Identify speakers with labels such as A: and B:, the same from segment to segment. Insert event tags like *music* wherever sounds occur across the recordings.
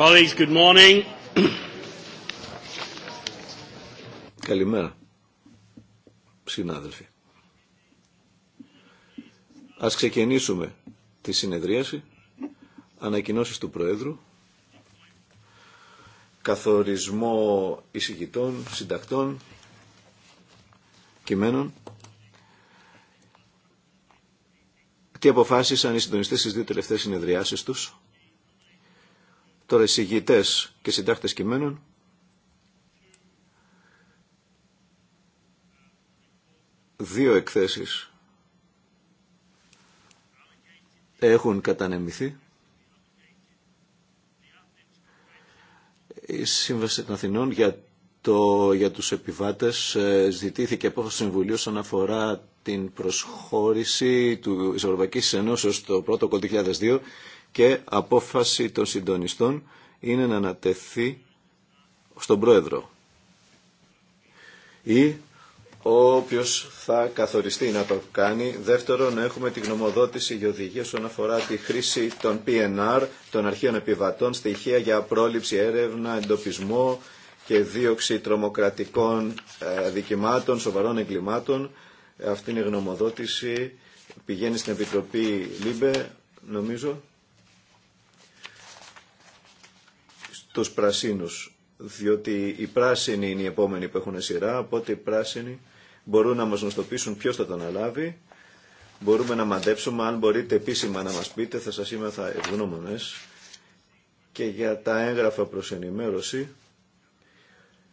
A: Colleagues, good morning.
B: Καλημέρα, συνάδελφοι. Ας ξεκινήσουμε τη συνεδρίαση, ανακοινώσεις του Προέδρου, καθορισμό εισηγητών, συντακτών, κειμένων. Τι αποφάσισαν οι συντονιστές στις δύο τελευταίες συνεδριάσεις τους τώρα εισηγητέ και συντάκτες κειμένων. Δύο εκθέσεις έχουν κατανεμηθεί. Η Σύμβαση των Αθηνών για, το, για τους επιβάτες ε, ζητήθηκε από το Συμβουλίο σαν αφορά την προσχώρηση του Ευρωπαϊκής Ενώσεως το πρώτο 2002 και απόφαση των συντονιστών είναι να ανατεθεί στον Πρόεδρο ή όποιος θα καθοριστεί να το κάνει. Δεύτερον, έχουμε τη γνωμοδότηση για οδηγίε όσον αφορά τη χρήση των PNR, των αρχείων επιβατών, στοιχεία για πρόληψη, έρευνα, εντοπισμό και δίωξη τρομοκρατικών ε, δικημάτων, σοβαρών εγκλημάτων. Αυτή είναι η γνωμοδότηση. Πηγαίνει στην Επιτροπή ΛΥΜΠΕ, νομίζω. τους πρασίνους, διότι οι πράσινοι είναι οι επόμενοι που έχουν σειρά, οπότε οι πράσινοι μπορούν να μας γνωστοποιήσουν ποιος θα τον Μπορούμε να μαντέψουμε, αν μπορείτε επίσημα να μας πείτε, θα σας είμαι θα ευγνώμονες. Και για τα έγγραφα προς ενημέρωση,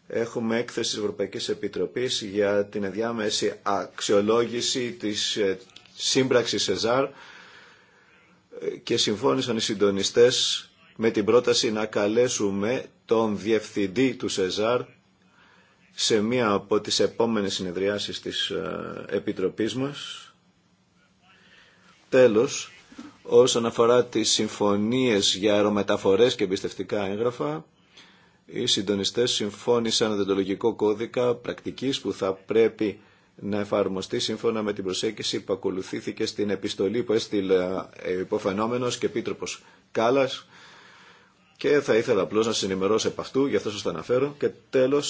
B: έχουμε έκθεση της Ευρωπαϊκής Επιτροπής για την ενδιάμεση αξιολόγηση της ε, σύμπραξης ΕΖΑΡ ε, και συμφώνησαν οι συντονιστές με την πρόταση να καλέσουμε τον Διευθυντή του ΣΕΖΑΡ σε μία από τις επόμενες συνεδριάσεις της ε, Επιτροπής μας. Τέλος, όσον αφορά τις συμφωνίες για αερομεταφορές και εμπιστευτικά έγγραφα, οι συντονιστές συμφώνησαν λογικό κώδικα πρακτικής που θα πρέπει να εφαρμοστεί σύμφωνα με την προσέγγιση που ακολουθήθηκε στην επιστολή που έστειλε υποφαινόμενος και επίτροπος Κάλλας και θα ήθελα απλώ να σα ενημερώσω επ' αυτού, γι' αυτό σα αναφέρω. Και τέλο,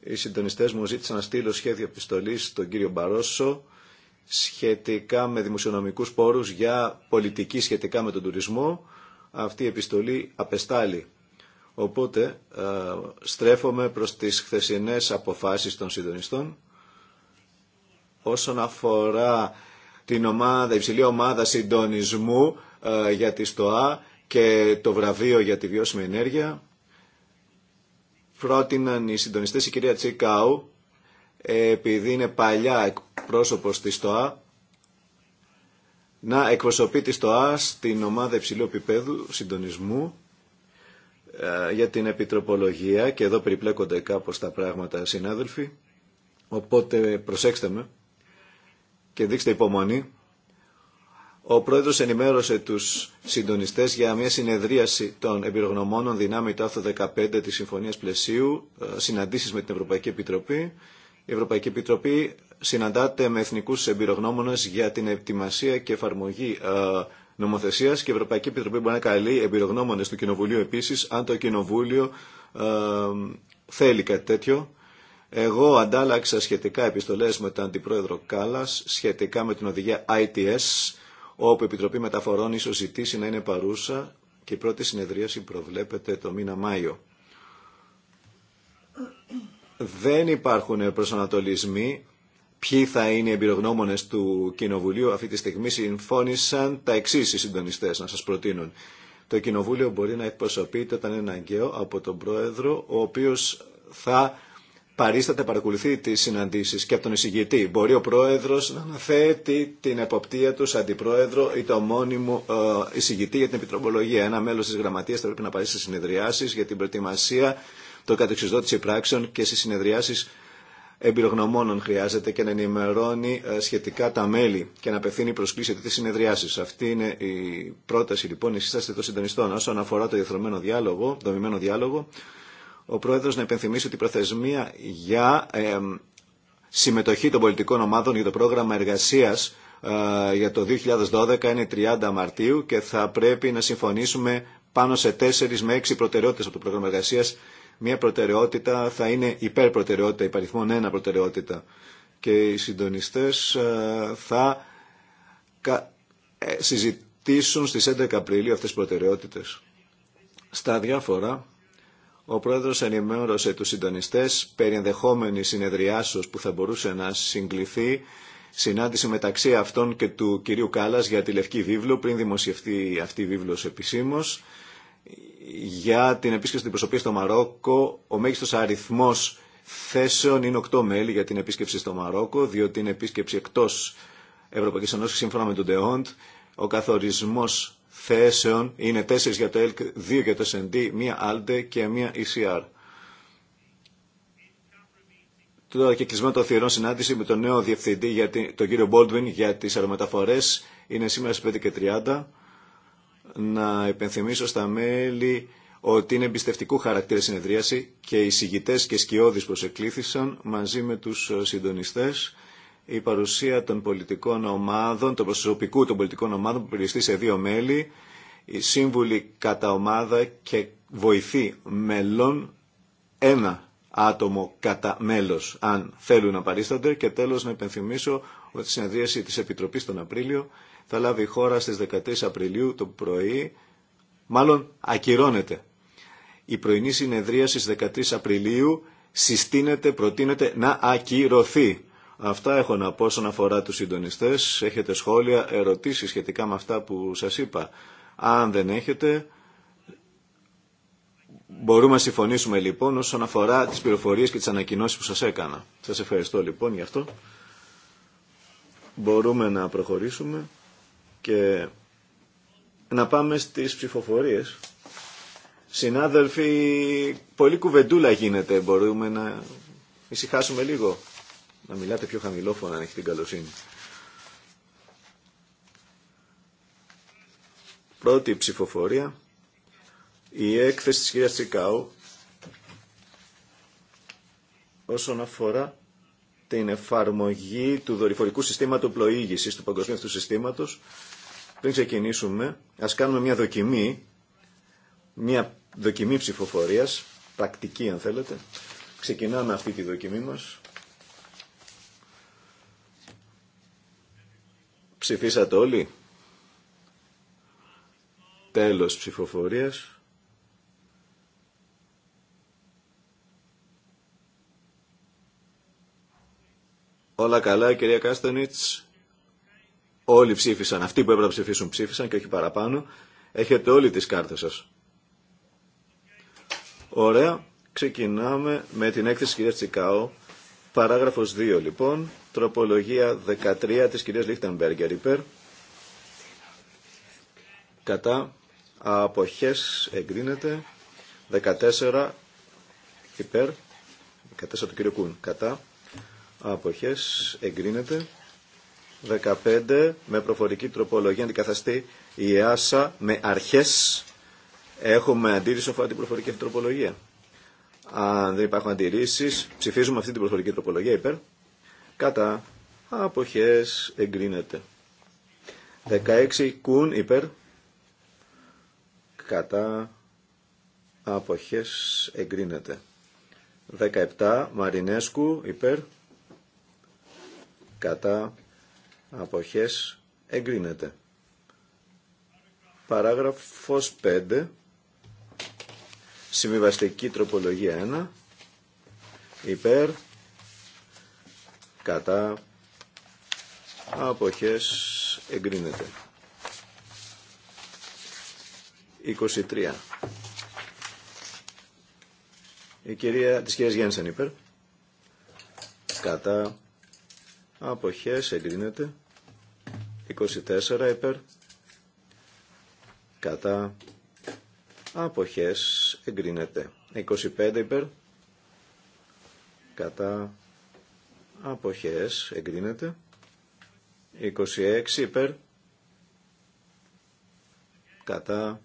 B: οι συντονιστέ μου ζήτησαν να στείλω σχέδιο επιστολή στον κύριο Μπαρόσο σχετικά με δημοσιονομικούς πόρους για πολιτική σχετικά με τον τουρισμό. Αυτή η επιστολή απεστάλλει. Οπότε ε, στρέφομαι προς τις χθεσινές αποφάσεις των συντονιστών. Όσον αφορά την ομάδα, υψηλή ομάδα συντονισμού ε, για τη ΣΤΟΑ, και το βραβείο για τη βιώσιμη ενέργεια πρότειναν οι συντονιστές η κυρία Τσίκαου επειδή είναι παλιά πρόσωπο της ΣΤΟΑ να εκπροσωπεί τη ΣΤΟΑ στην ομάδα υψηλού επίπεδου συντονισμού ε, για την επιτροπολογία και εδώ περιπλέκονται κάπως τα πράγματα συνάδελφοι οπότε προσέξτε με και δείξτε υπομονή ο Πρόεδρο ενημέρωσε του συντονιστέ για μια συνεδρίαση των εμπειρογνωμόνων δυνάμει του άρθρου 15 τη Συμφωνία Πλαισίου, ε, συναντήσει με την Ευρωπαϊκή Επιτροπή. Η Ευρωπαϊκή Επιτροπή συναντάται με εθνικού εμπειρογνώμονε για την ετοιμασία και εφαρμογή ε, νομοθεσία και η Ευρωπαϊκή Επιτροπή μπορεί να καλεί εμπειρογνώμονε του Κοινοβουλίου επίση, αν το Κοινοβούλιο ε, θέλει κάτι τέτοιο. Εγώ αντάλλαξα σχετικά επιστολές με τον Αντιπρόεδρο Κάλλας σχετικά με την οδηγία ITS όπου η Επιτροπή Μεταφορών ίσως ζητήσει να είναι παρούσα και η πρώτη συνεδρίαση προβλέπεται το μήνα Μάιο. Δεν υπάρχουν προσανατολισμοί ποιοι θα είναι οι εμπειρογνώμονε του Κοινοβουλίου. Αυτή τη στιγμή συμφώνησαν τα εξή οι συντονιστέ να σα προτείνουν. Το Κοινοβούλιο μπορεί να εκπροσωπείται όταν είναι αναγκαίο από τον Πρόεδρο, ο οποίο θα παρίσταται, παρακολουθεί τι συναντήσει και από τον εισηγητή. Μπορεί ο πρόεδρο να αναθέτει την εποπτεία του σαν αντιπρόεδρο ή το μόνιμο ε, εισηγητή για την επιτροπολογία. Ένα μέλο τη γραμματείας θα πρέπει να πάρει στι συνεδριάσει για την προετοιμασία, το κατεξιδότηση πράξεων και σε συνεδριάσει εμπειρογνωμόνων χρειάζεται και να ενημερώνει ε, σχετικά τα μέλη και να απευθύνει προσκλήσει για τι συνεδριάσει. Αυτή είναι η πρόταση λοιπόν η σύσταση των συντονιστών. Όσον αφορά το διαθρωμένο διάλογο, το διάλογο, ο Πρόεδρος να υπενθυμίσει ότι η προθεσμία για ε, συμμετοχή των πολιτικών ομάδων για το πρόγραμμα εργασίας ε, για το 2012 είναι 30 Μαρτίου και θα πρέπει να συμφωνήσουμε πάνω σε 4 με 6 προτεραιότητες από το πρόγραμμα εργασίας. Μία προτεραιότητα θα είναι υπερπροτεραιότητα, υπαριθμόν ένα προτεραιότητα. Και οι συντονιστές ε, θα ε, συζητήσουν στις 11 Απριλίου αυτές τις προτεραιότητες. Στα διάφορα ο Πρόεδρο ενημέρωσε τους συντονιστέ περί ενδεχόμενη συνεδριάσεως που θα μπορούσε να συγκληθεί συνάντηση μεταξύ αυτών και του κυρίου Κάλλα για τη Λευκή Βίβλο πριν δημοσιευτεί αυτή η βίβλο επισήμω, για την επίσκεψη στην προσωπή στο Μαρόκο ο μέγιστος αριθμός θέσεων είναι 8 μέλη για την επίσκεψη στο Μαρόκο διότι είναι επίσκεψη εκτό Ευρωπαϊκή Ενώσης σύμφωνα με τον ΤΕΟΝΤ ο καθορισμός θέσεων είναι 4 για το ΕΛΚ, δύο για το SND, μία ALDE και μία ECR. Τώρα και κλεισμένο το συνάντηση με τον νέο διευθυντή, για τον κύριο Baldwin, για τι αερομεταφορές. Είναι σήμερα στις 5 και 30. Να υπενθυμίσω στα μέλη ότι είναι εμπιστευτικού χαρακτήρα συνεδρίαση και οι συγητές και σκιώδεις προσεκλήθησαν μαζί με του ε, συντονιστέ η παρουσία των πολιτικών ομάδων, των προσωπικού των πολιτικών ομάδων που περιοριστεί σε δύο μέλη, οι σύμβουλοι κατά ομάδα και βοηθή μελών ένα άτομο κατά μέλος αν θέλουν να παρίστανται και τέλος να υπενθυμίσω ότι η συνεδρίαση της Επιτροπής τον Απρίλιο θα λάβει η χώρα στις 13 Απριλίου το πρωί, μάλλον ακυρώνεται. Η πρωινή συνεδρίαση στις 13 Απριλίου συστήνεται, προτείνεται να ακυρωθεί. Αυτά έχω να πω όσον αφορά τους συντονιστές. Έχετε σχόλια, ερωτήσεις σχετικά με αυτά που σας είπα. Αν δεν έχετε, μπορούμε να συμφωνήσουμε λοιπόν όσον αφορά τις πληροφορίες και τις ανακοινώσεις που σας έκανα. Σας ευχαριστώ λοιπόν γι' αυτό. Μπορούμε να προχωρήσουμε και να πάμε στις ψηφοφορίες. Συνάδελφοι, πολλή κουβεντούλα γίνεται, μπορούμε να ησυχάσουμε λίγο να μιλάτε πιο χαμηλόφωνα αν έχει την καλοσύνη. Πρώτη ψηφοφορία, η έκθεση της κυρίας Τσικάου όσον αφορά την εφαρμογή του δορυφορικού συστήματος πλοήγησης του παγκοσμίου αυτού συστήματος. Πριν ξεκινήσουμε, ας κάνουμε μια δοκιμή, μια δοκιμή ψηφοφορίας, πρακτική αν θέλετε. Ξεκινάμε αυτή τη δοκιμή μας. Ψηφίσατε όλοι. Τέλος ψηφοφορίας. Όλα καλά, κυρία Κάστονιτς. Όλοι ψήφισαν. Αυτοί που έπρεπε να ψηφίσουν ψήφισαν και όχι παραπάνω. Έχετε όλοι τις κάρτες σας. Ωραία. Ξεκινάμε με την έκθεση κυρία Τσικάου Παράγραφος 2 λοιπόν, τροπολογία 13 της κυρίας Λίχτενμπέργκερ υπέρ. Κατά αποχές εγκρίνεται 14 υπέρ. 14 του κύριου Κούν. Κατά αποχές εγκρίνεται 15 με προφορική τροπολογία αντικαθαστεί η ΕΑΣΑ με αρχές. Έχουμε αντίρρηση αφορά την προφορική τροπολογία. Αν δεν υπάρχουν αντιρρήσει, ψηφίζουμε αυτή την προσφορική τροπολογία υπέρ. Κατά αποχές εγκρίνεται. 16 κουν υπέρ. Κατά απόχέ, εγκρίνεται. 17 Μαρινέσκου υπέρ. Κατά αποχές εγκρίνεται. Παράγραφος 5 Συμβιβαστική τροπολογία 1. Υπέρ. Κατά. Αποχές εγκρίνεται. 23. Η κυρία της κυρίας Γιάννησαν υπέρ. Κατά. Αποχές εγκρίνεται. 24 υπέρ. Κατά. Αποχές εγκρίνεται. 25 υπέρ κατά αποχές εγκρίνεται. 26 υπέρ κατά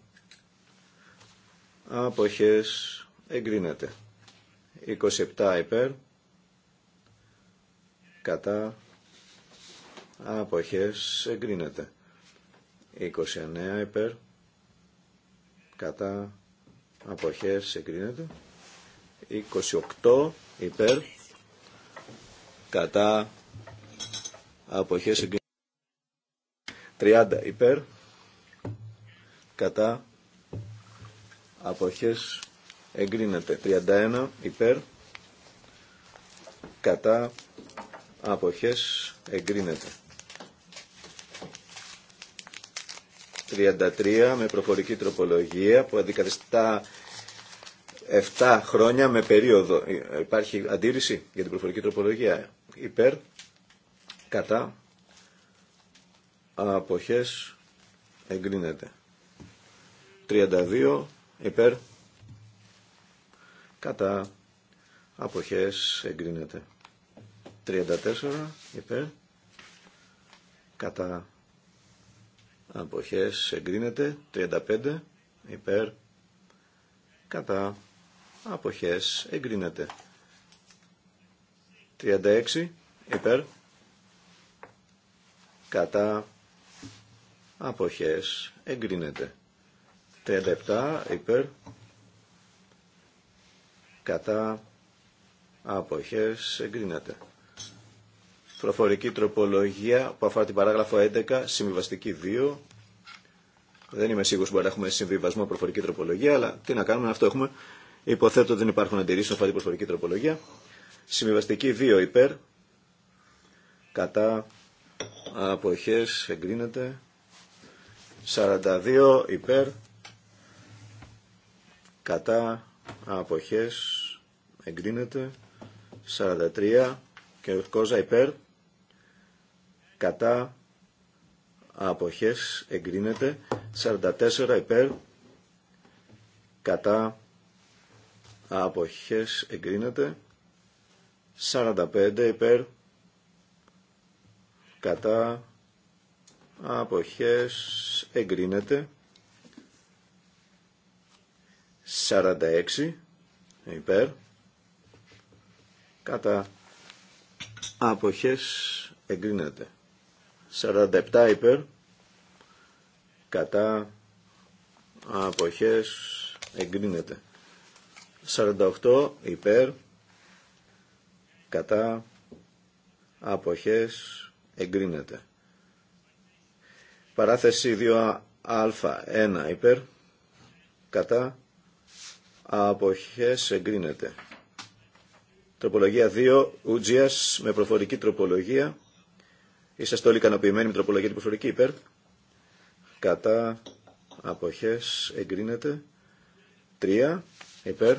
B: αποχές εγκρίνεται. 27 υπέρ κατά αποχές εγκρίνεται. 29 υπέρ κατά αποχές εγκρίνεται 28 υπέρ κατά αποχές εγκρίνεται 30 υπέρ κατά αποχές εγκρίνεται 31 υπέρ κατά αποχές εγκρίνεται 33 με προφορική τροπολογία που αντικαθιστά 7 χρόνια με περίοδο. Υπάρχει αντίρρηση για την προφορική τροπολογία. Υπέρ, κατά, αποχές, εγκρίνεται. 32 υπέρ, κατά, αποχές, εγκρίνεται. 34 υπέρ, κατά, αποχές εγκρίνεται 35 υπέρ κατά αποχές εγκρίνεται 36 υπέρ κατά αποχές εγκρίνεται 37 υπέρ κατά αποχές εγκρίνεται προφορική τροπολογία που αφορά την παράγραφο 11, συμβιβαστική 2. Δεν είμαι σίγουρος που μπορεί να έχουμε συμβιβασμό προφορική τροπολογία, αλλά τι να κάνουμε, αυτό έχουμε. Υποθέτω ότι δεν υπάρχουν αντιρρήσεις αφορά την προφορική τροπολογία. Συμβιβαστική 2 υπέρ, κατά αποχές εγκρίνεται. 42 υπέρ, κατά αποχές εγκρίνεται. 43 και κόζα υπέρ κατά αποχές εγκρίνεται 44 υπέρ κατά αποχές εγκρίνεται 45 υπέρ κατά αποχές εγκρίνεται 46 υπέρ κατά αποχές εγκρίνεται 47 υπέρ κατά αποχές εγκρίνεται 48 υπέρ κατά αποχές εγκρίνεται παράθεση 2α1 υπέρ κατά αποχές εγκρίνεται τροπολογία 2 ουτζίας με προφορική τροπολογία Είσαστε όλοι ικανοποιημένοι με τροπολογία την προφορική υπέρ. Κατά αποχές εγκρίνεται. τρία; υπέρ.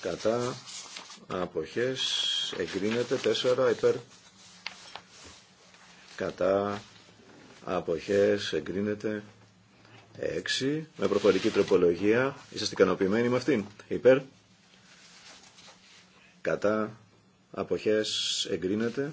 B: Κατά αποχές εγκρίνεται. τέσσερα; υπέρ. Κατά αποχές εγκρίνεται. έξι με προφορική τροπολογία. Είσαστε ικανοποιημένοι με αυτήν. Υπέρ. Κατά αποχές εγκρίνεται.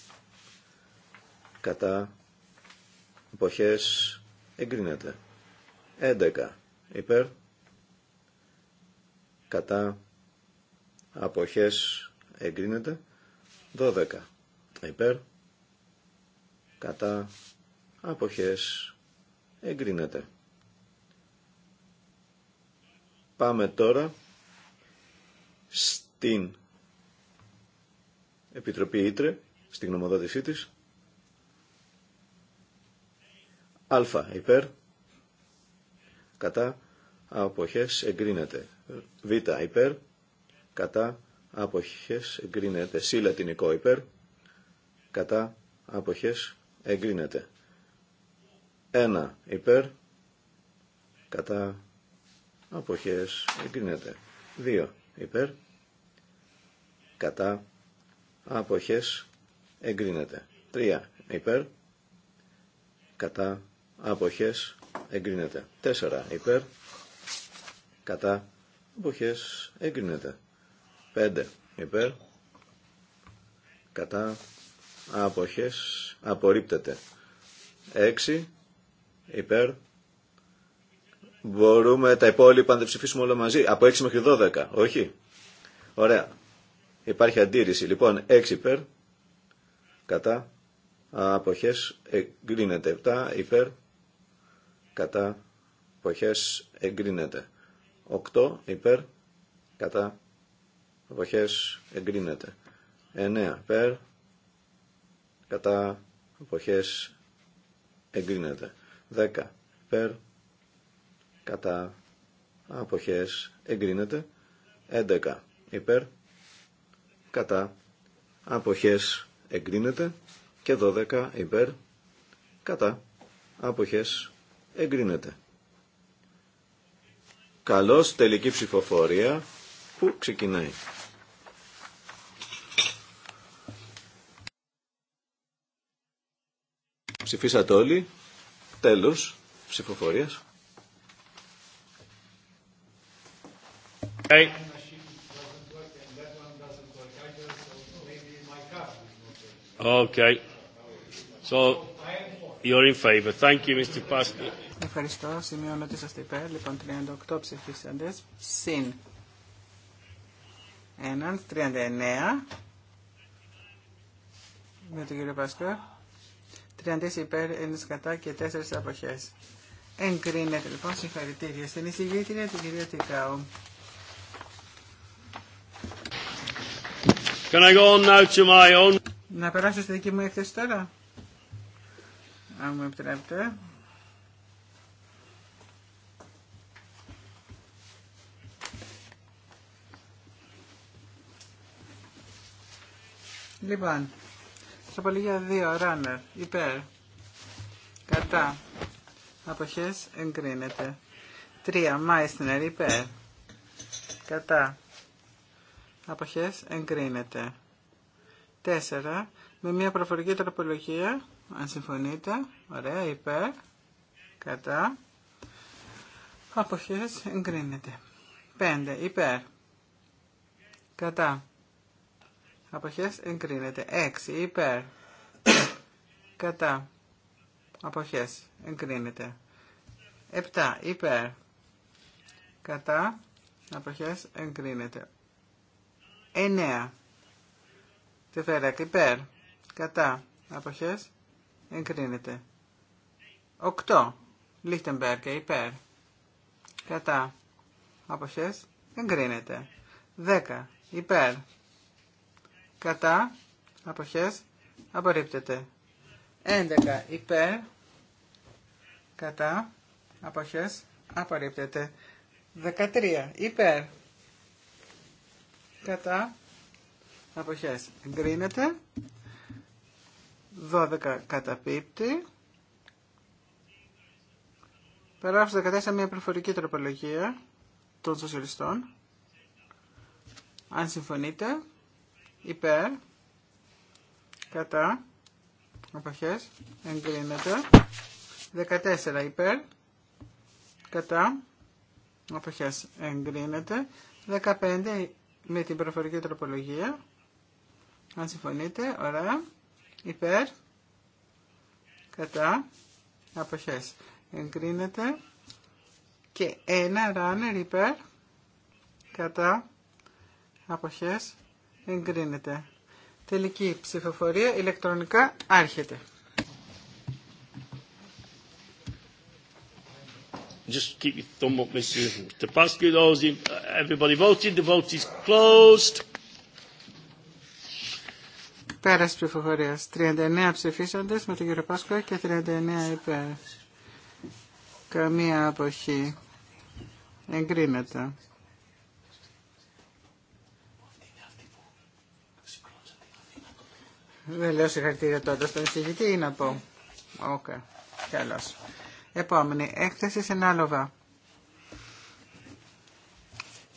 B: κατά εποχές εγκρίνεται 11 υπέρ κατά αποχές εγκρίνεται 12 υπέρ κατά αποχές εγκρίνεται πάμε τώρα στην Επιτροπή Ήτρε, στην γνωμοδότησή της α υπέρ κατά αποχές εγκρίνεται β υπέρ κατά αποχές εγκρίνεται σ λατινικό υπέρ κατά αποχές εγκρίνεται 1 υπέρ κατά αποχές εγκρίνεται 2 υπέρ κατά αποχές εγκρίνεται 3 υπέρ κατά αποχές εγκρίνεται. 4 υπέρ, κατά, αποχές εγκρίνεται. 5 υπέρ, κατά, αποχές απορρίπτεται. 6 υπέρ, μπορούμε τα υπόλοιπα να τα ψηφίσουμε όλα μαζί, από 6 μέχρι 12, όχι. Ωραία. Υπάρχει αντίρρηση. Λοιπόν, 6 υπέρ, κατά, αποχές εγκρίνεται. 7 υπέρ, κατά εποχές εγκρίνεται. 8 υπέρ κατά εποχές εγκρίνεται. 9 υπέρ κατά εποχές εγκρίνεται. 10 υπέρ κατά αποχές εγκρίνεται. 11 υπέρ κατά αποχές εγκρίνεται και 12 υπέρ κατά αποχές εγκρίνεται. Καλώς τελική ψηφοφορία που ξεκινάει. Ψηφίσατε όλοι. Τέλος ψηφοφορίας.
A: Okay. So
C: Ευχαριστώ. Σημειώνω ότι είσαστε υπέρ. Λοιπόν, 38 ψηφίσαντε συν έναν, 39 με τον κύριο Πασκό. 30 υπέρ, 1 κατά και 4 αποχέ. Εγκρίνεται λοιπόν συγχαρητήρια στην εισηγήτρια την κυρία Τικάου. Can I go on now to my own... Να περάσω στη δική μου έκθεση τώρα αν μου επιτρέπετε. Λοιπόν, τροπολογία 2, runner, υπέρ, κατά, αποχές, εγκρίνεται. 3, Μάιστινερ, υπέρ, κατά, αποχές, εγκρίνεται. 4, με μια προφορική τροπολογία αν συμφωνείτε. Ωραία, υπέρ, κατά, αποχές, εγκρίνεται. Πέντε, Υπέρ, κατά, αποχές, εγκρίνεται. Έξι, Υπέρ, κατά, αποχές, εγκρίνεται. Επτά, Υπέρ, κατά, αποχές, εγκρίνεται. 9. Τεφέρακ, υπέρ, κατά, αποχές, εγκρίνεται. 8. Λίχτεμπεργκε υπέρ. Κατά. Αποχές εγκρίνεται. 10. Υπέρ. Κατά. Αποχές απορρίπτεται. 11. Υπέρ. Κατά. Αποχές απορρίπτεται. 13. Υπέρ. Κατά. Αποχές εγκρίνεται. 12 καταπίπτει. Παράγραφος 14 μια προφορική τροπολογία των σοσιαλιστών. Αν συμφωνείτε, υπέρ, κατά, απαχές, εγκρίνεται. 14 υπέρ, κατά, απαχές, εγκρίνεται. 15 με την προφορική τροπολογία. Αν συμφωνείτε, ωραία υπέρ, κατά, αποχές εγκρίνεται και ένα runner υπέρ, κατά, αποχές εγκρίνεται. Τελική ψηφοφορία ηλεκτρονικά άρχεται.
A: Just keep your thumb up, Mr. Tapaski, Those, everybody voted. The vote is closed.
C: Πέρας ψηφοφορία. 39 ψηφίσαντε με τον κύριο Πάσκο και 39 υπέρ. Καμία αποχή. Εγκρίνεται. Δεν λέω συγχαρητήρια τότε στον εισηγητή ή να πω. Οκ. Okay. Καλώς. Επόμενη. Έκθεση σε Νάλοβα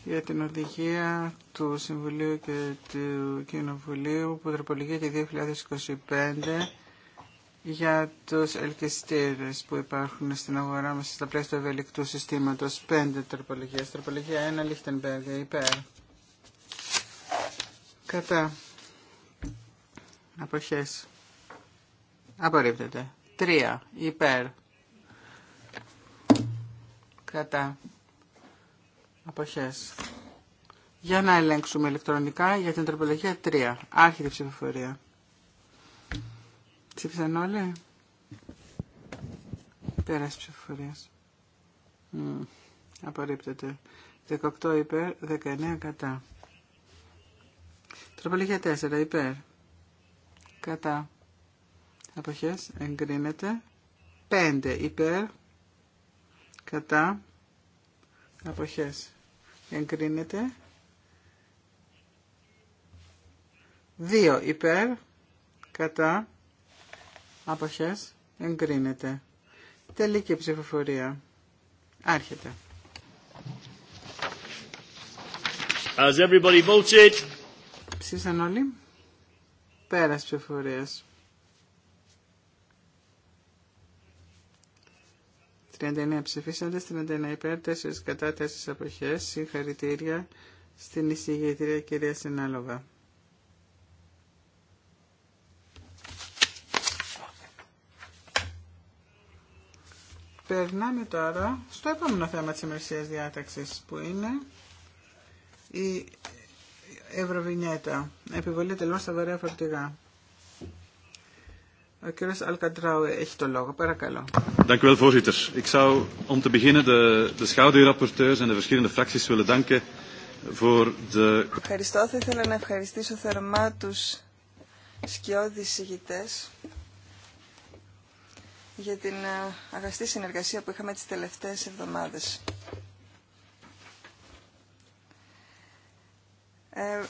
C: για την οδηγία του Συμβουλίου και του Κοινοβουλίου που τροπολογεί το 2025 για τους ελκυστήρες που υπάρχουν στην αγορά μας στα πλαίσια του ευελικτού συστήματος. Πέντε τροπολογίες. Τροπολογία 1 Λίχτενμπεργκ υπέρ. Κατά. Αποχές. Απορρίπτεται. Τρία. υπέρ. Κατά. Αποχές. Για να ελέγξουμε ηλεκτρονικά για την τροπολογία 3. Άρχιδη ψηφοφορία. Ψήφισαν όλοι. Πέρασε ψηφοφορία. Απορρίπτεται. 18 υπέρ, 19 κατά. Τροπολογία 4 υπέρ. Κατά. Αποχές. Εγκρίνεται. 5 υπέρ. Κατά. Αποχές εγκρίνεται. 2 υπέρ κατά αποχές εγκρίνεται. Τελική ψηφοφορία. Άρχεται.
A: As everybody voted.
C: Ψήσαν όλοι. Πέρας ψηφοφορίας. 39 ψηφίσαντε, 31 υπέρ, 4 κατά, 4 αποχές. Συγχαρητήρια στην εισηγητήρια κυρία Συνάλογα. Περνάμε τώρα στο επόμενο θέμα της ημερησίας διάταξης που είναι η Ευρωβινιέτα, επιβολή τελών στα βαρέα φορτηγά. Ο κύριος Αλκαντράου έχει το λόγο. Dank
D: u wel, voorzitter. Ik zou om te beginnen de, de schaduwrapporteurs en de verschillende fracties willen danken voor de...
E: Ευχαριστώ. Θα ήθελα να ευχαριστήσω θερμά τους σκιώδεις συγητές για την ε, αγαστή συνεργασία που είχαμε τις τελευταίες εβδομάδες. Ε,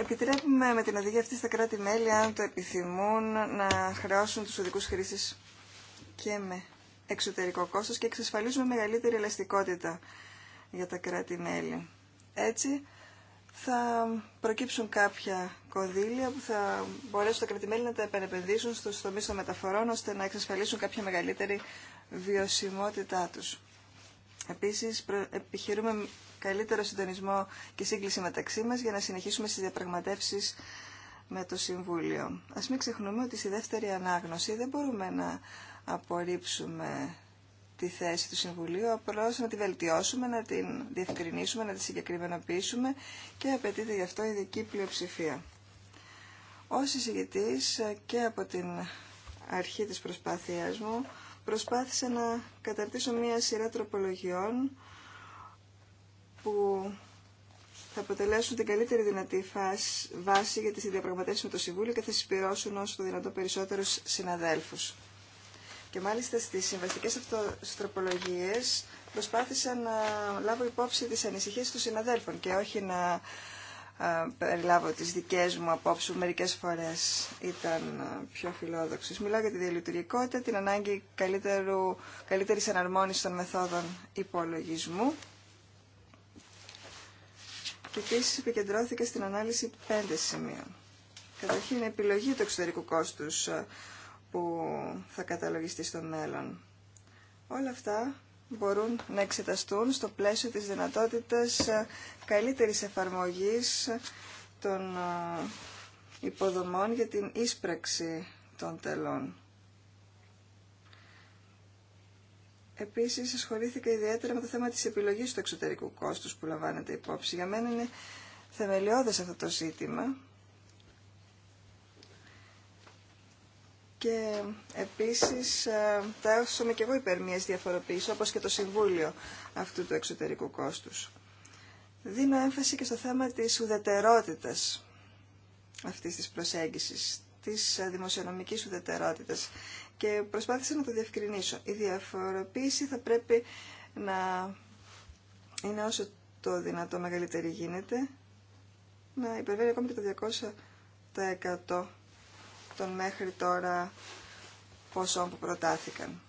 E: επιτρέπουμε με την οδηγία αυτή στα κράτη-μέλη, αν το επιθυμούν, να χρεώσουν τους οδικούς χρήσης και με εξωτερικό κόστος και εξασφαλίζουμε μεγαλύτερη ελαστικότητα για τα κράτη-μέλη. Έτσι θα προκύψουν κάποια κονδύλια που θα μπορέσουν τα κράτη-μέλη να τα επενεπενδύσουν στους τομείς των μεταφορών ώστε να εξασφαλίσουν κάποια μεγαλύτερη βιωσιμότητά τους. Επίσης, επιχειρούμε καλύτερο συντονισμό και σύγκληση μεταξύ μας για να συνεχίσουμε στις διαπραγματεύσεις με το Συμβούλιο. Ας μην ξεχνούμε ότι στη δεύτερη ανάγνωση δεν μπορούμε να απορρίψουμε τη θέση του Συμβουλίου, απλώς να τη βελτιώσουμε, να την διευκρινίσουμε, να τη συγκεκριμενοποιήσουμε και απαιτείται γι' αυτό ειδική πλειοψηφία. Ως εισηγητής και από την αρχή της προσπάθειάς μου, προσπάθησα να καταρτήσω μία σειρά τροπολογιών που θα αποτελέσουν την καλύτερη δυνατή φάση, βάση για τις διαπραγματεύσεις με το Συμβούλιο και θα συσπηρώσουν όσο το δυνατό περισσότερους συναδέλφους. Και μάλιστα στις συμβαστικές αυτοστροπολογίες προσπάθησα να λάβω υπόψη τις ανησυχίες των συναδέλφων και όχι να περιλάβω τις δικές μου απόψεις που μερικές φορές ήταν πιο φιλόδοξες. Μιλάω για τη διαλειτουργικότητα, την ανάγκη καλύτερου, καλύτερης αναρμόνισης των μεθόδων υπολογισμού και επίση επικεντρώθηκε στην ανάλυση πέντε σημείων. Καταρχήν, η επιλογή του εξωτερικού κόστου ε, που θα καταλογιστεί στο μέλλον. Όλα αυτά μπορούν να εξεταστούν στο πλαίσιο της δυνατότητας ε, καλύτερης εφαρμογής ε, των υποδομών για την ίσπραξη των τελών. Επίσης ασχολήθηκα ιδιαίτερα με το θέμα της επιλογής του εξωτερικού κόστους που λαμβάνεται υπόψη. Για μένα είναι θεμελιώδες αυτό το ζήτημα. Και επίσης ε, τα έσομαι και εγώ υπέρ μια διαφοροποίησης, όπως και το Συμβούλιο αυτού του εξωτερικού κόστους. Δίνω έμφαση και στο θέμα της ουδετερότητα αυτής της προσέγγιση, τη δημοσιονομική ουδετερότητα και προσπάθησα να το διευκρινίσω. Η διαφοροποίηση θα πρέπει να είναι όσο το δυνατό μεγαλύτερη γίνεται, να υπερβαίνει ακόμη και το 200% των μέχρι τώρα ποσών που προτάθηκαν.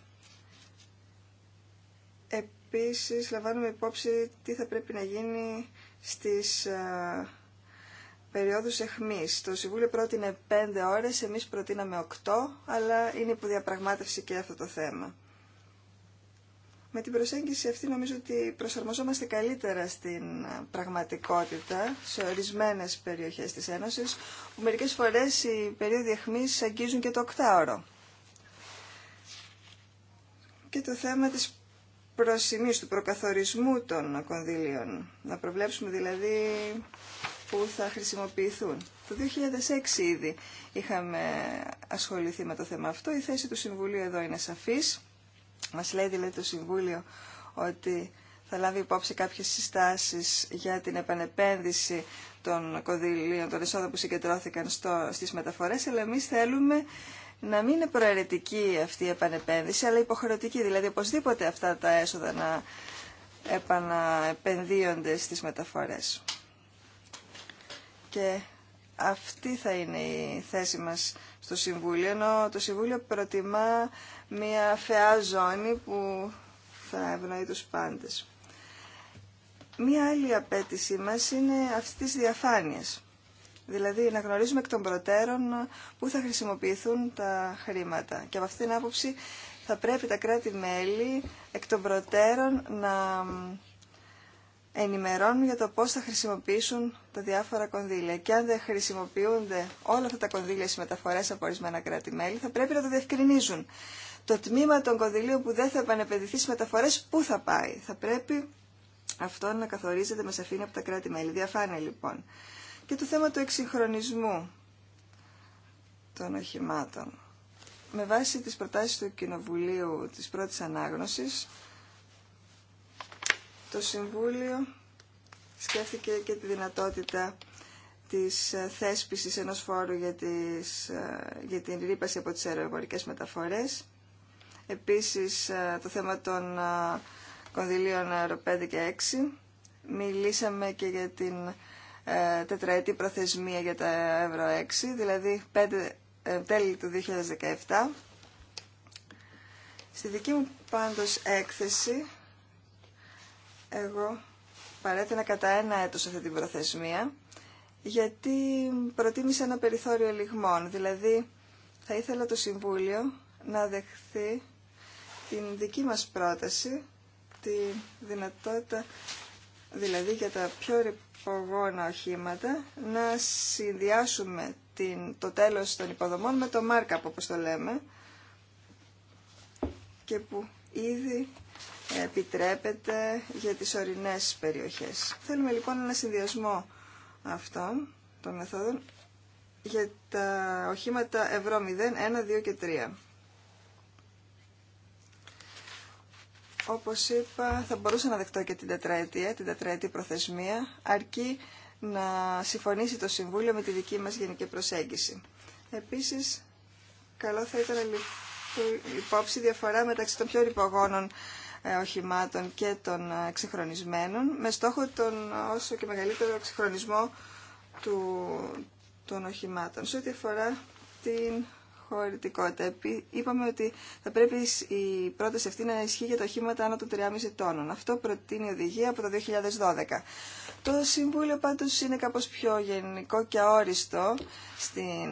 E: Επίσης, λαμβάνουμε υπόψη τι θα πρέπει να γίνει στις ε, περιόδους εχμής. Το Συμβούλιο πρότεινε 5 ώρες, εμείς προτείναμε 8, αλλά είναι υποδιαπραγμάτευση και αυτό το θέμα. Με την προσέγγιση αυτή νομίζω ότι προσαρμοζόμαστε καλύτερα στην πραγματικότητα σε ορισμένες περιοχές της Ένωσης, που μερικές φορές οι περίοδοι εχμής αγγίζουν και το οκτάωρο. Και το θέμα της προσημής, του προκαθορισμού των κονδύλιων. Να προβλέψουμε δηλαδή που θα χρησιμοποιηθούν. Το 2006 ήδη είχαμε ασχοληθεί με το θέμα αυτό. Η θέση του Συμβουλίου εδώ είναι σαφής. Μας λέει δηλαδή το Συμβούλιο ότι θα λάβει υπόψη κάποιες συστάσεις για την επανεπένδυση των κονδυλίων, των εσόδων που συγκεντρώθηκαν στο, στις μεταφορές, αλλά εμείς θέλουμε να μην είναι προαιρετική αυτή η επανεπένδυση, αλλά υποχρεωτική, δηλαδή οπωσδήποτε αυτά τα έσοδα να επαναεπενδύονται στις μεταφορές. Και αυτή θα είναι η θέση μας στο Συμβούλιο, ενώ το Συμβούλιο προτιμά μια φαιά ζώνη που θα ευνοεί τους πάντες. Μία άλλη απέτησή μας είναι αυτή της διαφάνειας. Δηλαδή να γνωρίζουμε εκ των προτέρων πού θα χρησιμοποιηθούν τα χρήματα. Και από αυτήν την άποψη θα πρέπει τα κράτη-μέλη εκ των προτέρων να ενημερώνουν για το πώς θα χρησιμοποιήσουν τα διάφορα κονδύλια. Και αν δεν χρησιμοποιούνται όλα αυτά τα κονδύλια στις μεταφορές από ορισμένα κράτη-μέλη, θα πρέπει να το διευκρινίζουν. Το τμήμα των κονδυλίων που δεν θα επανεπενδυθεί στις μεταφορές, πού θα πάει. Θα πρέπει αυτό να καθορίζεται με σαφήνεια από τα κράτη-μέλη. Διαφάνεια λοιπόν. Και το θέμα του εξυγχρονισμού των οχημάτων. Με βάση τις προτάσεις του Κοινοβουλίου της πρώτης ανάγνωσης, το Συμβούλιο σκέφτηκε και τη δυνατότητα της ε, θέσπισης ενός φόρου για, τις, ε, για την ρήπαση από τις αεροπορικές μεταφορές. Επίσης, ε, το θέμα των κονδυλίων αερο 5 και 6. Μιλήσαμε και για την τετραετή προθεσμία για τα ευρώ 6, δηλαδή 5, τέλη του 2017. Στη δική μου πάντως έκθεση εγώ παρέτεινα κατά ένα έτος αυτή την προθεσμία, γιατί προτίμησα ένα περιθώριο λιγμών. Δηλαδή, θα ήθελα το Συμβούλιο να δεχθεί την δική μας πρόταση, τη δυνατότητα, δηλαδή για τα πιο ρηπογόνα οχήματα, να συνδυάσουμε την, το τέλος των υποδομών με το markup, όπως το λέμε, και που ήδη επιτρέπεται για τις ορεινές περιοχές. Θέλουμε λοιπόν ένα συνδυασμό αυτών των μεθόδων για τα οχήματα ευρώ 0, 1, 2 και 3. Όπως είπα, θα μπορούσα να δεχτώ και την τετραετία, την τετραετή προθεσμία, αρκεί να συμφωνήσει το Συμβούλιο με τη δική μας γενική προσέγγιση. Επίσης, καλό θα ήταν υπόψη διαφορά μεταξύ των πιο ρηπογόνων ε, οχημάτων και των ε, εξυγχρονισμένων με στόχο τον όσο και μεγαλύτερο εξυγχρονισμό του, των οχημάτων. Σε ό,τι αφορά την χωρητικότητα, είπαμε ότι θα πρέπει η πρόταση αυτή να ισχύει για τα οχήματα άνω των 3,5 τόνων. Αυτό προτείνει η οδηγία από το 2012. Το Συμβούλιο πάντως είναι κάπως πιο γενικό και αόριστο στην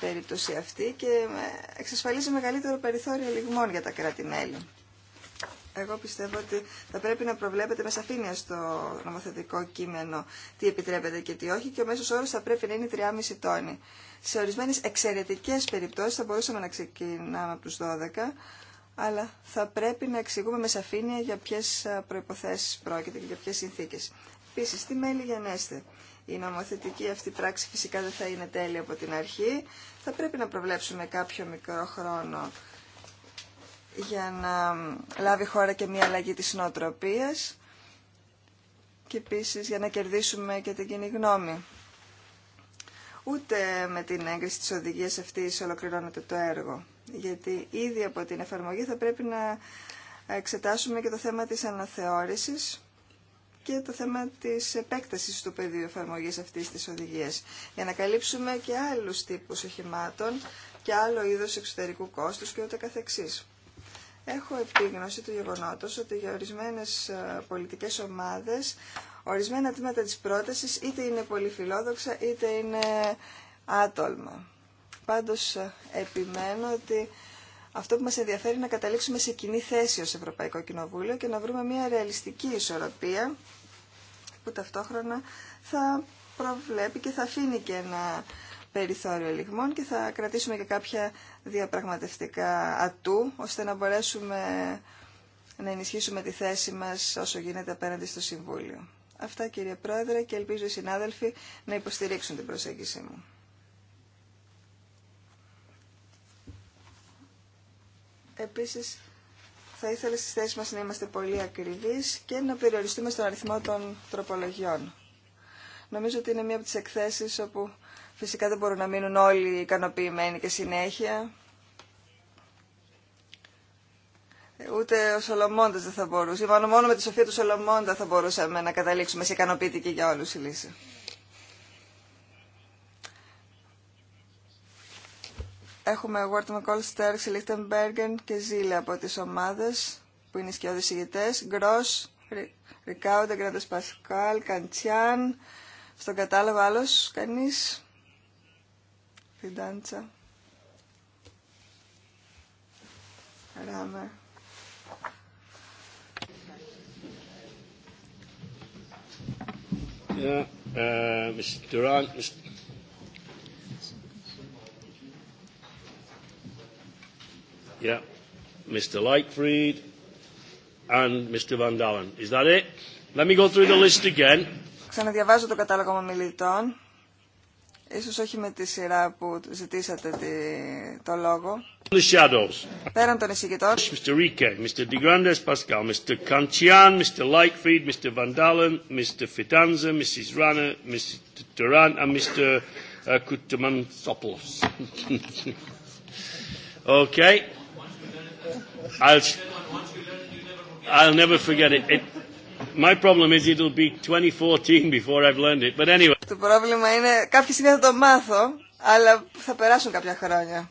E: περίπτωση αυτή και ε, εξασφαλίζει μεγαλύτερο περιθώριο λιγμών για τα κράτη-μέλη εγώ πιστεύω ότι θα πρέπει να προβλέπετε με σαφήνεια στο νομοθετικό κείμενο τι επιτρέπεται και τι όχι και ο μέσος όρος θα πρέπει να είναι 3,5 τόνοι. Σε ορισμένες εξαιρετικές περιπτώσεις θα μπορούσαμε να ξεκινάμε από τους 12, αλλά θα πρέπει να εξηγούμε με σαφήνεια για ποιες ε, προϋποθέσεις πρόκειται και για ποιες συνθήκες. Επίση, τι μέλη γενέστε. Η νομοθετική αυτή πράξη φυσικά δεν θα είναι τέλεια από την αρχή. Θα πρέπει να προβλέψουμε κάποιο μικρό χρόνο για να λάβει χώρα και μια αλλαγή της νοοτροπίας και επίσης για να κερδίσουμε και την κοινή γνώμη. Ούτε με την έγκριση της οδηγίας αυτής ολοκληρώνεται το έργο, γιατί ήδη από την εφαρμογή θα πρέπει να εξετάσουμε και το θέμα της αναθεώρησης και το θέμα της επέκτασης του πεδίου εφαρμογής αυτής της οδηγίας, για να καλύψουμε και άλλους τύπους οχημάτων και άλλο είδος εξωτερικού κόστους και ούτε καθεξής έχω επίγνωση του γεγονότος ότι για ορισμένες ε, πολιτικές ομάδες ορισμένα τμήματα της πρότασης είτε είναι πολύ φιλόδοξα είτε είναι άτολμα. Πάντως ε, επιμένω ότι αυτό που μας ενδιαφέρει είναι να καταλήξουμε σε κοινή θέση ως Ευρωπαϊκό Κοινοβούλιο και να βρούμε μια ρεαλιστική ισορροπία που ταυτόχρονα θα προβλέπει και θα αφήνει και ένα περιθώριο λιγμών και θα κρατήσουμε και κάποια διαπραγματευτικά ατού, ώστε να μπορέσουμε να ενισχύσουμε τη θέση μας όσο γίνεται απέναντι στο Συμβούλιο. Αυτά κύριε Πρόεδρε και ελπίζω οι συνάδελφοι να υποστηρίξουν την προσέγγιση μου. Επίσης, θα ήθελα στις θέσεις μας να είμαστε πολύ ακριβείς και να περιοριστούμε στον αριθμό των τροπολογιών. Νομίζω ότι είναι μία από τις εκθέσεις όπου Φυσικά δεν μπορούν να μείνουν όλοι ικανοποιημένοι και συνέχεια. Ούτε ο Σολομώντας δεν θα μπορούσε. Μόνο, μόνο με τη σοφία του Σολομώντα θα μπορούσαμε να καταλήξουμε σε ικανοποιητική για όλους η λύση. Έχουμε Word McCall, Sterks, Lichtenbergen και Ζήλε από τις ομάδες που είναι οι σκιώδεις ηγητέ. Γκρός, Ρικάουντε, Γκράντε Πασκάλ, Καντσιάν. Στον κατάλογο άλλο κανείς. Φιντάντσα. Ράμε.
A: Yeah, uh, Mr. Durant, Mr. Yeah, Mr. Lightfried and Mr. Van Dalen. Is that it? Let me go through the list again.
E: Ξαναδιαβάζω το κατάλογο ομιλητών ίσως όχι με τη σειρά που ζητήσατε τη, το λόγο.
A: Πέραν των εισηγητών. Mr. Rike, Mr. De Grandes Pascal, Mr. Kantian, Mr. Lightfried, Mr. Van Dalen, Mr. Fitanza, Mrs. Rana, Mr. Duran and Mr. Kutumansopoulos. okay. I'll, I'll never forget it. it. My problem is it'll be 2014 before I've learned it. But anyway. Το
E: πρόβλημα είναι, κάποια στιγμή θα το μάθω, αλλά θα περάσουν κάποια χρόνια.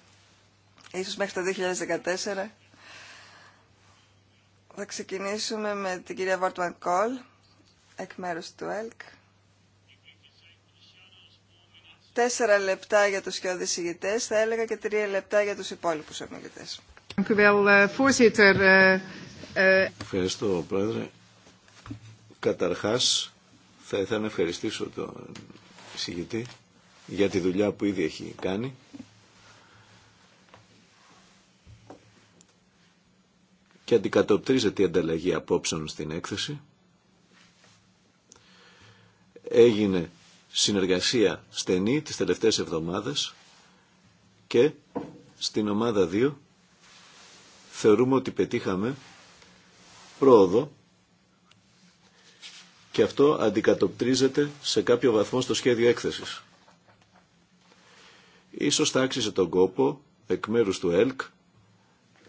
E: Ίσως μέχρι το 2014. Θα ξεκινήσουμε με την κυρία Βόρτμαν Κόλ, εκ μέρους του ΕΛΚ. Τέσσερα λεπτά για τους και ηγητές, θα έλεγα και τρία λεπτά για τους υπόλοιπους ομιλητές.
C: Eh, eh, eh,
B: Ευχαριστώ, Πρόεδρε. Καταρχάς, θα ήθελα να ευχαριστήσω τον συγητή για τη δουλειά που ήδη έχει κάνει. Και αντικατοπτρίζεται η ανταλλαγή απόψεων στην έκθεση. Έγινε συνεργασία στενή τις τελευταίες εβδομάδες και στην ομάδα 2 θεωρούμε ότι πετύχαμε πρόοδο και αυτό αντικατοπτρίζεται σε κάποιο βαθμό στο σχέδιο έκθεσης. Ίσως θα άξιζε τον κόπο εκ μέρους του ΕΛΚ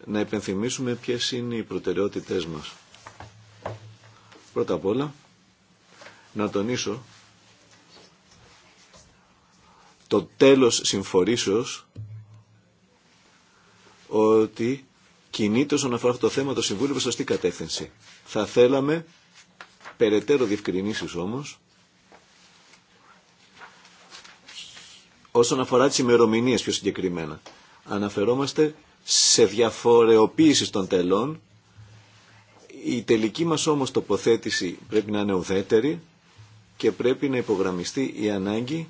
B: να επενθυμίσουμε ποιες είναι οι προτεραιότητές μας. Πρώτα απ' όλα, να τονίσω το τέλος συμφορήσεως ότι κινείται όσον αφορά αυτό το θέμα το Συμβούλιο προς σωστή κατεύθυνση. Θα θέλαμε περαιτέρω διευκρινήσεις όμως όσον αφορά τις ημερομηνίε πιο συγκεκριμένα. Αναφερόμαστε σε διαφορεοποίηση των τελών. Η τελική μας όμως τοποθέτηση πρέπει να είναι ουδέτερη και πρέπει να υπογραμμιστεί η ανάγκη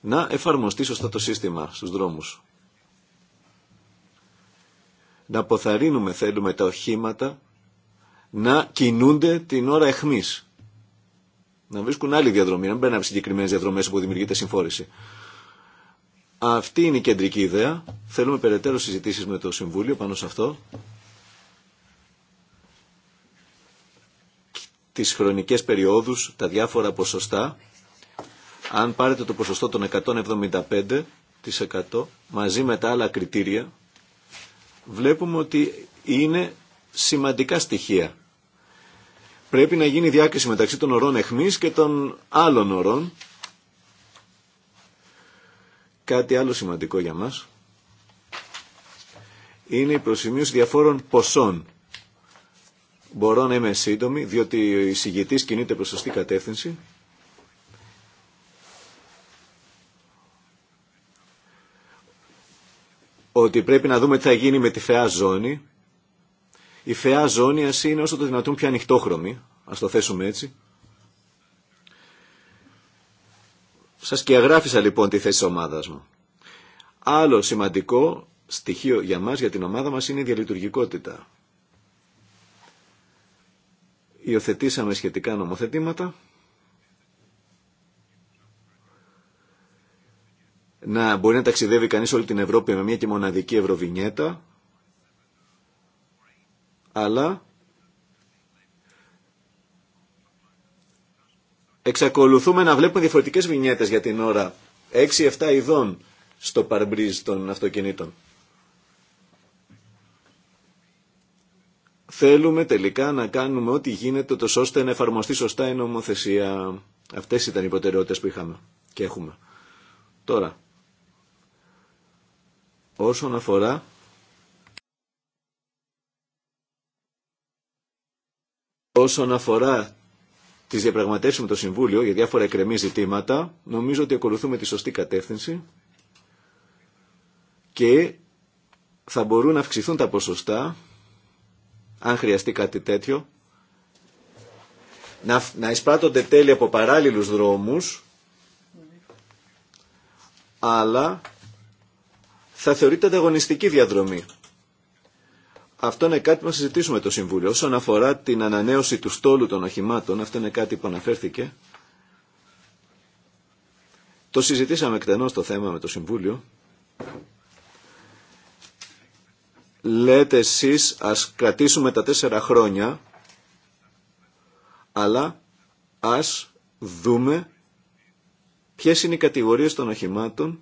B: να εφαρμοστεί σωστά το σύστημα στους δρόμους να αποθαρρύνουμε θέλουμε τα οχήματα να κινούνται την ώρα εχμής. Να βρίσκουν άλλη διαδρομή, να μην από συγκεκριμένε διαδρομέ όπου δημιουργείται συμφόρηση. Αυτή είναι η κεντρική ιδέα. Θέλουμε περαιτέρω συζητήσει με το Συμβούλιο πάνω σε αυτό. Τις χρονικές περιόδους, τα διάφορα ποσοστά. Αν πάρετε το ποσοστό των 175% μαζί με τα άλλα κριτήρια βλέπουμε ότι είναι σημαντικά στοιχεία. Πρέπει να γίνει διάκριση μεταξύ των ορών εχμής και των άλλων ορών. Κάτι άλλο σημαντικό για μας είναι η προσημείωση διαφόρων ποσών. Μπορώ να είμαι σύντομη, διότι ο εισηγητής κινείται προς σωστή κατεύθυνση. ότι πρέπει να δούμε τι θα γίνει με τη φαιά ζώνη. Η φαιά ζώνη ας είναι όσο το δυνατόν πιο ανοιχτόχρωμη, ας το θέσουμε έτσι. Σας και αγράφησα λοιπόν τη θέση της ομάδας μου. Άλλο σημαντικό στοιχείο για μας, για την ομάδα μας, είναι η διαλειτουργικότητα. Υιοθετήσαμε σχετικά νομοθετήματα. να μπορεί να ταξιδεύει κανείς όλη την Ευρώπη με μια και μοναδική ευρωβινιέτα, αλλά εξακολουθούμε να βλέπουμε διαφορετικές βινιέτες για την ώρα, 6-7 ειδών στο παρμπρίζ των αυτοκινήτων. Θέλουμε τελικά να κάνουμε ό,τι γίνεται τόσο ώστε να εφαρμοστεί σωστά η νομοθεσία. Αυτές ήταν οι προτεραιότητες που είχαμε και έχουμε. Τώρα, όσον αφορά όσον αφορά τις διαπραγματεύσεις με το Συμβούλιο για διάφορα εκκρεμή ζητήματα, νομίζω ότι ακολουθούμε τη σωστή κατεύθυνση και θα μπορούν να αυξηθούν τα ποσοστά, αν χρειαστεί κάτι τέτοιο, να, να εισπράττονται τέλη από παράλληλους δρόμους, αλλά θα θεωρείται ανταγωνιστική διαδρομή. Αυτό είναι κάτι που θα συζητήσουμε το Συμβούλιο. Όσον αφορά την ανανέωση του στόλου των οχημάτων, αυτό είναι κάτι που αναφέρθηκε. Το συζητήσαμε εκτενώς το θέμα με το Συμβούλιο. Λέτε εσείς ας κρατήσουμε τα τέσσερα χρόνια, αλλά ας δούμε ποιε είναι οι κατηγορίε των οχημάτων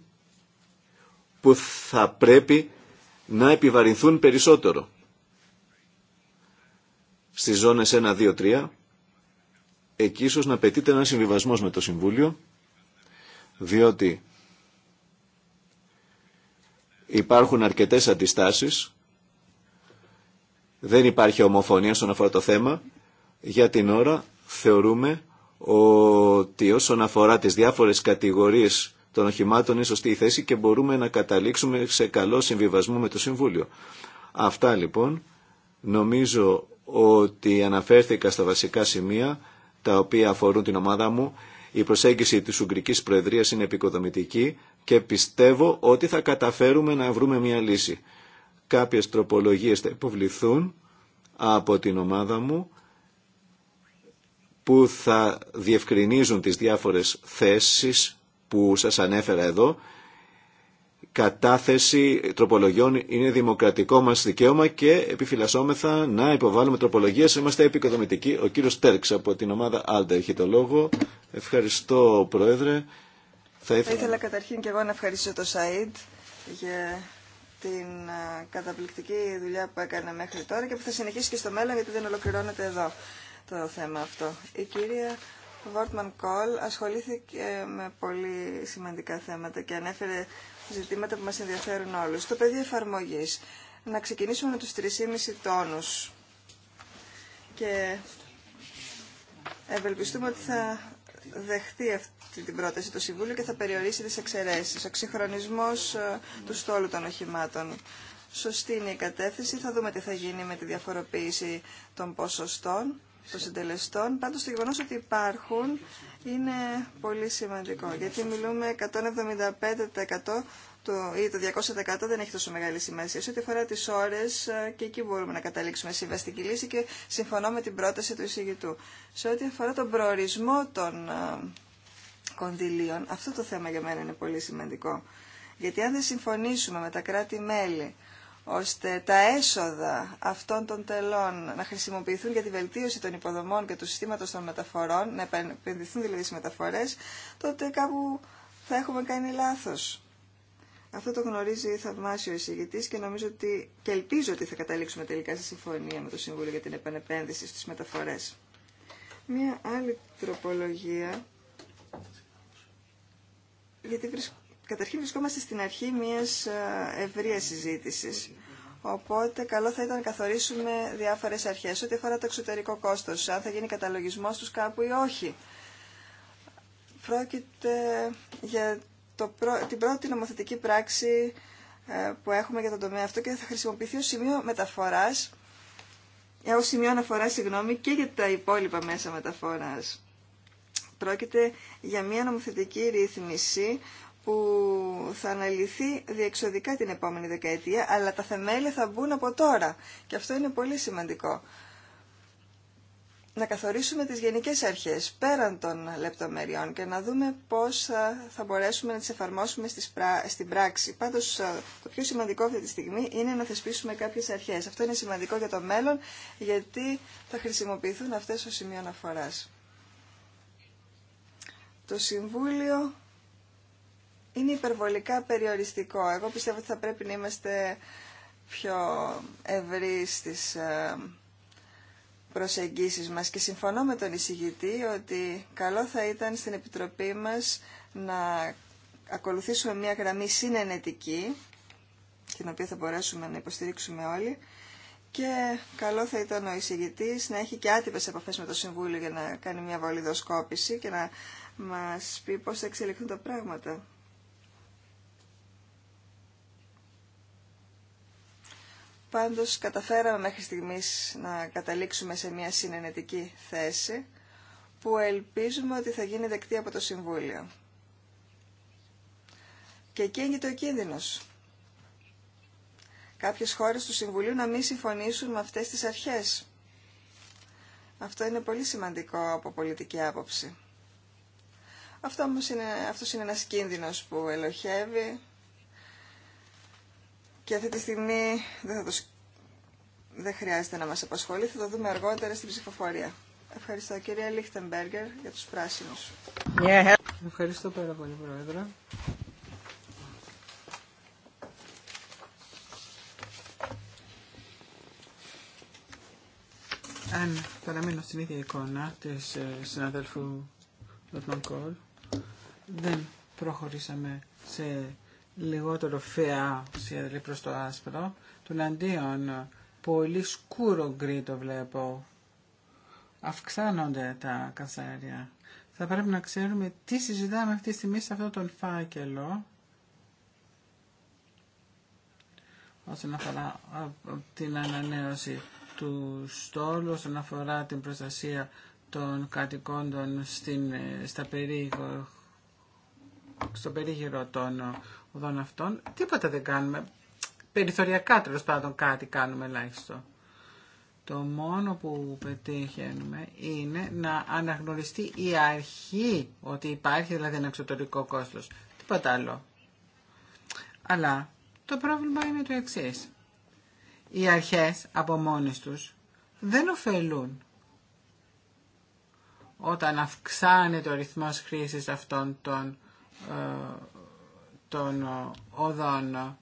B: που θα πρέπει να επιβαρυνθούν περισσότερο. Στις ζώνες 1, 2, 3, εκεί ίσως να απαιτείται ένα συμβιβασμό με το Συμβούλιο, διότι υπάρχουν αρκετές αντιστάσεις, δεν υπάρχει ομοφωνία στον αφορά το θέμα, για την ώρα θεωρούμε ότι όσον αφορά τις διάφορες κατηγορίες των οχημάτων είναι σωστή η θέση και μπορούμε να καταλήξουμε σε καλό συμβιβασμό με το Συμβούλιο. Αυτά λοιπόν. Νομίζω ότι αναφέρθηκα στα βασικά σημεία τα οποία αφορούν την ομάδα μου. Η προσέγγιση της Ουγγρικής Προεδρίας είναι επικοδομητική και πιστεύω ότι θα καταφέρουμε να βρούμε μια λύση. Κάποιες τροπολογίες θα υποβληθούν από την ομάδα μου που θα διευκρινίζουν τις διάφορες θέσεις που σας ανέφερα εδώ, κατάθεση τροπολογιών είναι δημοκρατικό μας δικαίωμα και επιφυλασσόμεθα να υποβάλουμε τροπολογίες. Είμαστε επικοδομητικοί. Ο κύριος Τέρξ από την ομάδα Άλτα έχει το λόγο. Ευχαριστώ Πρόεδρε. Θα ήθελα...
E: καταρχήν και εγώ να ευχαριστήσω το ΣΑΙΔ για την καταπληκτική δουλειά που έκανε μέχρι τώρα και που θα συνεχίσει και στο μέλλον γιατί δεν ολοκληρώνεται εδώ το θέμα αυτό. Η κυρία Βόρτμαν Κόλ ασχολήθηκε με πολύ σημαντικά θέματα και ανέφερε ζητήματα που μας ενδιαφέρουν όλους. Το πεδίο εφαρμογή. Να ξεκινήσουμε με τους 3,5 τόνους. Και ευελπιστούμε ότι θα δεχτεί αυτή την πρόταση το Συμβούλιο και θα περιορίσει τις εξαιρέσεις. Ο ξεχρονισμός ε, του στόλου των οχημάτων. Σωστή είναι η κατεύθυνση. Θα δούμε τι θα γίνει με τη διαφοροποίηση των ποσοστών των συντελεστών. Πάντως το γεγονό ότι υπάρχουν είναι πολύ σημαντικό, γιατί μιλούμε 175% το, ή το 200% δεν έχει τόσο μεγάλη σημασία. Σε ό,τι αφορά τι ώρε ε, και εκεί μπορούμε να καταλήξουμε συμβαστική λύση και συμφωνώ με την πρόταση του εισηγητού. Σε ό,τι αφορά τον προορισμό των ε, κονδυλίων, αυτό το θέμα για μένα είναι πολύ σημαντικό. Γιατί αν δεν συμφωνήσουμε με τα κράτη-μέλη ώστε τα έσοδα αυτών των τελών να χρησιμοποιηθούν για τη βελτίωση των υποδομών και του συστήματος των μεταφορών, να επενδυθούν δηλαδή στις μεταφορές, τότε κάπου θα έχουμε κάνει λάθος. Αυτό το γνωρίζει θαυμάσιο εισηγητή και νομίζω ότι και ελπίζω ότι θα καταλήξουμε τελικά σε συμφωνία με το Συμβούλιο για την επανεπένδυση στις μεταφορές. Μία άλλη τροπολογία, γιατί βρίσκω Καταρχήν βρισκόμαστε στην αρχή μιας ε, ευρείας συζήτησης. Οπότε καλό θα ήταν να καθορίσουμε διάφορες αρχές ό,τι αφορά το εξωτερικό κόστος, αν θα γίνει καταλογισμός τους κάπου ή όχι. Πρόκειται για το, την πρώτη νομοθετική πράξη ε, που έχουμε για τον τομέα αυτό και θα χρησιμοποιηθεί ως σημείο μεταφοράς, ε, ως σημείο αναφοράς, συγγνώμη, και για τα υπόλοιπα μέσα μεταφοράς. Πρόκειται για μια νομοθετική ρύθμιση που θα αναλυθεί διεξοδικά την επόμενη δεκαετία, αλλά τα θεμέλια θα μπουν από τώρα. Και αυτό είναι πολύ σημαντικό. Να καθορίσουμε τις γενικές αρχές πέραν των λεπτομεριών και να δούμε πώς ε, θα μπορέσουμε να τις εφαρμόσουμε στην πράξη. Πάντως ε, το πιο σημαντικό αυτή τη στιγμή είναι να θεσπίσουμε κάποιες αρχές. Αυτό είναι σημαντικό για το μέλλον γιατί θα χρησιμοποιηθούν αυτές ως σημείο αναφοράς. Το Συμβούλιο είναι υπερβολικά περιοριστικό. Εγώ πιστεύω ότι θα πρέπει να είμαστε πιο ευρύ στις ε, προσεγγίσεις μας και συμφωνώ με τον εισηγητή ότι καλό θα ήταν στην Επιτροπή μας να ακολουθήσουμε μια γραμμή συνενετική την οποία θα μπορέσουμε να υποστηρίξουμε όλοι και καλό θα ήταν ο εισηγητής να έχει και άτυπες επαφές με το Συμβούλιο για να κάνει μια βολιδοσκόπηση και να μας πει πώς θα εξελιχθούν τα πράγματα. Πάντως καταφέραμε μέχρι στιγμής να καταλήξουμε σε μια συνενετική θέση που ελπίζουμε ότι θα γίνει δεκτή από το Συμβούλιο. Και εκεί έγινε το κίνδυνος. Κάποιες χώρες του Συμβουλίου να μην συμφωνήσουν με αυτές τις αρχές. Αυτό είναι πολύ σημαντικό από πολιτική άποψη. Αυτό όμως είναι, αυτός είναι ένας κίνδυνος που ελοχεύει και αυτή τη στιγμή δεν, θα το... δεν χρειάζεται να μας απασχολεί, θα το δούμε αργότερα στην ψηφοφορία. Ευχαριστώ κυρία Λίχτεμπεργκερ για τους πράσινους.
C: Yeah. Ευχαριστώ πάρα πολύ Πρόεδρε. Αν παραμείνω στην ίδια εικόνα της ε, συναδέλφου Λοτμαν δεν προχωρήσαμε σε λιγότερο φαιά ουσία προς το άσπρο, τουλαντίον πολύ σκούρο γκρι το βλέπω. Αυξάνονται τα κασάρια. Θα πρέπει να ξέρουμε τι συζητάμε αυτή τη στιγμή σε αυτό τον φάκελο όσον αφορά την ανανέωση του στόλου, όσον αφορά την προστασία των κατοικών στην, ε, στα στο περίγυρο των οδών αυτών, τίποτα δεν κάνουμε. Περιθωριακά τέλο πάντων κάτι κάνουμε ελάχιστο. Το μόνο που πετύχαινουμε είναι να αναγνωριστεί η αρχή ότι υπάρχει δηλαδή ένα εξωτερικό κόστος. Τίποτα άλλο. Αλλά το πρόβλημα είναι το εξή. Οι αρχές από μόνες τους δεν ωφελούν όταν αυξάνεται ο ρυθμός χρήσης αυτών των ε, των οδών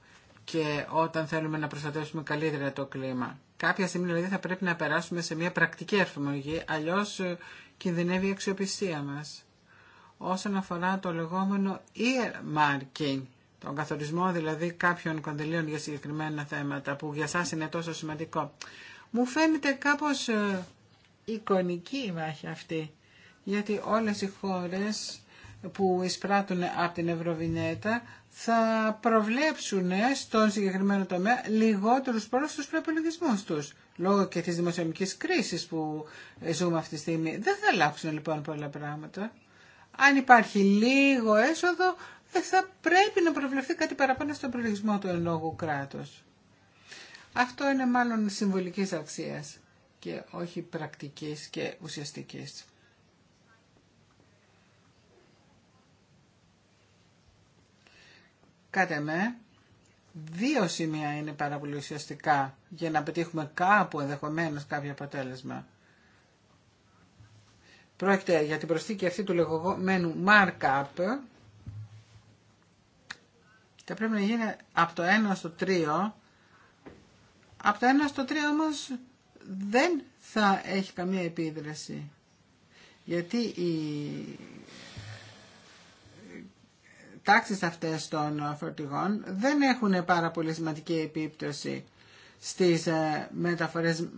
C: και όταν θέλουμε να προστατεύσουμε καλύτερα το κλίμα. Κάποια στιγμή δηλαδή θα πρέπει να περάσουμε σε μια πρακτική εφαρμογή, αλλιώς ε, κινδυνεύει η αξιοπιστία μας. Όσον αφορά το λεγόμενο earmarking, τον καθορισμό δηλαδή κάποιων κονδυλίων για συγκεκριμένα θέματα που για σας είναι τόσο σημαντικό. Μου φαίνεται κάπω ε, εικονική η μάχη αυτή, γιατί όλες οι χώρες που εισπράττουν από την Ευρωβινέτα θα προβλέψουν στον συγκεκριμένο τομέα λιγότερους πόρους στους προπολογισμούς τους. Λόγω και της δημοσιονομικής κρίσης που ζούμε αυτή τη στιγμή. Δεν θα αλλάξουν λοιπόν πολλά πράγματα. Αν υπάρχει λίγο έσοδο, ε, θα πρέπει να προβλεφθεί κάτι παραπάνω στον προλογισμό του εν Αυτό είναι μάλλον συμβολικής αξίας και όχι πρακτικής και ουσιαστικής. Κάτε με, ναι. δύο σημεία είναι πάρα πολύ ουσιαστικά για να πετύχουμε κάπου ενδεχομένως κάποιο αποτέλεσμα. Πρόκειται για την προσθήκη αυτή του λεγόμενου markup. Θα πρέπει να γίνει από το 1 στο 3. Από το 1 στο 3 όμως δεν θα έχει καμία επίδραση. Γιατί η τάξεις αυτές των ε, φορτηγών δεν έχουν πάρα πολύ σημαντική επίπτωση στις ε, μεταφορές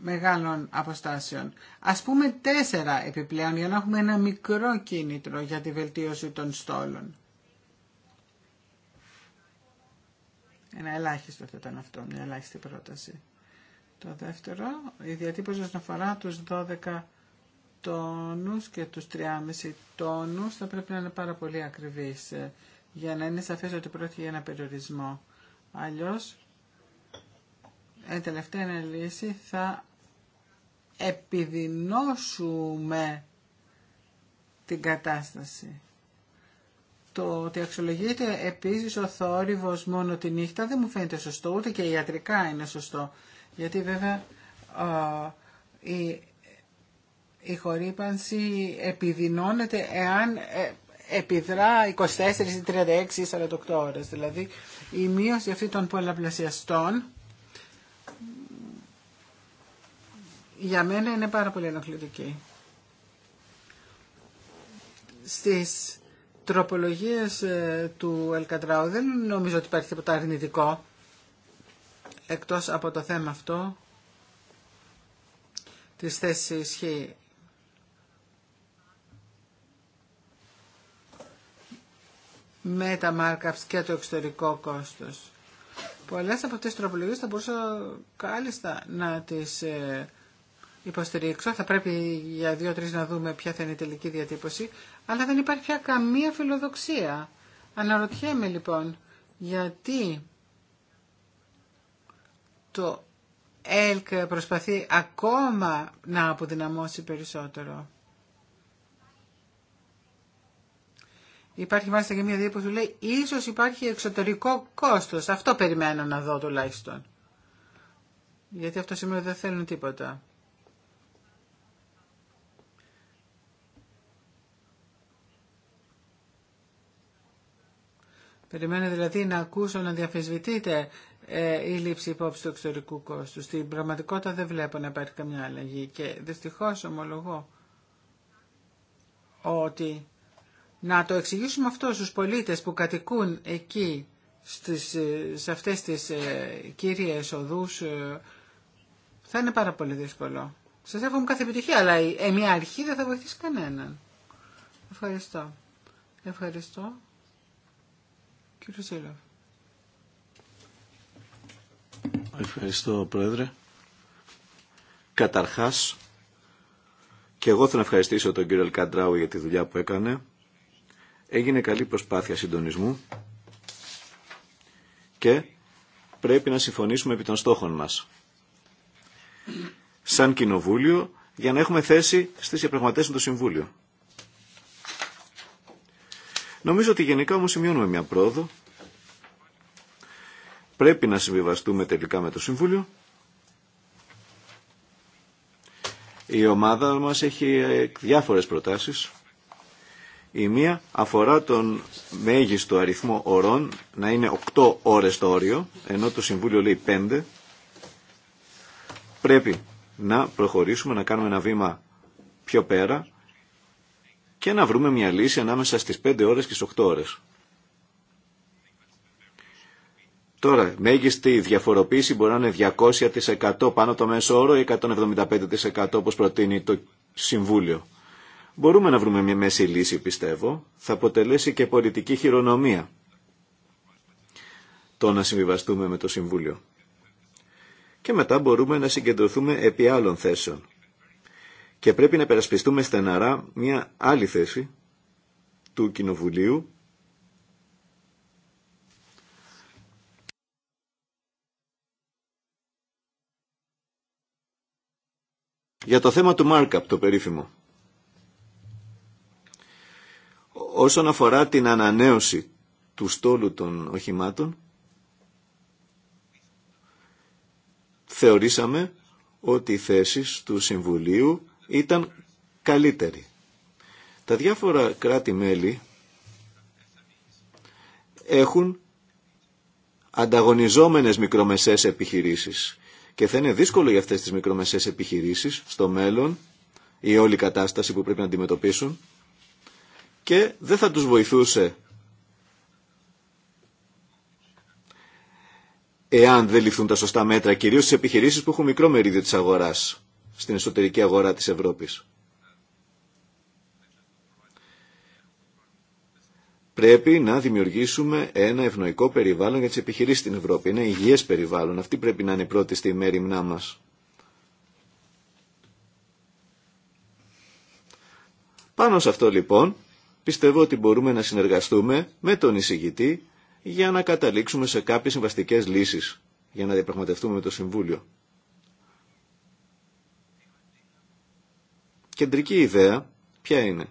C: μεγάλων αποστάσεων. Ας πούμε τέσσερα επιπλέον για να έχουμε ένα μικρό κίνητρο για τη βελτίωση των στόλων. Ένα ελάχιστο θα ήταν αυτό, μια ελάχιστη πρόταση. Το δεύτερο, η διατύπωση όσον αφορά τους 12 τόνους και τους 3,5 τόνους θα πρέπει να είναι πάρα πολύ ακριβείς ε, για να είναι σαφές ότι πρόκειται για ένα περιορισμό. Αλλιώς, η ε, τελευταία λύση θα επιδεινώσουμε την κατάσταση. Το ότι αξιολογείται επίσης ο θόρυβος μόνο τη νύχτα δεν μου φαίνεται σωστό, ούτε και ιατρικά είναι σωστό. Γιατί βέβαια ε, η η χορύπανση επιδεινώνεται εάν ε, επιδρά 24, 36 ή 48 ώρες. Δηλαδή η μείωση αυτή των πολλαπλασιαστών για μένα είναι πάρα πολύ ενοχλητική. Στις τροπολογίες ε, του Ελκατράου δεν νομίζω ότι υπάρχει τίποτα αρνητικό εκτός από το θέμα αυτό της θέσης ισχύει. με τα markups και το εξωτερικό κόστος. Πολλές από αυτές τις τροπολογίες θα μπορούσα κάλλιστα να τις ε, υποστηρίξω. Θα πρέπει για δύο-τρεις να δούμε ποια θα είναι η τελική διατύπωση. Αλλά δεν υπάρχει πια καμία φιλοδοξία. Αναρωτιέμαι λοιπόν γιατί το ΕΛΚ προσπαθεί ακόμα να αποδυναμώσει περισσότερο. Υπάρχει μάλιστα και μια δία που λέει ίσως υπάρχει εξωτερικό κόστος. Αυτό περιμένω να δω τουλάχιστον. Γιατί αυτό σήμερα δεν θέλουν τίποτα. Περιμένω δηλαδή να ακούσω να διαφεσβητείτε ε, η λήψη υπόψη του εξωτερικού κόστου. Στην πραγματικότητα δεν βλέπω να υπάρχει καμιά αλλαγή και δυστυχώς ομολογώ ότι να το εξηγήσουμε αυτό στους πολίτες που κατοικούν εκεί στις, ε, σε αυτές τις ε, κύριες οδούς ε, θα είναι πάρα πολύ δύσκολο. Σας εύχομαι κάθε επιτυχία, αλλά η, ε, μια αρχή δεν θα βοηθήσει κανέναν. Ευχαριστώ. Ευχαριστώ. Κύριε Σίλοφ.
B: Ευχαριστώ, Πρόεδρε. Καταρχάς, και εγώ θέλω να ευχαριστήσω τον κύριο Ελκαντράου για τη δουλειά που έκανε Έγινε καλή προσπάθεια συντονισμού και πρέπει να συμφωνήσουμε επί των στόχων μας. Σαν κοινοβούλιο για να έχουμε θέση στις διαπραγματεύσεις του το Συμβούλιο. Νομίζω ότι γενικά όμως σημειώνουμε μια πρόοδο. Πρέπει να συμβιβαστούμε τελικά με το Συμβούλιο. Η ομάδα μας έχει ε, διάφορες προτάσεις. Η μία αφορά τον μέγιστο αριθμό ωρών να είναι 8 ώρες το όριο, ενώ το Συμβούλιο λέει 5. Πρέπει να προχωρήσουμε, να κάνουμε ένα βήμα πιο πέρα και να βρούμε μια λύση ανάμεσα στις 5 ώρες και στις 8 ώρες. Τώρα, μέγιστη διαφοροποίηση μπορεί να είναι 200% πάνω το μέσο όρο ή 175% όπως προτείνει το Συμβούλιο. Μπορούμε να βρούμε μια μέση λύση, πιστεύω. Θα αποτελέσει και πολιτική χειρονομία το να συμβιβαστούμε με το Συμβούλιο. Και μετά μπορούμε να συγκεντρωθούμε επί άλλων θέσεων. Και πρέπει να περασπιστούμε στεναρά μια άλλη θέση του Κοινοβουλίου για το θέμα του Μάρκαπ, το περίφημο. Όσον αφορά την ανανέωση του στόλου των οχημάτων, θεωρήσαμε ότι οι θέσεις του Συμβουλίου ήταν καλύτερη. Τα διάφορα κράτη-μέλη έχουν ανταγωνιζόμενες μικρομεσαίες επιχειρήσεις και θα είναι δύσκολο για αυτές τις μικρομεσαίες επιχειρήσεις στο μέλλον η όλη κατάσταση που πρέπει να αντιμετωπίσουν και δεν θα τους βοηθούσε εάν δεν ληφθούν τα σωστά μέτρα, κυρίως στις επιχειρήσεις που έχουν μικρό μερίδιο της αγοράς στην εσωτερική αγορά της Ευρώπης. Πρέπει να δημιουργήσουμε ένα ευνοϊκό περιβάλλον για τις επιχειρήσεις στην Ευρώπη. Ένα υγιές περιβάλλον. Αυτή πρέπει να είναι πρώτη στη μνά μας. Πάνω σε αυτό λοιπόν Πιστεύω ότι μπορούμε να συνεργαστούμε με τον εισηγητή για να καταλήξουμε σε κάποιες συμβαστικέ λύσεις για να διαπραγματευτούμε με το Συμβούλιο. Κεντρική ιδέα ποια είναι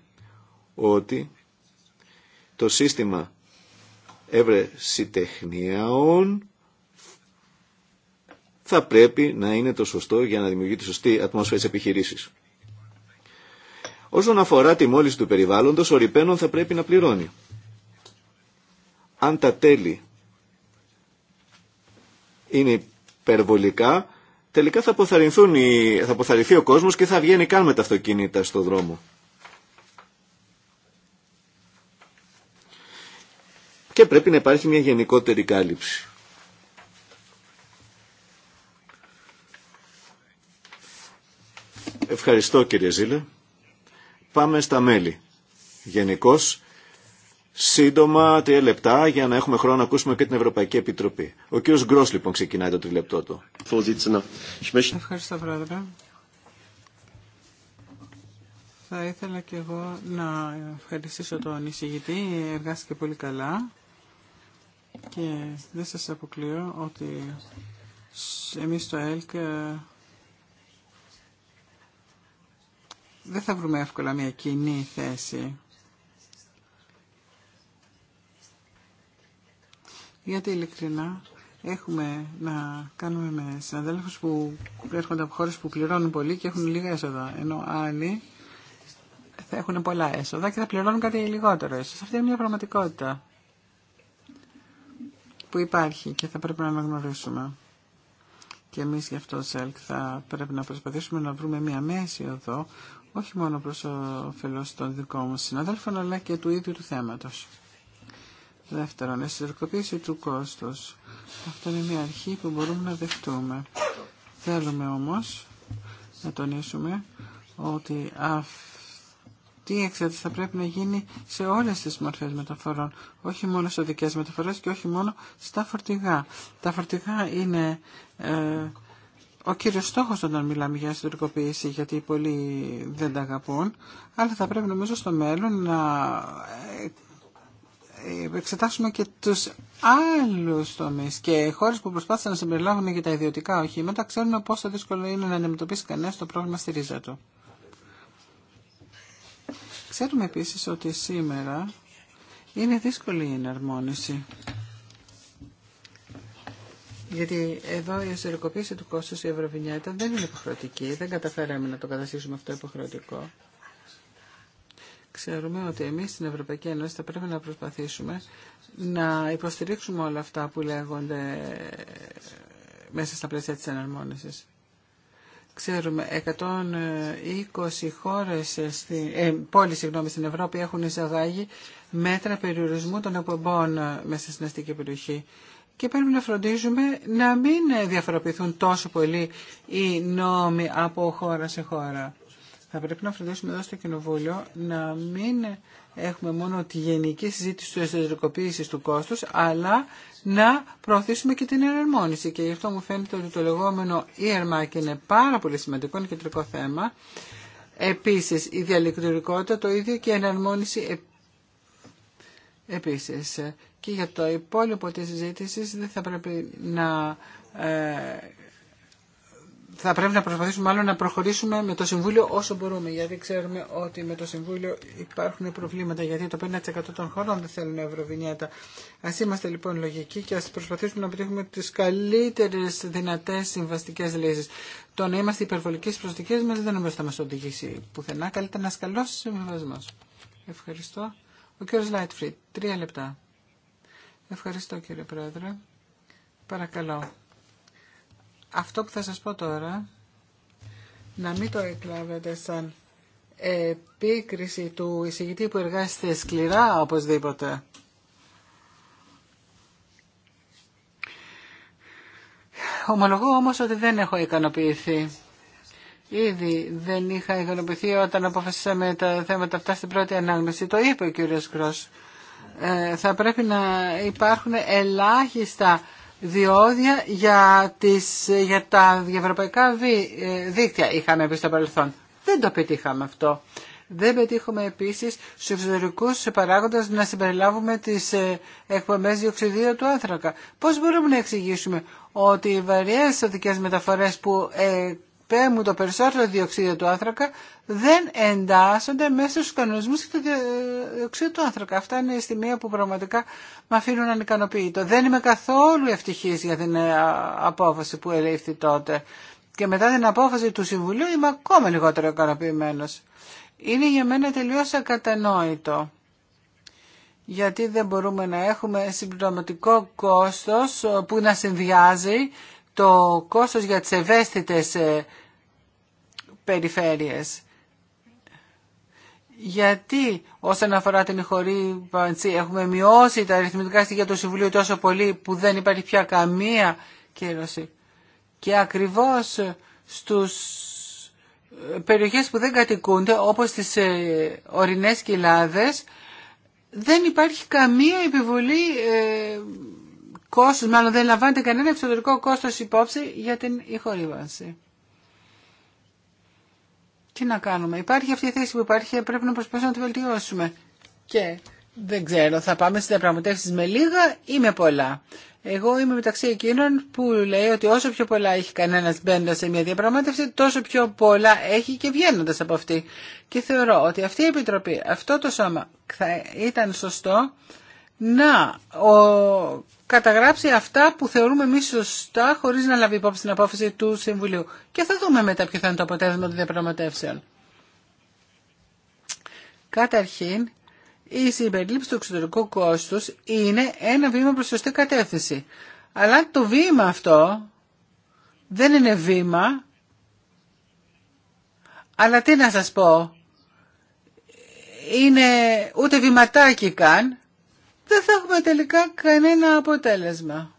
B: ότι το σύστημα έβρεση θα πρέπει να είναι το σωστό για να δημιουργεί τη σωστή ατμόσφαιρα της επιχειρήσης. Όσον αφορά τη μόλιση του περιβάλλοντος, ο ρηπαίνων θα πρέπει να πληρώνει. Αν τα τέλη είναι υπερβολικά, τελικά θα, αποθαρρυνθούν θα αποθαρρυνθεί ο κόσμος και θα βγαίνει καν με τα αυτοκίνητα στο δρόμο. Και πρέπει να υπάρχει μια γενικότερη κάλυψη. Ευχαριστώ κύριε Ζήλε. Πάμε στα μέλη. Γενικώ, σύντομα τρία λεπτά για να έχουμε χρόνο να ακούσουμε και την Ευρωπαϊκή Επιτροπή. Ο κ. Γκρό λοιπόν ξεκινάει το τριλεπτό του. Ευχαριστώ
C: πρόεδρε. Θα ήθελα και εγώ να ευχαριστήσω τον εισηγητή. Εργάστηκε πολύ καλά και δεν σας αποκλείω ότι εμείς στο ΕΛΚ δεν θα βρούμε εύκολα μια κοινή θέση. Γιατί ειλικρινά έχουμε να κάνουμε με συναδέλφους που έρχονται από χώρες που πληρώνουν πολύ και έχουν λίγα έσοδα, ενώ άλλοι θα έχουν πολλά έσοδα και θα πληρώνουν κάτι λιγότερο ίσως. Αυτή είναι μια πραγματικότητα που υπάρχει και θα πρέπει να αναγνωρίσουμε. Και εμείς γι' αυτό, ΣΕΛΚ, θα πρέπει να προσπαθήσουμε να βρούμε μια μέση εδώ όχι μόνο προς όφελος των δικών μου συναδέλφων, αλλά και του ίδιου του θέματος. Δεύτερον, η συνεργοποίηση του κόστους. Αυτό είναι μια αρχή που μπορούμε να δεχτούμε. Θέλουμε όμως να τονίσουμε ότι αυτή η εξέταση θα πρέπει να γίνει σε όλες τις μορφές μεταφορών, όχι μόνο σε οδικές μεταφορές και όχι μόνο στα φορτηγά. Τα φορτηγά είναι ε, ο κύριος στόχος όταν μιλάμε για εσωτερικοποίηση, γιατί πολλοί δεν τα αγαπούν, αλλά θα πρέπει νομίζω στο μέλλον να ε, εξετάσουμε και τους άλλους τομείς και χώρες που προσπάθησαν να συμπεριλάβουν και τα ιδιωτικά οχήματα ξέρουν πόσο δύσκολο είναι να αντιμετωπίσει κανένας το πρόβλημα στη ρίζα του. Ξέρουμε επίσης ότι σήμερα είναι δύσκολη η εναρμόνιση γιατί εδώ η εσωτερικοποίηση του κόστου η Ευρωβινιέτα δεν είναι υποχρεωτική. Δεν καταφέραμε να το καταστήσουμε αυτό υποχρεωτικό. Ξέρουμε ότι εμείς στην Ευρωπαϊκή Ένωση θα πρέπει να προσπαθήσουμε να υποστηρίξουμε όλα αυτά που λέγονται μέσα στα πλαίσια της εναρμόνισης. Ξέρουμε, 120 χώρες, στη, ε, συγγνώμη, στην Ευρώπη έχουν εισαγάγει μέτρα περιορισμού των εκπομπών μέσα στην αστική περιοχή και πρέπει να φροντίζουμε να μην διαφοροποιηθούν τόσο πολύ οι νόμοι από χώρα σε χώρα. Θα πρέπει να φροντίσουμε εδώ στο Κοινοβούλιο να μην έχουμε μόνο τη γενική συζήτηση του εσωτερικοποίησης του κόστους, αλλά να προωθήσουμε και την εναρμόνιση. Και γι' αυτό μου φαίνεται ότι το λεγόμενο ERMAC είναι πάρα πολύ σημαντικό, είναι κεντρικό θέμα. Επίσης, η διαλειτουργικότητα το ίδιο και η εναρμόνιση ε, επίσης και για το υπόλοιπο της συζήτηση δεν θα πρέπει να... Ε, θα πρέπει να προσπαθήσουμε μάλλον να προχωρήσουμε με το Συμβούλιο όσο μπορούμε, γιατί ξέρουμε ότι με το Συμβούλιο υπάρχουν προβλήματα, γιατί το 50% των χωρών δεν θέλουν ευρωβινιάτα. Ας είμαστε λοιπόν λογικοί και α προσπαθήσουμε να πετύχουμε τι καλύτερε δυνατέ συμβαστικέ λύσεις. Το να είμαστε υπερβολικοί στις μα μας δεν νομίζω θα μας οδηγήσει πουθενά. Καλύτερα να σκαλώσει ο Ευχαριστώ. Ο κύριο Λάιτφριτ, τρία λεπτά. Ευχαριστώ κύριε Πρόεδρε. Παρακαλώ. Αυτό που θα σας πω τώρα, να μην το εκλάβετε σαν επίκριση του εισηγητή που εργάζεται σκληρά οπωσδήποτε. Ομολογώ όμως ότι δεν έχω ικανοποιηθεί. Ήδη δεν είχα ικανοποιηθεί όταν αποφασίσαμε τα θέματα αυτά στην πρώτη ανάγνωση. Το είπε ο κύριος Κρός. Ε, θα πρέπει να υπάρχουν ελάχιστα διόδια για, τις, για τα ευρωπαϊκά ε, δίκτυα είχαμε πει στο παρελθόν. Δεν το πετύχαμε αυτό. Δεν πετύχουμε επίσης στους εξωτερικούς παράγοντες να συμπεριλάβουμε τις ε, εκπομπές διοξιδίου του άνθρακα. Πώς μπορούμε να εξηγήσουμε ότι οι βαριές οδικές μεταφορές που μου το περισσότερο διοξίδιο του άνθρακα δεν εντάσσονται μέσα στους κανονισμούς και το διοξείδιο του άνθρακα. Αυτά είναι η στιγμή που πραγματικά με αφήνουν ανικανοποιητό. Δεν είμαι καθόλου ευτυχής για την ε, απόφαση που ελήφθη τότε. Και μετά την απόφαση του Συμβουλίου είμαι ακόμα λιγότερο ικανοποιημένο. Είναι για μένα τελείως ακατανόητο. Γιατί δεν μπορούμε να έχουμε συμπληρωματικό κόστος ε, που να συνδυάζει το κόστος για τις ευαίσθητες ε, περιφέρειες. Γιατί όσον αφορά την χορύπανση έχουμε μειώσει τα αριθμητικά στοιχεία του Συμβουλίου τόσο πολύ που δεν υπάρχει πια καμία κύρωση. Και ακριβώς στους ε, περιοχές που δεν κατοικούνται όπως τις ε, ορεινές κοιλάδες δεν υπάρχει καμία επιβολή ε, μάλλον δεν λαμβάνεται κανένα εξωτερικό κόστος υπόψη για την ηχορύβανση τι να κάνουμε. Υπάρχει αυτή η θέση που υπάρχει, πρέπει να προσπαθήσουμε να τη βελτιώσουμε. Και δεν ξέρω, θα πάμε στι διαπραγματεύσει με λίγα ή με πολλά. Εγώ είμαι μεταξύ εκείνων που λέει ότι όσο πιο πολλά έχει κανένα μπαίνοντα σε μια διαπραγμάτευση, τόσο πιο πολλά έχει και βγαίνοντα από αυτή. Και θεωρώ ότι αυτή η Επιτροπή, αυτό το σώμα θα ήταν σωστό να ο, καταγράψει αυτά που θεωρούμε εμεί σωστά χωρί να λάβει υπόψη την απόφαση του Συμβουλίου. Και θα δούμε μετά ποιο θα είναι το αποτέλεσμα των διαπραγματεύσεων. Καταρχήν, η συμπερίληψη του εξωτερικού κόστου είναι ένα βήμα προς σωστή κατεύθυνση. Αλλά το βήμα αυτό δεν είναι βήμα, αλλά τι να σας πω, είναι ούτε βηματάκι καν, δεν θα έχουμε τελικά κανένα αποτέλεσμα.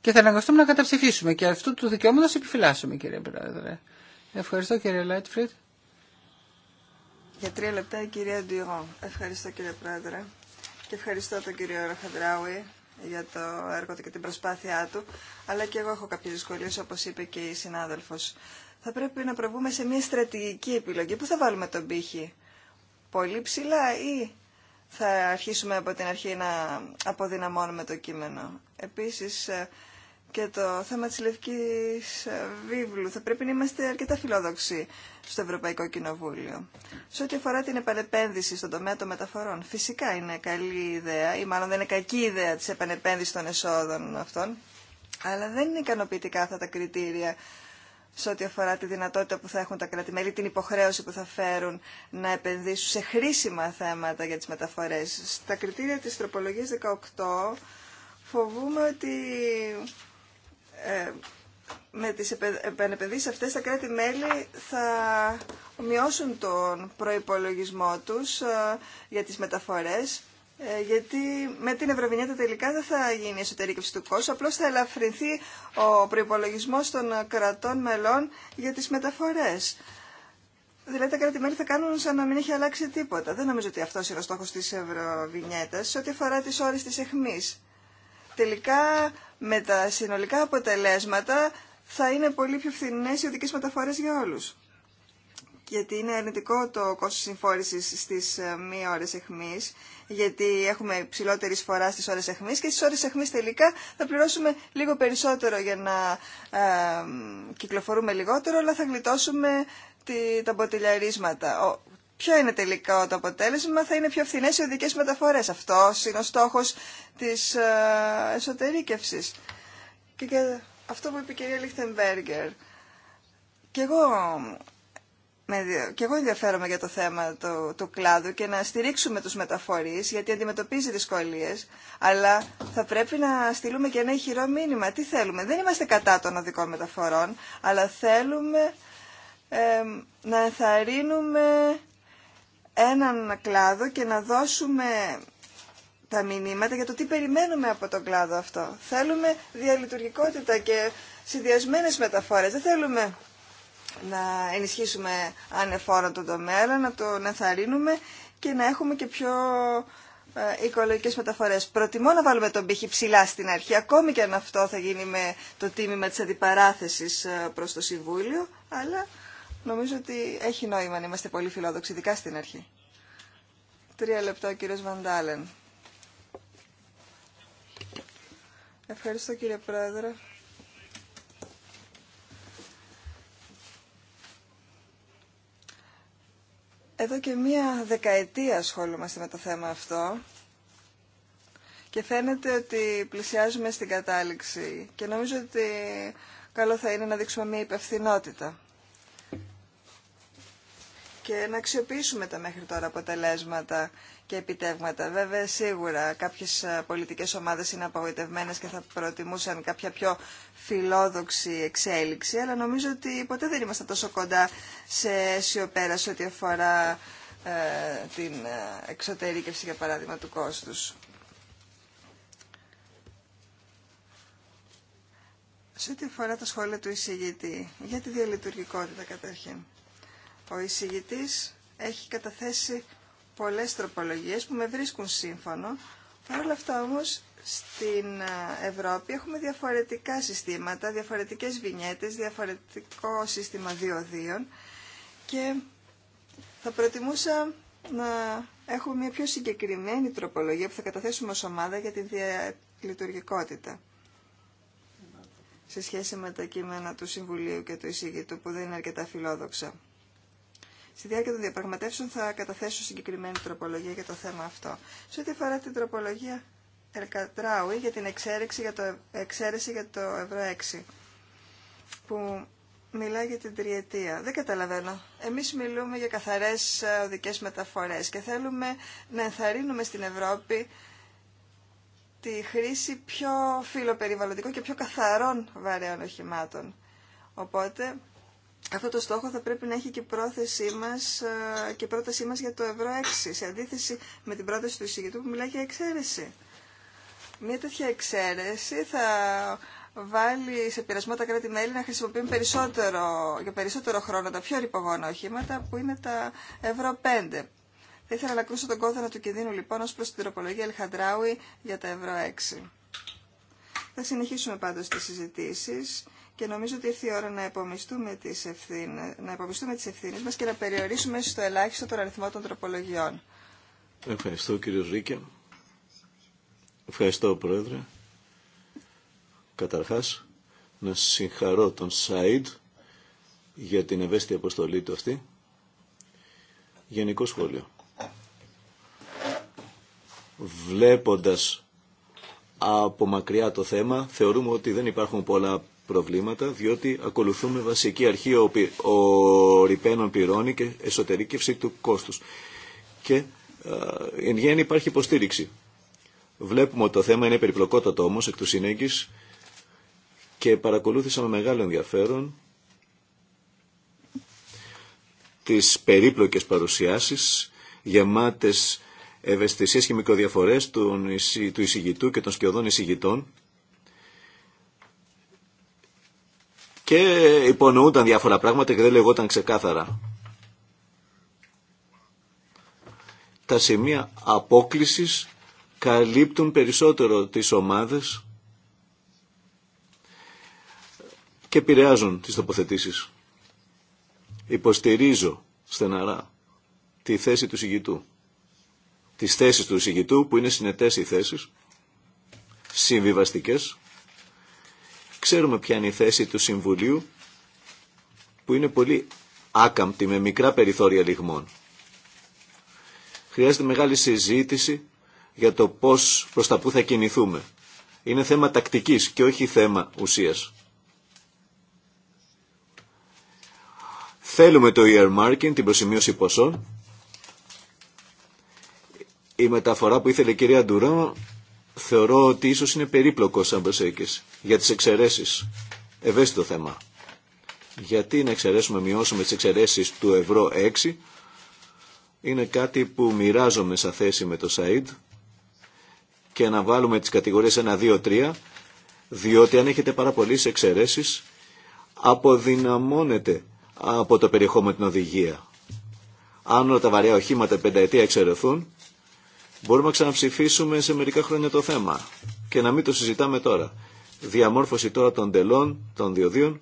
C: Και θα αναγκαστούμε να καταψηφίσουμε και αυτού του δικαιώματο επιφυλάσσουμε κύριε Πρόεδρε. Ευχαριστώ κύριε Λάιτφριτ.
E: Για τρία λεπτά η κυρία Ευχαριστώ κύριε Πρόεδρε. Και ευχαριστώ τον κύριο Ραχαντράουι για το έργο του και την προσπάθειά του. Αλλά και εγώ έχω κάποιε δυσκολίε όπω είπε και η συνάδελφο. Θα πρέπει να προβούμε σε μια στρατηγική επιλογή. Πού θα βάλουμε τον πύχη. Πολύ ψηλά ή θα αρχίσουμε από την αρχή να αποδυναμώνουμε το κείμενο. Επίσης ε, και το θέμα της Λευκής ε, Βίβλου. Θα πρέπει να είμαστε αρκετά φιλόδοξοι στο Ευρωπαϊκό Κοινοβούλιο. Σε ό,τι αφορά την επανεπένδυση στον τομέα των μεταφορών, φυσικά είναι καλή ιδέα ή μάλλον δεν είναι κακή ιδέα της επανεπένδυσης των εσόδων αυτών, αλλά δεν είναι ικανοποιητικά αυτά τα κριτήρια σε ό,τι αφορά τη δυνατότητα που θα έχουν τα κράτη-μέλη, την υποχρέωση που θα φέρουν να επενδύσουν σε χρήσιμα θέματα για τις μεταφορές. Στα κριτήρια της τροπολογίας 18 φοβούμε ότι ε, με τις επενδύσεις αυτές τα κράτη-μέλη θα μειώσουν τον προϋπολογισμό τους ε, για τις μεταφορές ε, γιατί με την Ευρωβινιέτα τελικά δεν θα γίνει η εσωτερήκευση του κόσμου, απλώς θα ελαφρυνθεί ο προϋπολογισμός των κρατών μελών για τις μεταφορές. Δηλαδή τα κράτη-μέλη θα κάνουν σαν να μην έχει αλλάξει τίποτα. Δεν νομίζω ότι αυτό είναι ο στόχος της Ευρωβινιέτας σε ό,τι αφορά τις ώρες της αιχμής. Τελικά με τα συνολικά αποτελέσματα θα είναι πολύ πιο φθηνές οι οδικές μεταφορές για όλους. Γιατί είναι αρνητικό το κόστος συμφόρησης στι ε, μία ώρες εχμής γιατί έχουμε ψηλότερη εισφορά στις ώρες αιχμής και στις ώρες αιχμής τελικά θα πληρώσουμε λίγο περισσότερο για να ε, κυκλοφορούμε λιγότερο, αλλά θα γλιτώσουμε τη, τα ποτηλιαρίσματα. ποιο είναι τελικά το αποτέλεσμα, θα είναι πιο φθηνές οι οδικές μεταφορές. Αυτός είναι ο στόχος της ε, εσωτερήκευσης. Και, αυτό που είπε η κυρία Λιχτεμπέργκερ. Και εγώ με, και εγώ ενδιαφέρομαι για το θέμα του, του κλάδου και να στηρίξουμε τους μεταφορείς γιατί αντιμετωπίζει δυσκολίες αλλά θα πρέπει να στείλουμε και ένα ηχηρό μήνυμα. Τι θέλουμε. Δεν είμαστε κατά των οδικών μεταφορών αλλά θέλουμε να ενθαρρύνουμε έναν κλάδο και να δώσουμε τα μηνύματα για το τι περιμένουμε από τον κλάδο αυτό. Θέλουμε διαλειτουργικότητα και συνδυασμένες μεταφορές. Δεν θέλουμε να ενισχύσουμε ανεφόρα το τομέα, να το ενθαρρύνουμε και να έχουμε και πιο ε, οικολογικέ μεταφορέ. Προτιμώ να βάλουμε τον πύχη ψηλά στην αρχή, ακόμη και αν αυτό θα γίνει με το τίμημα τη αντιπαράθεση ε, προ το Συμβούλιο, αλλά νομίζω ότι έχει νόημα να είμαστε πολύ φιλόδοξοι, ειδικά στην αρχή. Τρία λεπτά ο κύριος Βαντάλεν. Ευχαριστώ κύριε Πρόεδρε. Εδώ και μία δεκαετία ασχολούμαστε με το θέμα αυτό και φαίνεται ότι πλησιάζουμε στην κατάληξη και νομίζω ότι καλό θα είναι να δείξουμε μία υπευθυνότητα και να αξιοποιήσουμε τα μέχρι τώρα αποτελέσματα και επιτεύγματα. Βέβαια, σίγουρα κάποιες ε, πολιτικές ομάδες είναι απογοητευμένε και θα προτιμούσαν κάποια πιο φιλόδοξη εξέλιξη, αλλά νομίζω ότι ποτέ δεν ήμασταν τόσο κοντά σε αίσιο πέρα σε ό,τι αφορά ε, την ε, εξωτερήκευση, για παράδειγμα, του κόστους. Σε ό,τι αφορά τα σχόλια του εισηγητή, για τη διαλειτουργικότητα καταρχήν. Ο εισηγητής έχει καταθέσει πολλές τροπολογίες που με βρίσκουν σύμφωνο. Παρ' όλα αυτά όμως στην ε, Ευρώπη έχουμε διαφορετικά συστήματα, διαφορετικές βινιέτες, διαφορετικό σύστημα διοδίων και θα προτιμούσα να έχουμε μια πιο συγκεκριμένη τροπολογία που θα καταθέσουμε ως ομάδα για την διαλειτουργικότητα σε σχέση με τα κείμενα του Συμβουλίου και του εισηγητού που δεν είναι αρκετά φιλόδοξα στη διάρκεια των διαπραγματεύσεων θα καταθέσω συγκεκριμένη τροπολογία για το θέμα αυτό. Σε ό,τι αφορά την τροπολογία Ελκατράουι για την εξαίρεση για το, εξαίρεση για το ευρώ 6 που μιλάει για την τριετία. Δεν καταλαβαίνω. Εμείς μιλούμε για καθαρές ε, οδικές μεταφορές και θέλουμε να ενθαρρύνουμε στην Ευρώπη τη χρήση πιο φιλοπεριβαλλοντικών και πιο καθαρών βαρέων οχημάτων. Οπότε αυτό το στόχο θα πρέπει να έχει και πρόθεσή μας ε, και πρότασή μας για το ευρώ 6, σε αντίθεση με την πρόταση του εισηγητού που μιλάει για εξαίρεση. Μία τέτοια εξαίρεση θα βάλει σε πειρασμό τα κράτη-μέλη να χρησιμοποιούν περισσότερο, για περισσότερο χρόνο τα πιο ρηπογόνα οχήματα που είναι τα ευρώ 5. Θα ήθελα να ακούσω τον κόδωνα του κινδύνου λοιπόν ως προς την τροπολογία Ελχαντράουι για τα ευρώ 6. Θα συνεχίσουμε πάντως τις συζητήσεις και νομίζω ότι ήρθε η ώρα να επομιστούμε τις ευθύνες, να τις ευθύνες μας και να περιορίσουμε στο ελάχιστο τον αριθμό των τροπολογιών.
B: Ευχαριστώ κύριο Ζήκε. Ευχαριστώ πρόεδρε. Καταρχάς να συγχαρώ τον Σαΐντ για την ευαίσθητη αποστολή του αυτή. Γενικό σχόλιο. Βλέποντας από μακριά το θέμα, θεωρούμε ότι δεν υπάρχουν πολλά προβλήματα διότι ακολουθούμε βασική αρχή ο, ο ρηπαίνων πληρώνει και εσωτερήκευση του κόστους. Και εν γέννη υπάρχει υποστήριξη. Βλέπουμε ότι το θέμα είναι περιπλοκότατο όμως εκ του συνέγγις και παρακολούθησα με μεγάλο ενδιαφέρον τις περίπλοκες παρουσιάσεις γεμάτες ευαισθησίες και μικροδιαφορές του εισηγητού και των σκιωδών εισηγητών και υπονοούνταν διάφορα πράγματα και δεν λεγόταν ξεκάθαρα. Τα σημεία απόκλησης καλύπτουν περισσότερο τις ομάδες και επηρεάζουν τις τοποθετήσεις. Υποστηρίζω στεναρά τη θέση του συγητού. Τις θέσεις του συγητού που είναι συνετές οι θέσεις, συμβιβαστικές, Ξέρουμε ποια είναι η θέση του Συμβουλίου που είναι πολύ άκαμπτη με μικρά περιθώρια λιγμών. Χρειάζεται μεγάλη συζήτηση για το πώς προς τα που θα κινηθούμε. Είναι θέμα τακτικής και όχι θέμα ουσίας. Θέλουμε το earmarking, την προσημείωση ποσών. Η μεταφορά που ήθελε η κυρία Ντουρό θεωρώ ότι ίσως είναι περίπλοκος σαν προσέγγιση για τις εξαιρέσεις. Ευαίσθητο θέμα. Γιατί να εξαιρέσουμε, μειώσουμε τις εξαιρέσεις του ευρώ 6. Είναι κάτι που μοιράζομαι σαν θέση με το ΣΑΙΔ και να βάλουμε τις κατηγορίες 1, 2, 3 διότι αν έχετε πάρα πολλέ εξαιρέσεις αποδυναμώνεται από το περιεχόμενο την οδηγία. Αν όλα τα βαριά οχήματα πενταετία εξαιρεθούν, μπορούμε να ξαναψηφίσουμε σε μερικά χρόνια το θέμα και να μην το συζητάμε τώρα διαμόρφωση τώρα των τελών, των διοδίων.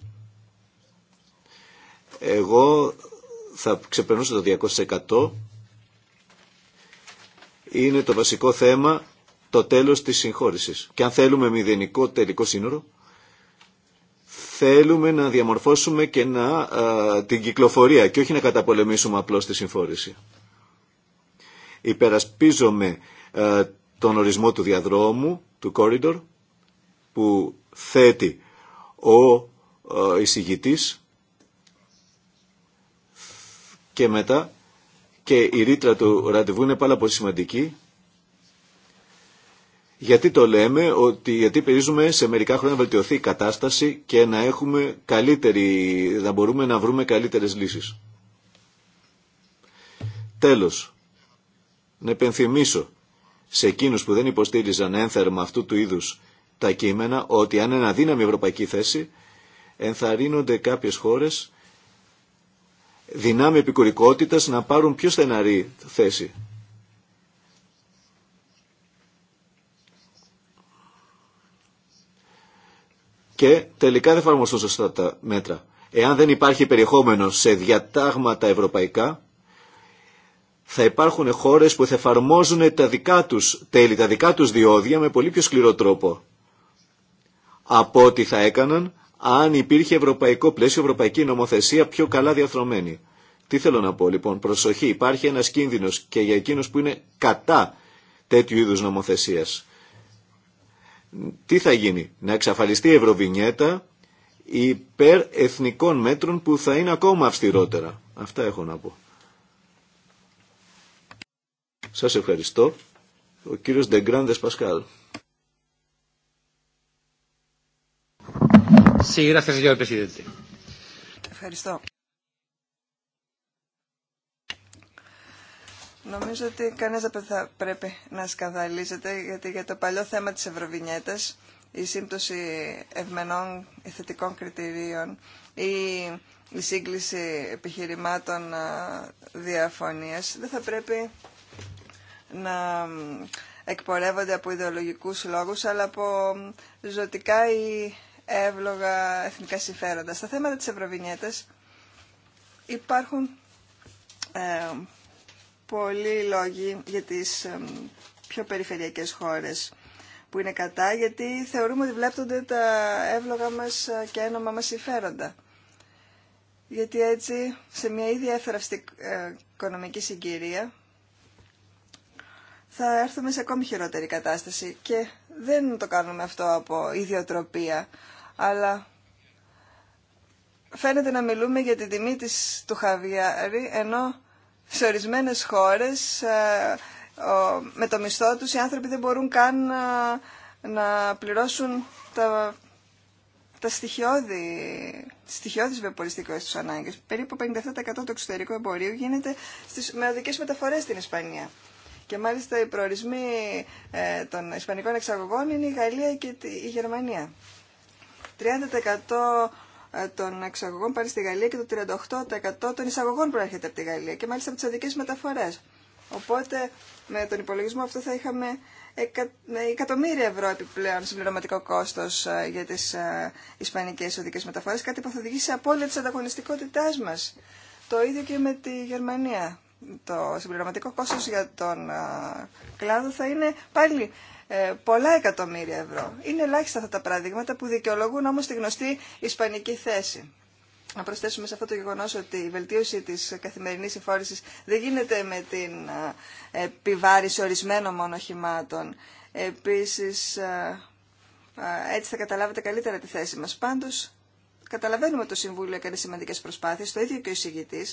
B: Εγώ θα ξεπερνούσα το 200%. Είναι το βασικό θέμα το τέλος της συγχώρησης. Και αν θέλουμε μηδενικό τελικό σύνορο, θέλουμε να διαμορφώσουμε και να, την κυκλοφορία και όχι να καταπολεμήσουμε απλώς τη συμφόρηση. Υπερασπίζομαι τον ορισμό του διαδρόμου, του corridor, που θέτει ο ε, εισηγητής και μετά και η ρήτρα του ραντεβού είναι πάρα πολύ σημαντική γιατί το λέμε ότι γιατί περίζουμε σε μερικά χρόνια να βελτιωθεί η κατάσταση και να έχουμε καλύτερη, να μπορούμε να βρούμε καλύτερες λύσεις. Τέλος, να επενθυμίσω σε εκείνους που δεν υποστήριζαν ένθερμα αυτού του είδους τα κείμενα ότι αν είναι αδύναμη η ευρωπαϊκή θέση, ενθαρρύνονται κάποιες χώρες δυνάμει επικουρικότητας να πάρουν πιο στεναρή θέση. Και τελικά δεν εφαρμοστούν σωστά τα μέτρα. Εάν δεν υπάρχει περιεχόμενο σε διατάγματα ευρωπαϊκά, θα υπάρχουν χώρες που θα εφαρμόζουν τα δικά τους τέλη, τα δικά τους διόδια με πολύ πιο σκληρό τρόπο από ό,τι θα έκαναν αν υπήρχε ευρωπαϊκό πλαίσιο, ευρωπαϊκή νομοθεσία πιο καλά διαθρωμένη. Τι θέλω να πω λοιπόν, προσοχή, υπάρχει ένας κίνδυνος και για εκείνους που είναι κατά τέτοιου είδους νομοθεσίας. Τι θα γίνει, να εξαφαλιστεί η Ευρωβινιέτα υπέρ εθνικών μέτρων που θα είναι ακόμα αυστηρότερα. Αυτά έχω να πω. Σας ευχαριστώ. Ο κύριος Ντεγκράντες Πασκάλ.
E: Ευχαριστώ. Νομίζω ότι κανένα δεν θα πρέπει να σκανδαλίζεται, γιατί για το παλιό θέμα της Ευρωβινιέτας, η σύμπτωση ευμενών θετικών κριτηρίων ή η σύγκληση επιχειρημάτων διαφωνίας δεν θα πρέπει να εκπορεύονται από ιδεολογικούς λόγους, αλλά από ζωτικά ή εύλογα εθνικά συμφέροντα. Στα θέματα της Ευρωβινιέτας υπάρχουν ε, πολλοί λόγοι για τις ε, πιο περιφερειακές χώρες που είναι κατά, γιατί θεωρούμε ότι βλέπτονται τα εύλογα μας ε, και ένομα μας συμφέροντα. Γιατί έτσι, σε μια ήδη έφεραυστη οικονομική συγκυρία, θα έρθουμε σε ακόμη χειρότερη κατάσταση και δεν το κάνουμε αυτό από ιδιοτροπία, αλλά φαίνεται να μιλούμε για την τιμή της του χαβιάρι, ενώ σε ορισμένες χώρες ε, με το μισθό τους οι άνθρωποι δεν μπορούν καν ε, να, πληρώσουν τα, τα στοιχειώδη, τις στοιχειώδεις βιοποριστικές τους ανάγκες. Περίπου 57% του εξωτερικού εμπορίου γίνεται στις, με οδικές μεταφορές στην Ισπανία. Και μάλιστα οι προορισμοί ε, των ισπανικών εξαγωγών είναι η Γαλλία και η Γερμανία. 30% των εξαγωγών πάνε στη Γαλλία και το 38% των εισαγωγών προέρχεται από τη Γαλλία και μάλιστα από τις οδικές μεταφορές. Οπότε με τον υπολογισμό αυτό θα είχαμε εκατομμύρια ευρώ επιπλέον συμπληρωματικό κόστος ε, για τις ε, ισπανικές οδικές μεταφορές, κάτι που θα οδηγήσει σε απώλεια της ανταγωνιστικότητάς μας. Το ίδιο και με τη Γερμανία. Το συμπληρωματικό κόστος για τον ε, κλάδο θα είναι πάλι ε, πολλά εκατομμύρια ευρώ. Είναι ελάχιστα αυτά τα παραδείγματα που δικαιολογούν όμως τη γνωστή ισπανική θέση. Να προσθέσουμε σε αυτό το γεγονός ότι η βελτίωση της καθημερινής συμφόρηση δεν γίνεται με την ε, επιβάρηση ορισμένων μονοχημάτων. Επίσης, ε, έτσι θα καταλάβετε καλύτερα τη θέση μας. Πάντως, Καταλαβαίνουμε το Συμβούλιο έκανε σημαντικέ προσπάθειε, το ίδιο και ο εισηγητή.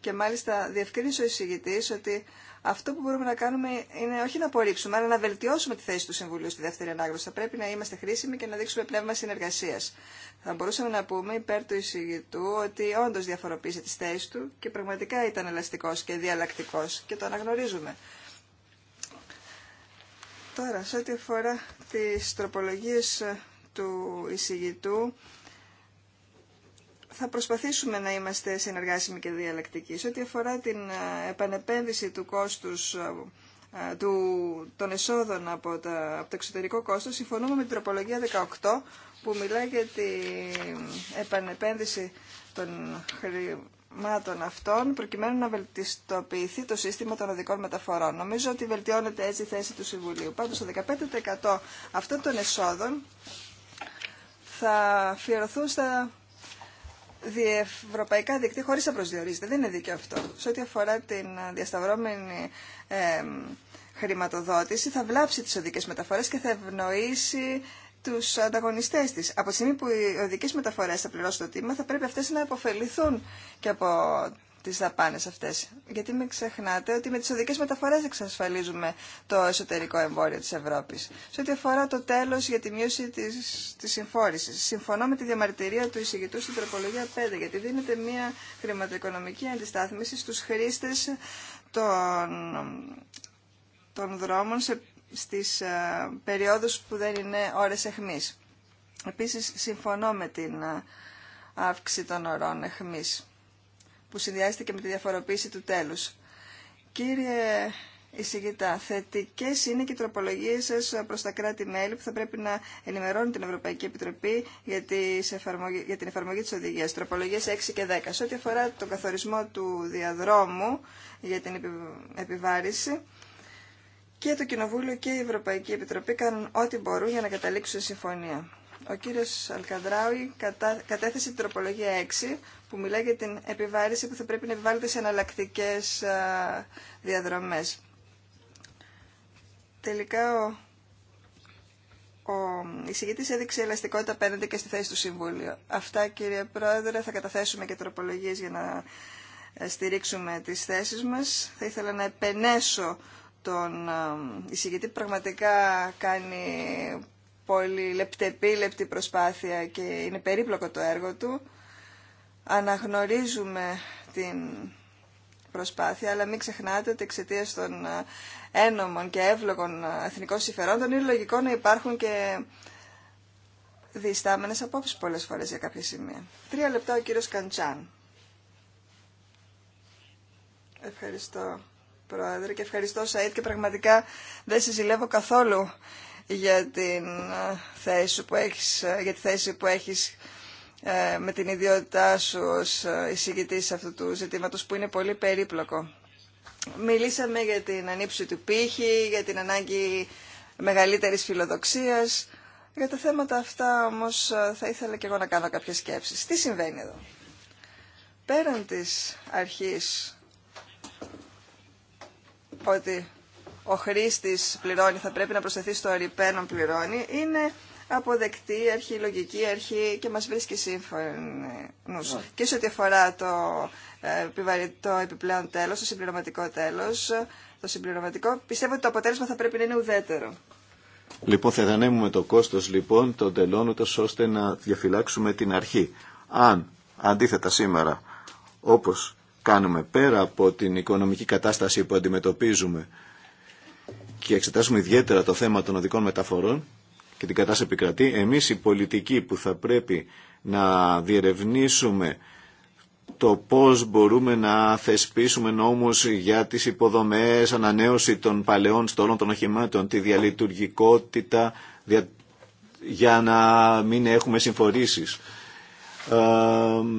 E: και μάλιστα διευκρίνησε ο εισηγητή ότι αυτό που μπορούμε να κάνουμε είναι όχι να απορρίψουμε, αλλά να βελτιώσουμε τη θέση του Συμβουλίου στη δεύτερη ανάγνωση. Θα πρέπει να είμαστε χρήσιμοι και να δείξουμε πνεύμα συνεργασία. Θα μπορούσαμε να πούμε υπέρ του εισηγητού ότι όντω διαφοροποίησε τι θέσει του και πραγματικά ήταν ελαστικό και διαλλακτικό και το αναγνωρίζουμε. Τώρα, σε ό,τι αφορά τι τροπολογίε του εισηγητού, θα προσπαθήσουμε να είμαστε συνεργάσιμοι και διαλεκτικοί, Σε ό,τι αφορά την ε, επανεπένδυση του κόστους ε, ε, του, των εσόδων από, τα, από το εξωτερικό κόστος, συμφωνούμε με την τροπολογία 18 που μιλάει για την επανεπένδυση των χρημάτων αυτών προκειμένου να βελτιστοποιηθεί το σύστημα των οδικών μεταφορών. Νομίζω ότι βελτιώνεται έτσι η θέση του Συμβουλίου. Πάντως το 15% αυτών των εσόδων θα αφιερωθούν στα διευρωπαϊκά δίκτυα χωρίς να προσδιορίζεται. Δεν είναι δίκαιο αυτό. Σε ό,τι αφορά την διασταυρώμενη χρηματοδότηση θα βλάψει τις οδικές μεταφορές και θα ευνοήσει τους ανταγωνιστές της. Από τη στιγμή που οι οδικές μεταφορές θα πληρώσουν το τίμα, θα πρέπει αυτές να υποφεληθούν και από τι δαπάνε αυτέ, Γιατί μην ξεχνάτε ότι με τι οδικέ μεταφορέ εξασφαλίζουμε το εσωτερικό εμπόριο τη Ευρώπη. Σε ό,τι αφορά το τέλο για τη μείωση τη συμφόρηση. Συμφωνώ με τη διαμαρτυρία του εισηγητού στην τροπολογία 5, γιατί δίνεται μια χρηματοοικονομική αντιστάθμιση στου χρήστε των, των δρόμων στι στις ε, περιόδους που δεν είναι ώρες εχμής. Επίσης, συμφωνώ με την ε, αύξηση των ωρών εχμής που συνδυάζεται και με τη διαφοροποίηση του τέλους. Κύριε Ισηγητά, θετικές είναι και οι τροπολογίες σας προς τα κράτη-μέλη που θα πρέπει να ενημερώνουν την Ευρωπαϊκή Επιτροπή για, για την εφαρμογή της οδηγίας, τροπολογίες 6 και 10. Σε ό,τι αφορά τον καθορισμό του διαδρόμου για την επιβάρηση, και το Κοινοβούλιο και η Ευρωπαϊκή Επιτροπή κάνουν ό,τι μπορούν για να καταλήξουν συμφωνία. Ο κύριος Αλκαντράουι κατέθεσε την τροπολογία 6 που μιλάει για την επιβάρηση που θα πρέπει να επιβάλλεται σε εναλλακτικέ διαδρομές. Τελικά ο ο εισηγητής έδειξε ελαστικότητα απέναντι και στη θέση του Συμβούλιο. Αυτά κύριε Πρόεδρε, θα καταθέσουμε και τροπολογίες για να ε, στηρίξουμε τις θέσεις μας. Θα ήθελα να επενέσω τον ε, εισηγητή που πραγματικά κάνει πολύ λεπτεπίλεπτη προσπάθεια και είναι περίπλοκο το έργο του. Αναγνωρίζουμε την προσπάθεια, αλλά μην ξεχνάτε ότι εξαιτία των ε, ένομων και εύλογων ε, εθνικών συμφερόντων είναι λογικό να υπάρχουν και διστάμενες απόψεις πολλές φορές για κάποια σημεία. Τρία λεπτά ο κύριος Καντσάν. Ευχαριστώ, Πρόεδρε, και ευχαριστώ, Σαΐτ, και πραγματικά δεν συζηλεύω καθόλου για, την ε, θέση που έχεις, ε, για τη θέση που έχεις ε, με την ιδιότητά σου ως εισηγητής αυτού του ζητήματος που είναι πολύ περίπλοκο. Μιλήσαμε για την ανήψη του πύχη, για την ανάγκη μεγαλύτερης φιλοδοξίας. Για τα θέματα αυτά όμως θα ήθελα και εγώ να κάνω κάποιες σκέψεις. Τι συμβαίνει εδώ. Πέραν της αρχής ότι ο χρήστη πληρώνει θα πρέπει να προσθεθεί στο ρηπένον πληρώνει είναι αποδεκτή, λογική, αρχή και μας βρίσκει σύμφωνου. Ναι. Και σε ό,τι αφορά το, ε, το επιπλέον τέλος, το συμπληρωματικό τέλος, το συμπληρωματικό, πιστεύω ότι το αποτέλεσμα θα πρέπει να είναι ουδέτερο.
B: Λοιπόν, θα δανέμουμε το κόστος λοιπόν των τελών ώστε να διαφυλάξουμε την αρχή. Αν αντίθετα σήμερα, όπως κάνουμε πέρα από την οικονομική κατάσταση που αντιμετωπίζουμε, και εξετάσουμε ιδιαίτερα το θέμα των οδικών μεταφορών και την κατάσταση επικρατεί, εμείς οι πολιτικοί που θα πρέπει να διερευνήσουμε το πώς μπορούμε να θεσπίσουμε νόμους για τις υποδομές, ανανέωση των παλαιών στόλων των οχημάτων, τη διαλειτουργικότητα, για να μην έχουμε συμφορήσεις. Ε,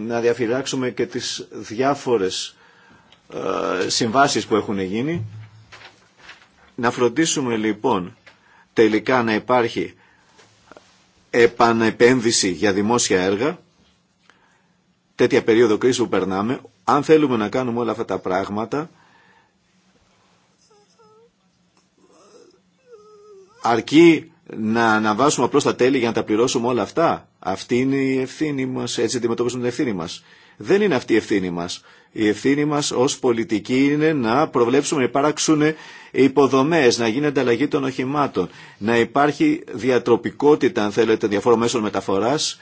B: να διαφυλάξουμε και τις διάφορες ε, που έχουν γίνει να φροντίσουμε λοιπόν τελικά να υπάρχει επανεπένδυση για δημόσια έργα, τέτοια περίοδο κρίση που περνάμε, αν θέλουμε να κάνουμε όλα αυτά τα πράγματα, αρκεί να αναβάσουμε απλώς τα τέλη για να τα πληρώσουμε όλα αυτά. Αυτή είναι η ευθύνη μας, έτσι αντιμετωπίζουμε την ευθύνη μας. Δεν είναι αυτή η ευθύνη μας. Η ευθύνη μας ως πολιτική είναι να προβλέψουμε να υπάρξουν υποδομές, να γίνει ανταλλαγή των οχημάτων, να υπάρχει διατροπικότητα, αν θέλετε, διαφόρων μέσων μεταφοράς,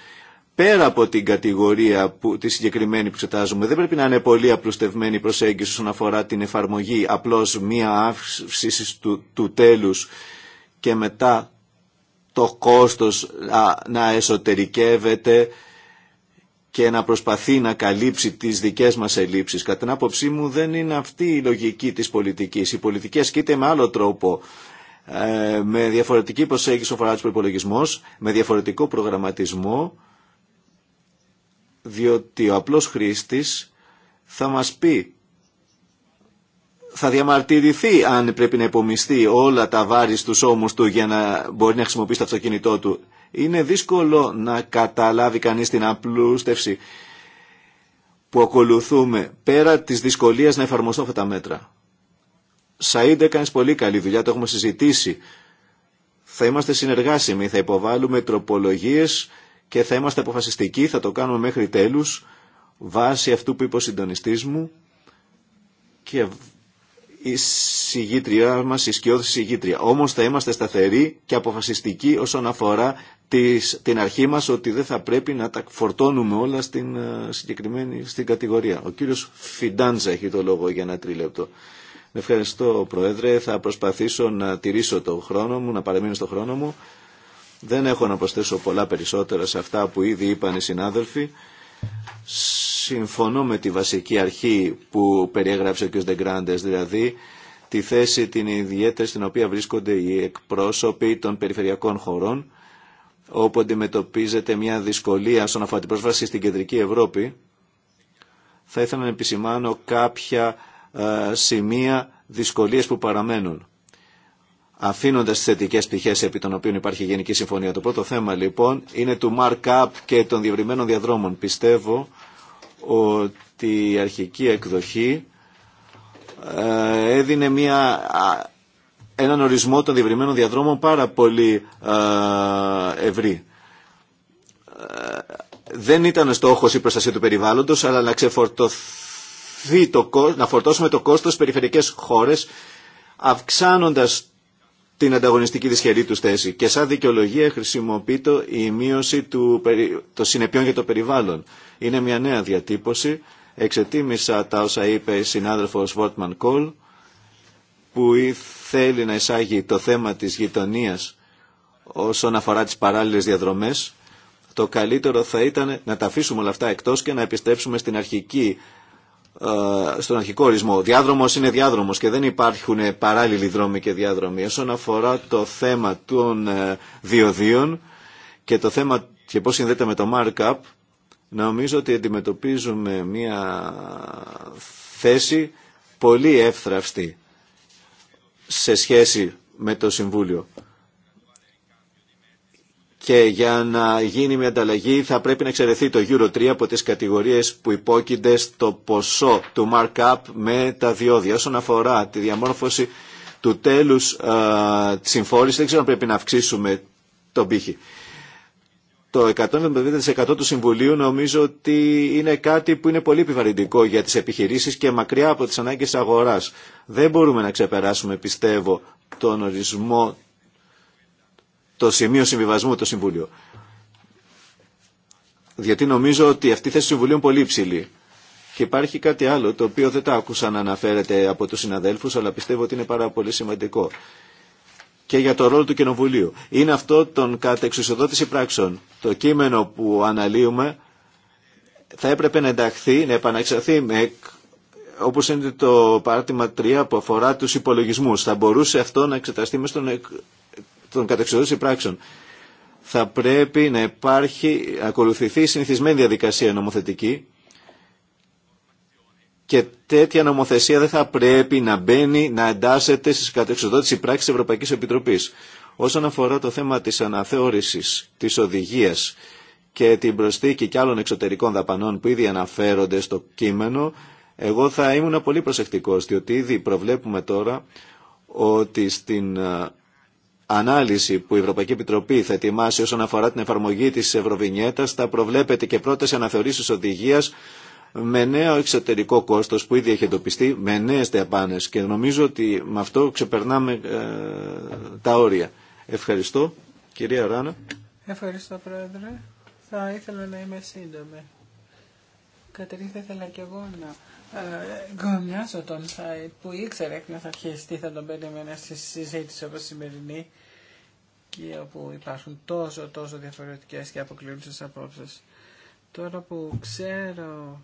B: πέρα από την κατηγορία που, τη συγκεκριμένη που εξετάζουμε. Δεν πρέπει να είναι πολύ απλουστευμένη η προσέγγιση όσον αφορά την εφαρμογή απλώς μία αύξηση του, του τέλους και μετά το κόστος να εσωτερικεύεται και να προσπαθεί να καλύψει τις δικές μας ελλείψεις. Κατά την άποψή μου δεν είναι αυτή η λογική της πολιτικής. Η πολιτική ασκείται με άλλο τρόπο, ε, με διαφορετική προσέγγιση φορά του με διαφορετικό προγραμματισμό, διότι ο απλός χρήστης θα μας πει θα διαμαρτυρηθεί αν πρέπει να υπομειστεί όλα τα βάρη στους ώμους του για να μπορεί να χρησιμοποιήσει το αυτοκίνητό του είναι δύσκολο να καταλάβει κανείς την απλούστευση που ακολουθούμε πέρα της δυσκολίας να εφαρμοστούν αυτά τα μέτρα. Σαΐντ κάνεις πολύ καλή δουλειά, το έχουμε συζητήσει. Θα είμαστε συνεργάσιμοι, θα υποβάλουμε τροπολογίες και θα είμαστε αποφασιστικοί, θα το κάνουμε μέχρι τέλους βάσει αυτού που είπε ο συντονιστής μου και η συγγήτριά μας, η σκιώδηση συγγήτρια. Όμως θα είμαστε σταθεροί και αποφασιστικοί όσον αφορά της, την αρχή μας ότι δεν θα πρέπει να τα φορτώνουμε όλα στην ε, συγκεκριμένη στην κατηγορία. Ο κύριος Φιντάντζα έχει το λόγο για ένα τρίλεπτο. Ευχαριστώ Πρόεδρε, θα προσπαθήσω να τηρήσω το χρόνο μου, να παραμείνω στο χρόνο μου. Δεν έχω να προσθέσω πολλά περισσότερα σε αυτά που ήδη είπαν οι συνάδελφοι. Συμφωνώ με τη βασική αρχή που περιέγραψε ο κ. Δεγκράντες, δηλαδή τη θέση την ιδιαίτερη στην οποία βρίσκονται οι εκπρόσωποι των περιφερειακών χωρών όπου αντιμετωπίζεται μια δυσκολία στον αφορά την πρόσβαση στην κεντρική Ευρώπη, θα ήθελα να επισημάνω κάποια ε, σημεία δυσκολίες που παραμένουν. Αφήνοντας τις θετικές πτυχές επί των οποίων υπάρχει Γενική Συμφωνία. Το πρώτο θέμα λοιπόν είναι του mark-up και των διευρυμένων διαδρόμων. Πιστεύω ότι η αρχική εκδοχή ε, έδινε μια έναν ορισμό των διευρυμένων διαδρόμων πάρα πολύ ευρύ. Δεν ήταν στόχο η προστασία του περιβάλλοντος, αλλά να ξεφορτωθεί το, να φορτώσουμε το κόστος στις περιφερειακές χώρες, αυξάνοντας την ανταγωνιστική δυσχερή του θέση. Και σαν δικαιολογία χρησιμοποιείται η μείωση του, των συνεπειών για το περιβάλλον. Είναι μια νέα διατύπωση. Εξετίμησα τα όσα είπε η συνάδελφος Βόρτμαν Κόλ, που ήθελε θέλει να εισάγει το θέμα της γειτονίας όσον αφορά τις παράλληλες διαδρομές, το καλύτερο θα ήταν να τα αφήσουμε όλα αυτά εκτός και να επιστρέψουμε στην αρχική, ε, στον αρχικό ορισμό. διάδρομος είναι διάδρομος και δεν υπάρχουν παράλληλοι δρόμοι και διάδρομοι. Όσον αφορά το θέμα των ε, διοδίων και το θέμα και πώς συνδέεται με το markup, νομίζω ότι αντιμετωπίζουμε μια θέση πολύ εύθραυστη σε σχέση με το Συμβούλιο. Και για να γίνει μια ανταλλαγή θα πρέπει να εξαιρεθεί το Euro 3 από τις κατηγορίες που υπόκεινται στο ποσό του markup με τα διόδια. Όσον αφορά τη διαμόρφωση του τέλους ε, της συμφόρησης δεν ξέρω αν πρέπει να αυξήσουμε τον πύχη το 150% του Συμβουλίου νομίζω ότι είναι κάτι που είναι πολύ επιβαρυντικό για τις επιχειρήσεις και μακριά από τις ανάγκες αγοράς. Δεν μπορούμε να ξεπεράσουμε, πιστεύω, τον ορισμό, το σημείο συμβιβασμού του Συμβουλίου. Γιατί νομίζω ότι αυτή η θέση του Συμβουλίου είναι πολύ υψηλή. Και υπάρχει κάτι άλλο το οποίο δεν τα άκουσα να αναφέρεται από τους συναδέλφους αλλά πιστεύω ότι είναι πάρα πολύ σημαντικό και για το ρόλο του Κοινοβουλίου. Είναι αυτό τον κατεξουσιοδότηση πράξεων. Το κείμενο που αναλύουμε θα έπρεπε να ενταχθεί, να επαναξαρθεί με όπως είναι το παράδειγμα 3 που αφορά τους υπολογισμούς. Θα μπορούσε αυτό να εξεταστεί με στον, τον κατεξοδότηση πράξεων. Θα πρέπει να υπάρχει, να ακολουθηθεί συνηθισμένη διαδικασία νομοθετική και τέτοια νομοθεσία δεν θα πρέπει να μπαίνει, να εντάσσεται στις κατεξοδότηση πράξη της Ευρωπαϊκής Επιτροπής. Όσον αφορά το θέμα της αναθεώρησης της οδηγίας και την προσθήκη και άλλων εξωτερικών δαπανών που ήδη αναφέρονται στο κείμενο, εγώ θα ήμουν πολύ προσεκτικός, διότι ήδη προβλέπουμε τώρα ότι στην ε, ανάλυση που η Ευρωπαϊκή Επιτροπή θα ετοιμάσει όσον αφορά την εφαρμογή της Ευρωβινιέτας θα προβλέπεται και πρώτες αναθεωρήσεις οδηγίας με νέο εξωτερικό κόστος που ήδη έχει εντοπιστεί, με νέες διαπάνες και νομίζω ότι με αυτό ξεπερνάμε ε, τα όρια. Ευχαριστώ. Κυρία Ράνα.
C: Ευχαριστώ Πρόεδρε. Θα ήθελα να είμαι σύντομη. Κατερίνα θα ήθελα και εγώ να ε, γκομιάσω τον που ήξερε να θα αρχίσει τι θα τον περίμενα στη συζήτηση όπως σημερινή και όπου υπάρχουν τόσο τόσο διαφορετικές και αποκλίνουσες απόψεις. Τώρα που ξέρω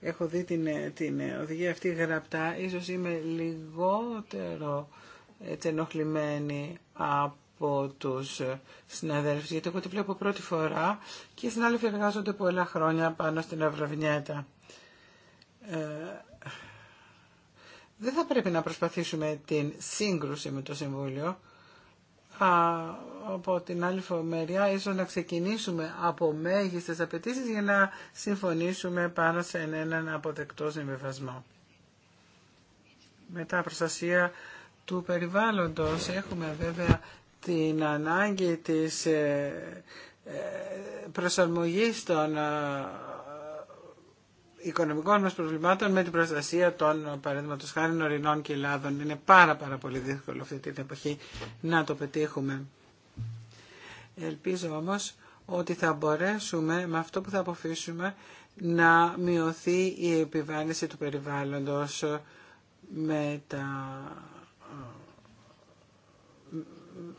C: έχω δει την, ε, την ε, οδηγία αυτή γραπτά, ίσως είμαι λιγότερο έτσι ενοχλημένη από τους ε, συναδέλφους, γιατί εγώ τη βλέπω πρώτη φορά και οι συνάδελφοι εργάζονται πολλά χρόνια πάνω στην Ευρωβινιέτα. δεν θα πρέπει να προσπαθήσουμε την σύγκρουση με το Συμβούλιο, από την άλλη μεριά ίσως να ξεκινήσουμε από μέγιστες απαιτήσεις για να συμφωνήσουμε πάνω σε έναν αποδεκτό συμβιβασμό. Μετά προστασία του περιβάλλοντος έχουμε βέβαια την ανάγκη της ε, ε, προσαρμογής των οικονομικών μας προβλημάτων με την προστασία των παραδείγματο χάρη ορεινών και Είναι πάρα πάρα πολύ δύσκολο αυτή την εποχή να το πετύχουμε. Ελπίζω όμως ότι θα μπορέσουμε με αυτό που θα αποφύσουμε να μειωθεί η επιβάλληση του περιβάλλοντος με τα...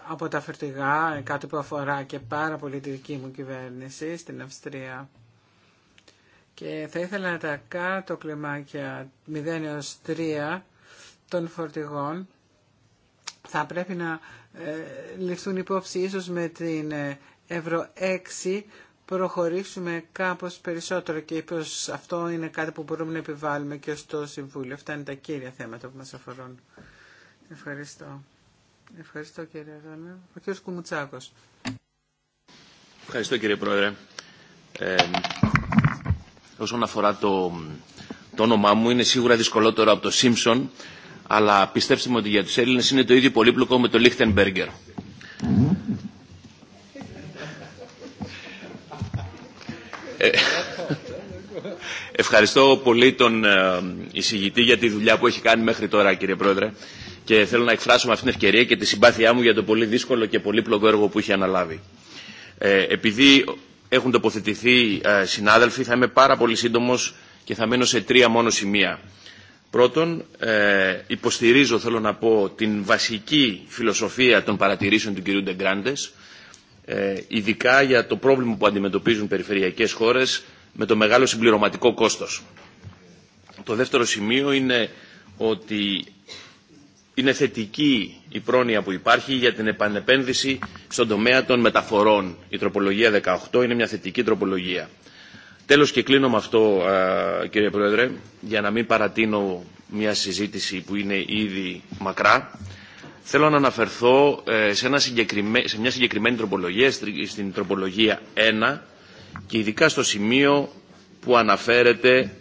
C: από τα φερτηγά, ε, κάτι που αφορά και πάρα πολύ τη δική μου κυβέρνηση στην Αυστρία και θα ήθελα να τα κάτω κλιμάκια 0 έως 3 των φορτηγών θα πρέπει να ε, ληφθούν υπόψη ίσως με την ε, Ευρω 6 προχωρήσουμε κάπως περισσότερο και ίσως αυτό είναι κάτι που μπορούμε να επιβάλλουμε και στο Συμβούλιο. Αυτά είναι τα κύρια θέματα που μας αφορούν. Ευχαριστώ. Ευχαριστώ κύριε Ρόνερ. Ο κύριος Κουμουτσάκος.
F: Ευχαριστώ κύριε Πρόεδρε. Ε, Όσον αφορά το, το όνομά μου, είναι σίγουρα δυσκολότερο από το Σίμψον, αλλά πιστέψτε μου ότι για τους Έλληνες είναι το ίδιο πολύπλοκο με το Λίχτενμπέργκερ. Ευχαριστώ πολύ τον ε, εισηγητή για τη δουλειά που έχει κάνει μέχρι τώρα, κύριε Πρόεδρε. Και θέλω να εκφράσω με αυτήν την ευκαιρία και τη συμπάθειά μου για το πολύ δύσκολο και πολύπλοκο έργο που είχε αναλάβει. Ε, επειδή έχουν τοποθετηθεί ε, συνάδελφοι. Θα είμαι πάρα πολύ σύντομος και θα μένω σε τρία μόνο σημεία. Πρώτον, ε, υποστηρίζω, θέλω να πω, την βασική φιλοσοφία των παρατηρήσεων του κ. Ντεγκράντες, ε, ειδικά για το πρόβλημα που αντιμετωπίζουν περιφερειακές χώρες με το μεγάλο συμπληρωματικό κόστος. Το δεύτερο σημείο είναι ότι είναι θετική η πρόνοια που υπάρχει για την επανεπένδυση στον τομέα των μεταφορών. Η τροπολογία 18 είναι μια θετική τροπολογία. Τέλος και κλείνω με αυτό, κύριε Πρόεδρε, για να μην παρατείνω μια συζήτηση που είναι ήδη μακρά. Θέλω να αναφερθώ ε, σε, σε μια συγκεκριμένη τροπολογία, στην τροπολογία 1 και ειδικά στο σημείο που αναφέρεται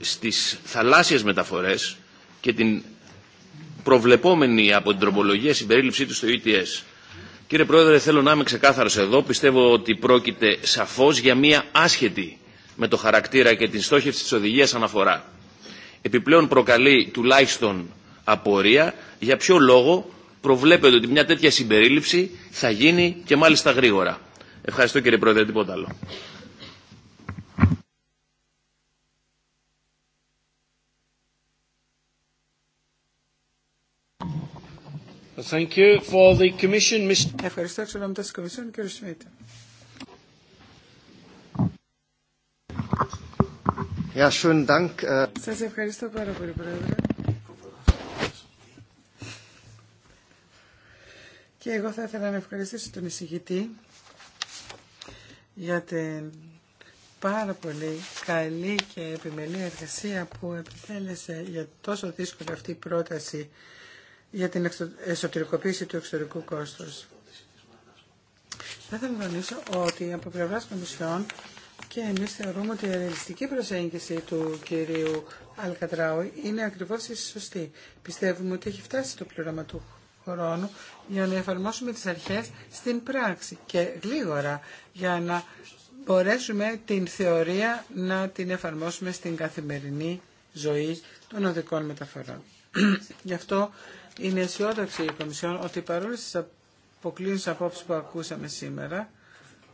F: στις θαλάσσιες μεταφορές και την προβλεπόμενη από την τροπολογία συμπερίληψή του στο ETS. Κύριε Πρόεδρε, θέλω να είμαι ξεκάθαρος εδώ. Πιστεύω ότι πρόκειται σαφώς για μία άσχετη με το χαρακτήρα και την στόχευση της οδηγίας αναφορά. Επιπλέον προκαλεί τουλάχιστον απορία για ποιο λόγο προβλέπεται ότι μια τέτοια συμπερίληψη θα γίνει και μάλιστα γρήγορα. Ευχαριστώ κύριε Πρόεδρε, τίποτα άλλο.
C: Thank you for the commission, Mr. Ευχαριστώ της Κομισιόν, κύριε Σμίτ.
D: Σα schönen Dank. Äh,
C: Σας ευχαριστώ πάρα πολύ, Πρόεδρε. Και εγώ θα ήθελα να ευχαριστήσω τον εισηγητή για την πάρα πολύ καλή και επιμελή εργασία που επιτέλεσε για τόσο δύσκολη αυτή η πρόταση για την εσωτερικοποίηση του εξωτερικού κόστους. Θα ήθελα να ότι από πλευρά Κομισιόν και εμεί θεωρούμε ότι η ρεαλιστική προσέγγιση του κυρίου Αλκατράου είναι ακριβώ η σωστή. Πιστεύουμε ότι έχει φτάσει το πλήρωμα του χρόνου για να εφαρμόσουμε τι αρχέ στην πράξη και γλίγορα για να μπορέσουμε την θεωρία να την εφαρμόσουμε στην καθημερινή ζωή των οδικών μεταφορών. Γι' αυτό είναι αισιόδοξη η Κομισιόν ότι παρόλε τι αποκλίνουσε απόψει που ακούσαμε σήμερα,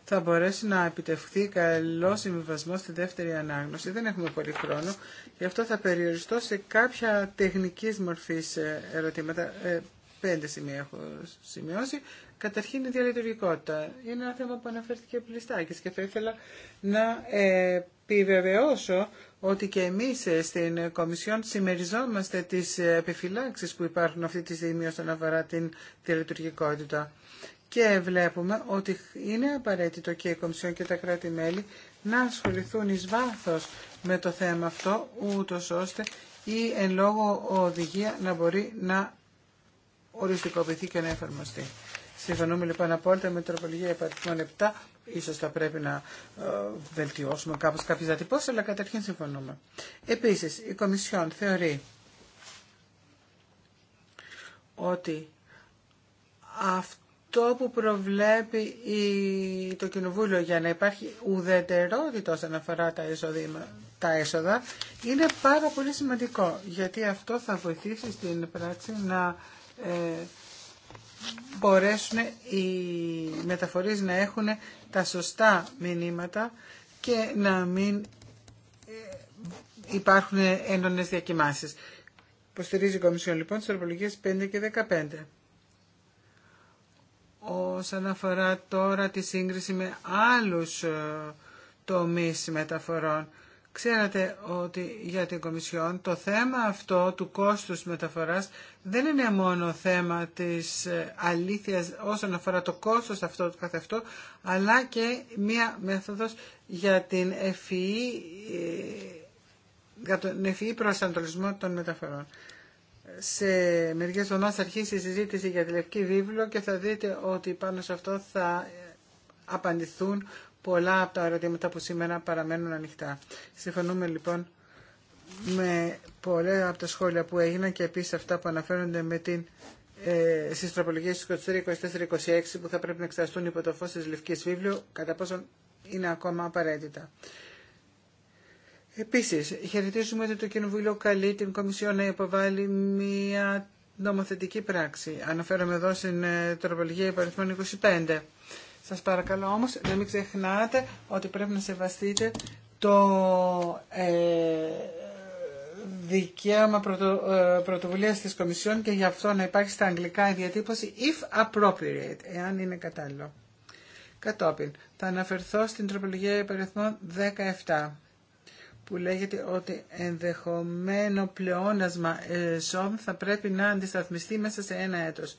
C: θα μπορέσει να επιτευχθεί καλό συμβιβασμό στη δεύτερη ανάγνωση. Δεν έχουμε πολύ χρόνο, γι' αυτό θα περιοριστώ σε κάποια τεχνική μορφή ε, ερωτήματα. Ε, πέντε σημεία έχω σημειώσει. Καταρχήν η διαλειτουργικότητα. Είναι ένα θέμα που αναφέρθηκε πλειστάκι και θα ήθελα να ε, επιβεβαιώσω ότι και εμείς ε, στην Κομισιόν συμμεριζόμαστε τις επιφυλάξεις που υπάρχουν αυτή τη στιγμή όσον αφορά την λειτουργικότητα. Και βλέπουμε ότι είναι απαραίτητο και η Κομισιόν και τα κράτη-μέλη να ασχοληθούν εις βάθος με το θέμα αυτό, ούτω ώστε η εν λόγω οδηγία να μπορεί να οριστικοποιηθεί και να εφαρμοστεί. Συμφωνούμε λοιπόν απόλυτα με τροπολογία υπαριθμών 7 ίσως θα πρέπει να ε, βελτιώσουμε κάπως κάποιες διατυπώσεις, αλλά καταρχήν συμφωνούμε. Επίσης, η Κομισιόν θεωρεί ότι αυτό που προβλέπει το Κοινοβούλιο για να υπάρχει ουδετερότητα όσον αφορά τα, τα έσοδα είναι πάρα πολύ σημαντικό, γιατί αυτό θα βοηθήσει στην πράξη να... Ε, μπορέσουν οι μεταφορείς να έχουν τα σωστά μηνύματα και να μην ε, υπάρχουν έντονες διακοιμάσεις. Υποστηρίζει η Κομισιόν λοιπόν τις τροπολογίες 5 και 15. Όσον αφορά τώρα τη σύγκριση με άλλους ε, τομείς μεταφορών, Ξέρετε ότι για την Κομισιόν το θέμα αυτό του κόστους μεταφοράς δεν είναι μόνο θέμα της ε, αλήθειας όσον αφορά το κόστος αυτό του καθ' αλλά και μία μέθοδος για, την e, ευφυή, για τον ευφυή e προσανατολισμό των μεταφορών. Σε μερικέ εβδομάδε θα αρχίσει η συζήτηση για τη Λευκή Βίβλο και θα δείτε ότι πάνω σε αυτό θα ε, απαντηθούν πολλά από τα ερωτήματα που σήμερα παραμένουν ανοιχτά. Συμφωνούμε λοιπόν με πολλά από τα σχόλια που έγιναν και επίσης αυτά που αναφέρονται με την ε, στις τροπολογίες 23, 24, 26 που θα πρέπει να εξεταστούν υπό το φως της Λευκής Βίβλου κατά πόσον είναι ακόμα απαραίτητα. Επίσης, χαιρετίζουμε ότι το Κοινοβούλιο καλεί την Κομισιό να υποβάλει μια νομοθετική πράξη. Αναφέρομαι εδώ στην ε, τροπολογία υπαριθμών 25 σας παρακαλώ όμως να μην ξεχνάτε ότι πρέπει να σεβαστείτε το ε, δικαίωμα πρωτο, ε, πρωτοβουλίας της Κομισιόν και γι' αυτό να υπάρχει στα αγγλικά η διατύπωση if appropriate, εάν είναι κατάλληλο. Κατόπιν, θα αναφερθώ στην τροπολογία υπεριθμών 17 που λέγεται ότι ενδεχομένο πλεόνασμα εσόδων θα πρέπει να αντισταθμιστεί μέσα σε ένα έτος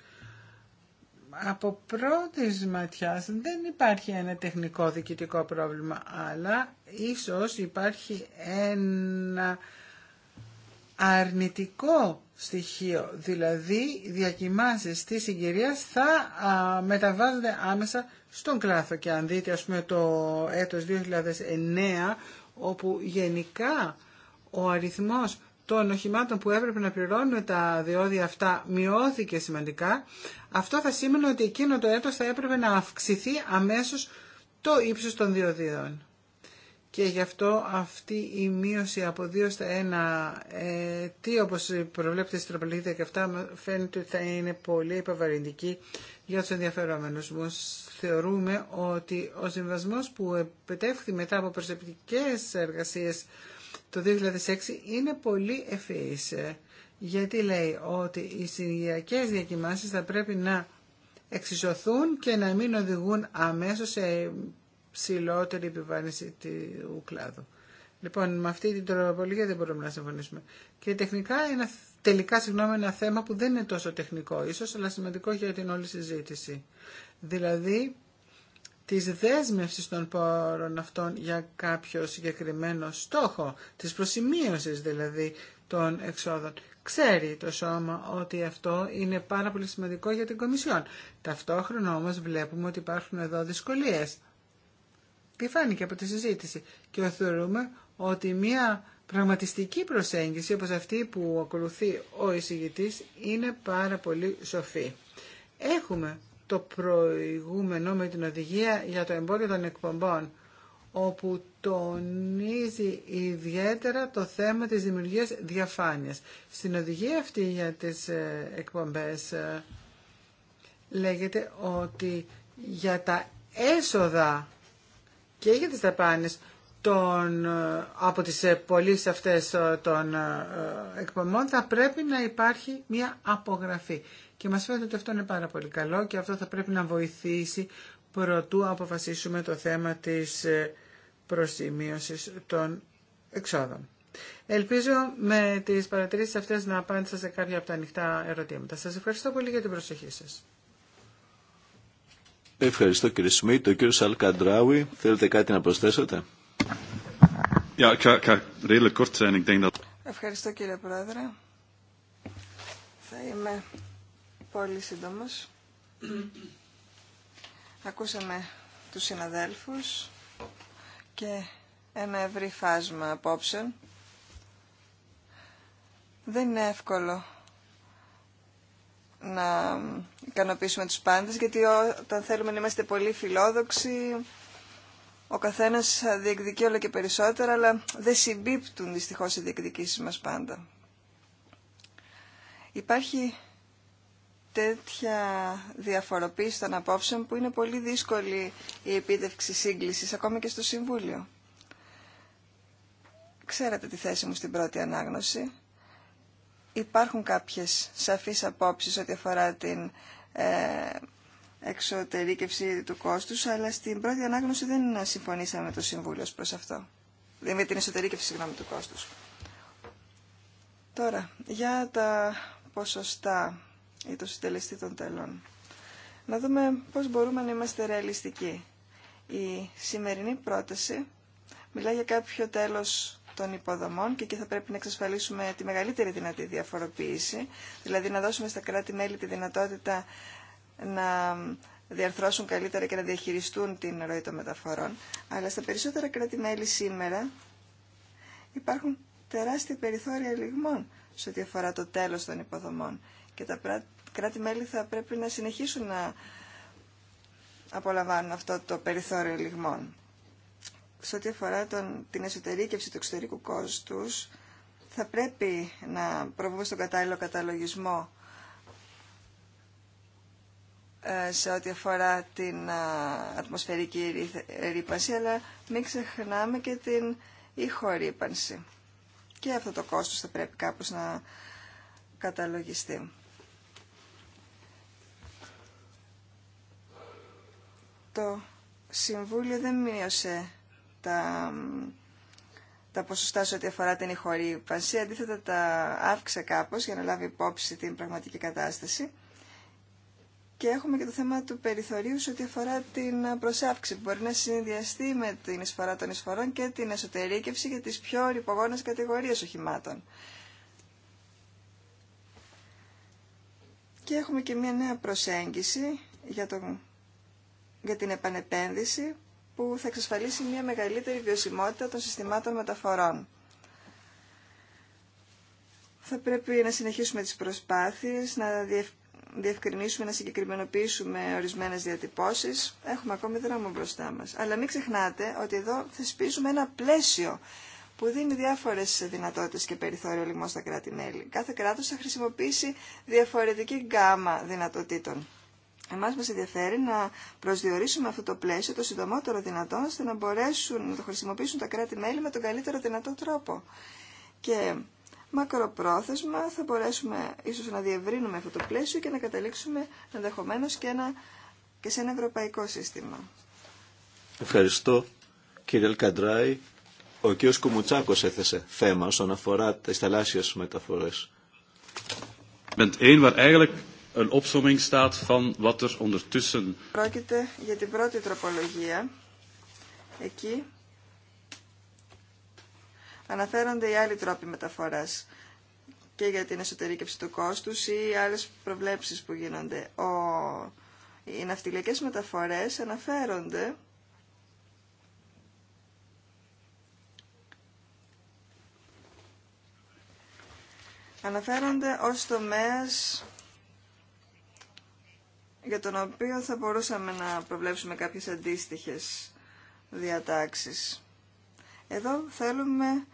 C: από πρώτης ματιάς δεν υπάρχει ένα τεχνικό διοικητικό πρόβλημα, αλλά ίσως υπάρχει ένα αρνητικό στοιχείο, δηλαδή διακοιμάνσεις της συγκυρίας θα α, μεταβάζονται άμεσα στον κλάθο και αν δείτε ας πούμε το έτος 2009 όπου γενικά ο αριθμός των οχημάτων που έπρεπε να πληρώνουν τα διόδια αυτά μειώθηκε σημαντικά, αυτό θα σήμαινε ότι εκείνο το έτος θα έπρεπε να αυξηθεί αμέσως το ύψος των διοδίων. Και γι' αυτό αυτή η μείωση από 2 στα 1, ε, τι όπως προβλέπετε στην τροπολογία και αυτά, φαίνεται ότι θα είναι πολύ υπαβαρυντική για τους ενδιαφερόμενους μου. Θεωρούμε ότι ο συμβασμός που επετεύχθη μετά από προσεπτικές εργασίες το 2006 είναι πολύ ευφυής ε, γιατί λέει ότι οι συνδυακές διακοιμάνσεις θα πρέπει να εξισωθούν και να μην οδηγούν αμέσως σε ψηλότερη επιβάρυνση του κλάδου. Λοιπόν, με αυτή την τροπολογία δεν μπορούμε να συμφωνήσουμε. Και τεχνικά είναι τελικά συγγνώμη, ένα θέμα που δεν είναι τόσο τεχνικό ίσως, αλλά σημαντικό για την όλη συζήτηση. Δηλαδή, της δέσμευσης των πόρων αυτών για κάποιο συγκεκριμένο στόχο, της προσημείωσης δηλαδή των εξόδων. Ξέρει το σώμα ότι αυτό είναι πάρα πολύ σημαντικό για την Κομισιόν. Ταυτόχρονα όμως βλέπουμε ότι υπάρχουν εδώ δυσκολίες. Τι φάνηκε από τη συζήτηση και θεωρούμε ότι μια πραγματιστική προσέγγιση όπως αυτή που ακολουθεί ο εισηγητής είναι πάρα πολύ σοφή. Έχουμε το προηγούμενο με την οδηγία για το εμπόριο των εκπομπών όπου τονίζει ιδιαίτερα το θέμα της δημιουργίας διαφάνειας. Στην οδηγία αυτή για τις ε, εκπομπές ε, λέγεται ότι για τα έσοδα και για τις δαπάνες των, ε, από τις πωλήσει αυτές των εκπομπών θα πρέπει να υπάρχει μια απογραφή. Και μας φαίνεται ότι αυτό είναι πάρα πολύ καλό και αυτό θα πρέπει να βοηθήσει προτού αποφασίσουμε το θέμα της ε, προσημείωσης των εξόδων. Ελπίζω με τις παρατηρήσεις αυτές να απάντησα σε κάποια από τα ανοιχτά ερωτήματα. Σας ευχαριστώ πολύ για την προσοχή σας.
B: Ευχαριστώ κύριε Σμίτ. Ο κύριος Αλκαντράουι, θέλετε κάτι να προσθέσετε.
E: Ευχαριστώ κύριε Πρόεδρε. Θα είμαι Πολύ σύντομος. Ακούσαμε τους συναδέλφους και ένα ευρύ φάσμα απόψεων. Δεν είναι εύκολο να ικανοποιήσουμε τους πάντες, γιατί όταν θέλουμε να είμαστε πολύ φιλόδοξοι, ο καθένας διεκδικεί όλο και περισσότερα, αλλά δεν συμπίπτουν δυστυχώς οι διεκδικήσεις μας πάντα. Υπάρχει τέτοια διαφοροποίηση των απόψεων που είναι πολύ δύσκολη η επίτευξη σύγκληση ακόμη και στο Συμβούλιο. Ξέρατε τη θέση μου στην πρώτη ανάγνωση. Υπάρχουν κάποιες σαφείς απόψεις ό,τι αφορά την ε, εξωτερήκευση του κόστους, αλλά στην πρώτη ανάγνωση δεν συμφωνήσαμε με το Συμβούλιο προς αυτό. Με την εσωτερήκευση, συγγνώμη, του κόστους. Τώρα, για τα ποσοστά ή το συντελεστή των τελών. Να δούμε πώς μπορούμε να είμαστε ρεαλιστικοί. Η σημερινή πρόταση μιλά για κάποιο τέλος των υποδομών και εκεί θα πρέπει να εξασφαλίσουμε τη μεγαλύτερη δυνατή διαφοροποίηση, δηλαδή να δώσουμε στα κράτη-μέλη τη δυνατότητα να διαρθρώσουν καλύτερα και να διαχειριστούν την ροή των μεταφορών. Αλλά στα περισσότερα κράτη-μέλη σήμερα υπάρχουν τεράστια περιθώρια λιγμών σε ό,τι αφορά το τέλος των υποδομών και τα κράτη-μέλη θα πρέπει να συνεχίσουν να απολαμβάνουν αυτό το περιθώριο λιγμών. Σε ό,τι αφορά τον, την εσωτερήκευση του εξωτερικού κόστους, θα πρέπει να προβούμε στον κατάλληλο καταλογισμό ε, σε ό,τι αφορά την ε, ατμοσφαιρική ρήπανση, αλλά μην ξεχνάμε και την ηχορύπανση. Και αυτό το κόστος θα πρέπει κάπως να καταλογιστεί. το Συμβούλιο δεν μείωσε τα, τα ποσοστά σε ό,τι αφορά την ηχορύπανση. Αντίθετα τα αύξησε κάπως για να λάβει υπόψη την πραγματική κατάσταση. Και έχουμε και το θέμα του περιθωρίου σε ό,τι αφορά την προσάυξη που μπορεί να συνδυαστεί με την εισφορά των εισφορών και την εσωτερήκευση για τις πιο ρηπογόνες κατηγορίες οχημάτων. Και έχουμε και μια νέα προσέγγιση για τον για την επανεπένδυση που θα εξασφαλίσει μια μεγαλύτερη βιωσιμότητα των συστημάτων μεταφορών. Θα πρέπει να συνεχίσουμε τις προσπάθειες, να διευκρινίσουμε, να συγκεκριμενοποιήσουμε ορισμένες διατυπώσεις. Έχουμε ακόμη δρόμο μπροστά μας. Αλλά μην ξεχνάτε ότι εδώ θεσπίζουμε ένα πλαίσιο που δίνει διάφορες δυνατότητες και περιθώριο λοιμό στα κράτη-μέλη. Κάθε κράτος θα χρησιμοποιήσει διαφορετική γκάμα δυνατοτήτων. Εμάς μας ενδιαφέρει να προσδιορίσουμε αυτό το πλαίσιο το συντομότερο δυνατόν, ώστε να μπορέσουν να το χρησιμοποιήσουν τα κράτη-μέλη με τον καλύτερο δυνατό τρόπο. Και μακροπρόθεσμα θα μπορέσουμε ίσως να διευρύνουμε αυτό το πλαίσιο και να καταλήξουμε ενδεχομένω και, και σε ένα ευρωπαϊκό σύστημα.
B: Ευχαριστώ κύριε Αλκαντράη. Ο κ. Κουμουτσάκος έθεσε θέμα όσον αφορά τις θαλάσσιες μεταφορές
D: een er
E: Πρόκειται για την πρώτη τροπολογία. Εκεί αναφέρονται οι άλλοι τρόποι μεταφορά και για την εσωτερήκευση του κόστου ή άλλε προβλέψει που γίνονται. Οι ναυτιλιακέ μεταφορέ αναφέρονται αναφέρονται ως τομέας για τον οποίο θα μπορούσαμε να προβλέψουμε κάποιες αντίστοιχες διατάξεις. Εδώ θέλουμε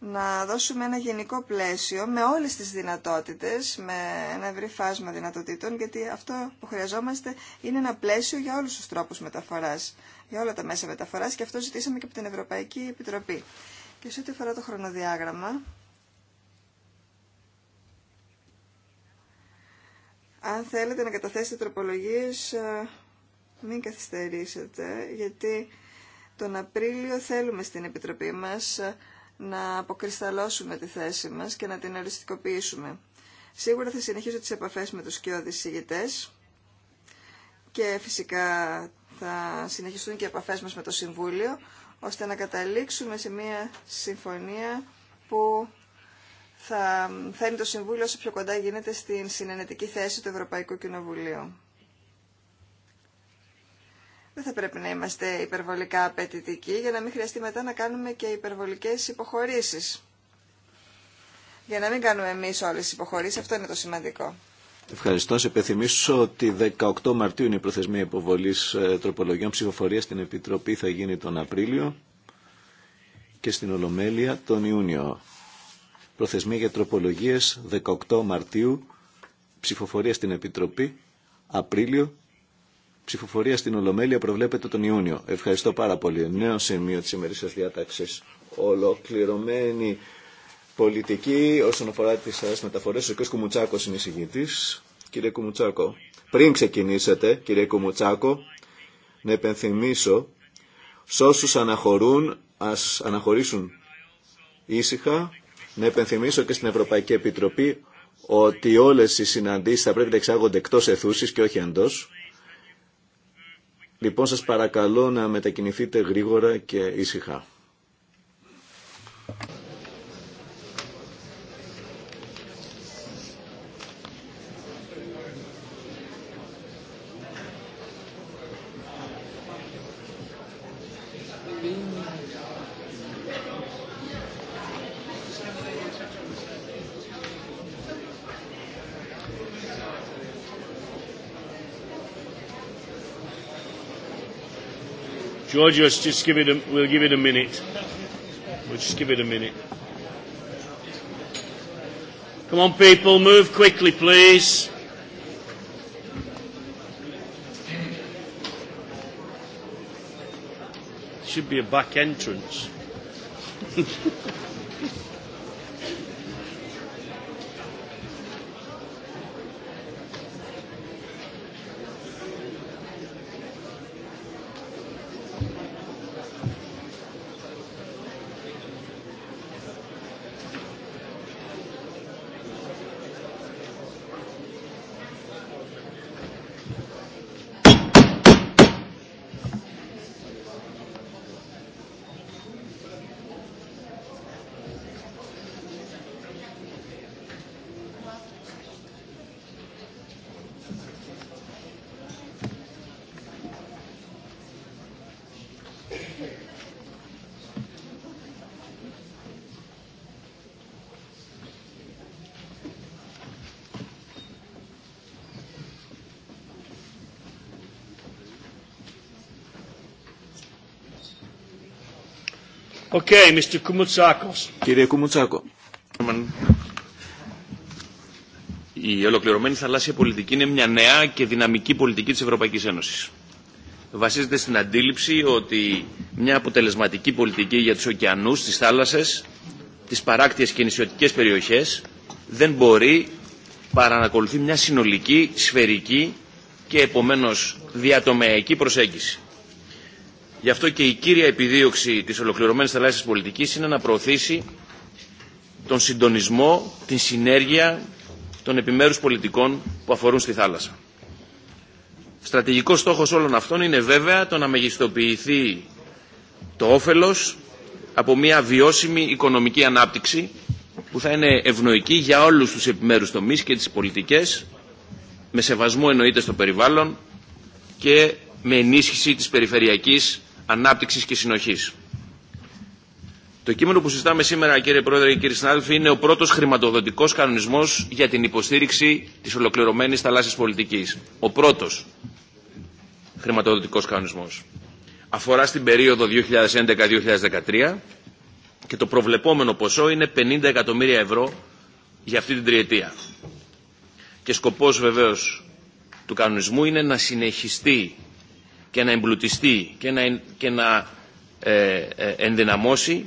E: να δώσουμε ένα γενικό πλαίσιο με όλες τις δυνατότητες, με ένα ευρύ φάσμα δυνατοτήτων, γιατί αυτό που χρειαζόμαστε είναι ένα πλαίσιο για όλους τους τρόπους μεταφοράς, για όλα τα μέσα μεταφοράς και αυτό ζητήσαμε και από την Ευρωπαϊκή Επιτροπή. Και σε ό,τι αφορά το χρονοδιάγραμμα, Αν θέλετε να καταθέσετε τροπολογίες, ε, μην καθυστερήσετε, γιατί τον Απρίλιο θέλουμε στην Επιτροπή μας ε, να αποκρισταλώσουμε τη θέση μας και να την οριστικοποιήσουμε. Σίγουρα θα συνεχίσω τις επαφές με τους κοιόδης ηγητές και φυσικά θα συνεχιστούν και οι επαφές μας με το Συμβούλιο, ώστε να καταλήξουμε σε μια συμφωνία που θα φέρνει το Συμβούλιο όσο πιο κοντά γίνεται στην συνενετική θέση του Ευρωπαϊκού Κοινοβουλίου. Δεν θα πρέπει να είμαστε υπερβολικά απαιτητικοί για να μην χρειαστεί μετά να κάνουμε και υπερβολικές υποχωρήσεις. Για να μην κάνουμε εμείς όλες τις υποχωρήσεις, αυτό είναι το σημαντικό.
B: Ευχαριστώ. Σε πεθυμίσω ότι 18 Μαρτίου είναι η προθεσμία υποβολή ε, τροπολογιών ψηφοφορία στην Επιτροπή θα γίνει τον Απρίλιο και στην Ολομέλεια τον Ιούνιο. Προθεσμία για τροπολογίες 18 Μαρτίου. Ψηφοφορία στην Επιτροπή. Απρίλιο. Ψηφοφορία στην Ολομέλεια προβλέπεται τον Ιούνιο. Ευχαριστώ πάρα πολύ. Νέο σημείο τη ημερήσια διάταξη. Ολοκληρωμένη πολιτική όσον αφορά τι ε, μεταφορέ, Ο κ. Κουμουτσάκο είναι εισηγητή. Κύριε Κουμουτσάκο, πριν ξεκινήσετε, κύριε Κουμουτσάκο, να επενθυμίσω σ' όσου αναχωρούν, α αναχωρήσουν ήσυχα να επενθυμίσω και στην Ευρωπαϊκή Επιτροπή ότι όλες οι συναντήσεις θα πρέπει να εξάγονται εκτός εθούσης και όχι εντός. Λοιπόν, σας παρακαλώ να μετακινηθείτε γρήγορα και ήσυχα.
A: just just give it. A, we'll give it a minute. We'll just give it a minute. Come on, people, move quickly, please. Should be a back entrance.
B: Κύριε Κουμουτσάκο.
F: Η ολοκληρωμένη θαλάσσια πολιτική είναι μια νέα και δυναμική πολιτική της Ευρωπαϊκής Ένωσης. Βασίζεται στην αντίληψη ότι μια αποτελεσματική πολιτική για τους ωκεανούς, τις θάλασσες, τις παράκτιες και νησιωτικές περιοχές δεν μπορεί παρά να ακολουθεί μια συνολική, σφαιρική και επομένως διατομεακή προσέγγιση. Γι' αυτό και η κύρια επιδίωξη της ολοκληρωμένης θαλάσσια πολιτικής είναι να προωθήσει τον συντονισμό, την συνέργεια των επιμέρους πολιτικών που αφορούν στη θάλασσα. Στρατηγικός στόχος όλων αυτών είναι βέβαια το να μεγιστοποιηθεί το όφελος από μια βιώσιμη οικονομική ανάπτυξη που θα είναι ευνοϊκή για όλους τους επιμέρους τομείς και τις πολιτικές με σεβασμό εννοείται στο περιβάλλον και με ενίσχυση της περιφερειακής ανάπτυξης και συνοχής. Το κείμενο που συζητάμε σήμερα, κύριε Πρόεδρε και κύριοι συνάδελφοι, είναι ο πρώτο χρηματοδοτικό κανονισμό για την υποστήριξη τη ολοκληρωμένη θαλάσσια πολιτική. Ο πρώτο χρηματοδοτικό κανονισμό. Αφορά στην περίοδο 2011-2013 και το προβλεπόμενο ποσό είναι 50 εκατομμύρια ευρώ για αυτή την τριετία. Και σκοπό βεβαίω του κανονισμού είναι να συνεχιστεί και να εμπλουτιστεί και να, και να ε, ε, ενδυναμώσει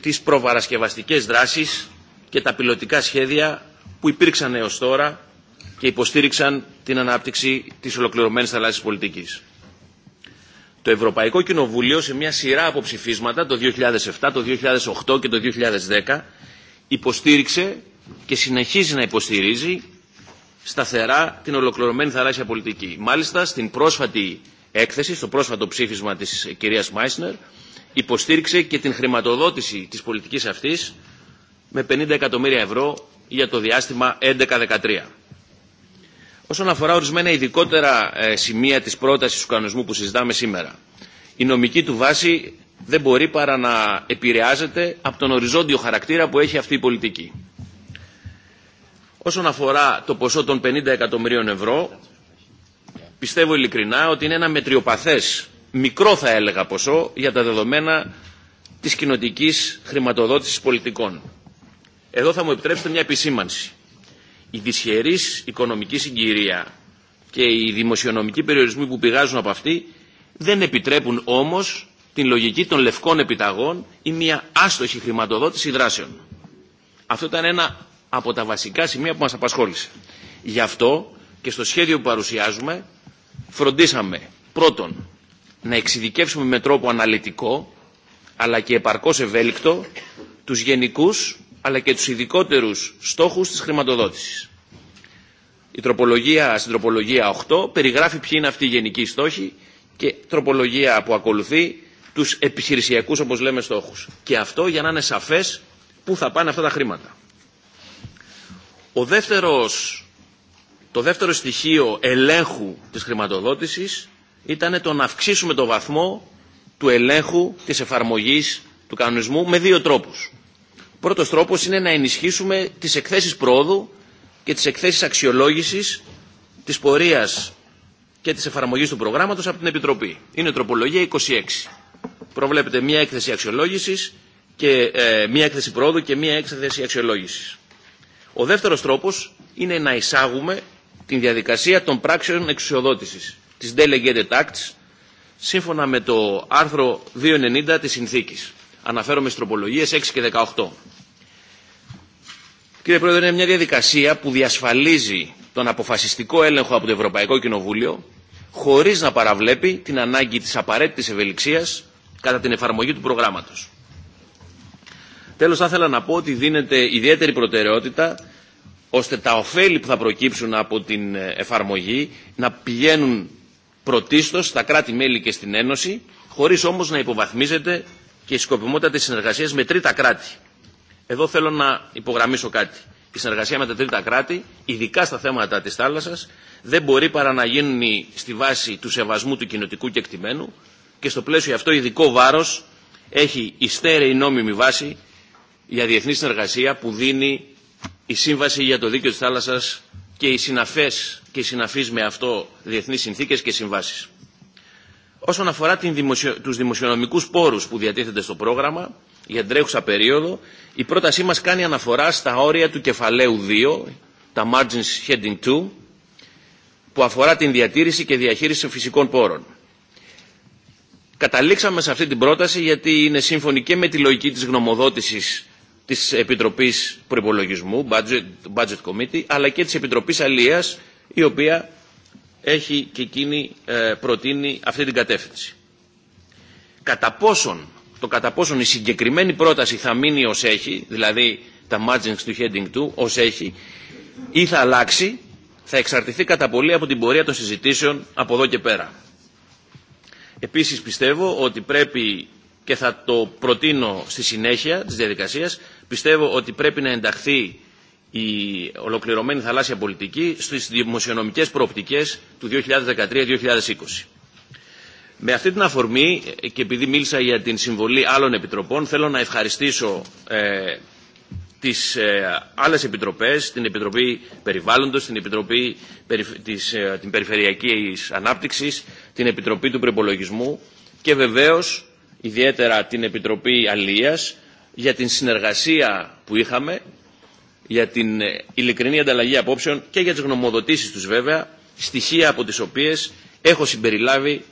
F: τις προβαρασκευαστικές δράσεις και τα πιλωτικά σχέδια που υπήρξαν έως τώρα και υποστήριξαν την ανάπτυξη της ολοκληρωμένης θαλάσσης πολιτικής. Το Ευρωπαϊκό Κοινοβούλιο σε μια σειρά από ψηφίσματα το 2007, το 2008 και το 2010 υποστήριξε και συνεχίζει να υποστηρίζει σταθερά την ολοκληρωμένη θαλάσσια πολιτική. Μάλιστα, στην πρόσφατη έκθεση, στο πρόσφατο ψήφισμα της κυρίας Μάισνερ, υποστήριξε και την χρηματοδότηση της πολιτικής αυτής με 50 εκατομμύρια ευρώ για το διάστημα 11-13. Όσον αφορά ορισμένα ειδικότερα ε, σημεία της πρότασης του κανονισμού που συζητάμε σήμερα, η νομική του βάση δεν μπορεί παρά να επηρεάζεται από τον οριζόντιο χαρακτήρα που έχει αυτή η πολιτική. Όσον αφορά το ποσό των 50 εκατομμυρίων ευρώ, πιστεύω ειλικρινά ότι είναι ένα μετριοπαθές, μικρό θα έλεγα ποσό, για τα δεδομένα της κοινοτική χρηματοδότησης πολιτικών. Εδώ θα μου επιτρέψετε μια επισήμανση. Η δυσχερής οικονομική συγκυρία και οι δημοσιονομικοί περιορισμοί που πηγάζουν από αυτή δεν επιτρέπουν όμως την λογική των λευκών επιταγών ή μια άστοχη χρηματοδότηση δράσεων. Αυτό ήταν ένα από τα βασικά σημεία που μας απασχόλησε. Γι' αυτό και στο σχέδιο που παρουσιάζουμε φροντίσαμε πρώτον να εξειδικεύσουμε με τρόπο αναλυτικό αλλά και επαρκώς ευέλικτο τους γενικούς αλλά και τους ειδικότερου στόχους της χρηματοδότησης. Η τροπολογία, στην τροπολογία 8 περιγράφει ποιοι είναι αυτοί οι γενικοί στόχοι και τροπολογία που ακολουθεί τους επιχειρησιακούς όπως λέμε στόχους. Και αυτό για να είναι σαφές πού θα πάνε αυτά τα χρήματα. Ο δεύτερος, το δεύτερο στοιχείο ελέγχου της χρηματοδότησης ήταν το να αυξήσουμε το βαθμό του ελέγχου της εφαρμογής του κανονισμού με δύο τρόπους. Ο πρώτος τρόπος είναι να ενισχύσουμε τις εκθέσεις πρόοδου και τις εκθέσεις αξιολόγησης της πορείας και της εφαρμογής του προγράμματος από την Επιτροπή. Είναι τροπολογία 26. Προβλέπετε μία έκθεση αξιολόγησης και ε, μία έκθεση πρόοδου και μία έκθεση αξιολόγησης. Ο δεύτερος τρόπος είναι να εισάγουμε την διαδικασία των πράξεων εξουσιοδότησης, της Delegated Acts, σύμφωνα με το άρθρο 290 της Συνθήκης. Αναφέρομαι στις τροπολογίες 6 και 18. Κύριε Πρόεδρε, είναι μια διαδικασία που διασφαλίζει τον αποφασιστικό έλεγχο από το Ευρωπαϊκό Κοινοβούλιο, χωρίς να παραβλέπει την ανάγκη της απαραίτητης ευελιξίας κατά την εφαρμογή του προγράμματος. Τέλος, θα ήθελα να πω ότι δίνεται ιδιαίτερη προτεραιότητα ώστε τα ωφέλη που θα προκύψουν από την ε, εφαρμογή να πηγαίνουν πρωτίστως στα κράτη-μέλη και στην Ένωση, χωρίς όμως να υποβαθμίζεται και η σκοπιμότητα της συνεργασίας με τρίτα κράτη. Εδώ θέλω να υπογραμμίσω κάτι. Η συνεργασία με τα τρίτα κράτη, ειδικά στα θέματα της θάλασσας, δεν μπορεί παρά να γίνουν στη βάση του σεβασμού του κοινοτικού κεκτημένου και στο πλαίσιο αυτό ειδικό βάρος έχει η στέρεη νόμιμη βάση για διεθνή συνεργασία που δίνει η Σύμβαση για το Δίκαιο της Θάλασσας και οι συναφές και οι συναφείς με αυτό διεθνείς συνθήκες και συμβάσεις. Όσον αφορά την δημοσιο... τους δημοσιονομικούς πόρους που διατίθεται στο πρόγραμμα για τρέχουσα περίοδο, η πρότασή μας κάνει αναφορά στα όρια του κεφαλαίου 2, τα Margins Heading 2, που αφορά την διατήρηση και διαχείριση φυσικών πόρων. Καταλήξαμε σε αυτή την πρόταση γιατί είναι σύμφωνη και με τη λογική της γνωμοδότησης της Επιτροπής Προϋπολογισμού, Budget, Budget Committee, αλλά και της Επιτροπής Αλίας, η οποία έχει και εκείνη ε, προτείνει αυτή την κατεύθυνση. Κατά πόσον, το κατά πόσον η συγκεκριμένη πρόταση θα μείνει ως έχει, δηλαδή τα margins του heading 2 ως έχει, ή θα αλλάξει, θα εξαρτηθεί κατά πολύ από την πορεία των συζητήσεων από εδώ και πέρα. Επίσης πιστεύω ότι πρέπει και θα το προτείνω στη συνέχεια της διαδικασίας Πιστεύω ότι πρέπει να ενταχθεί η ολοκληρωμένη θαλάσσια πολιτική στις δημοσιονομικές προοπτικές του 2013-2020. Με αυτή την αφορμή και επειδή μίλησα για την συμβολή άλλων επιτροπών θέλω να ευχαριστήσω ε, τις ε, άλλες επιτροπές, την Επιτροπή Περιβάλλοντος, την Επιτροπή της, ε, την Περιφερειακής Ανάπτυξης, την Επιτροπή του Προπολογισμού και βεβαίως ιδιαίτερα την Επιτροπή Αλίας για την συνεργασία που είχαμε, για την ε, ειλικρινή ανταλλαγή απόψεων και για τις γνωμοδοτήσεις τους βέβαια, στοιχεία από τις οποίες έχω συμπεριλάβει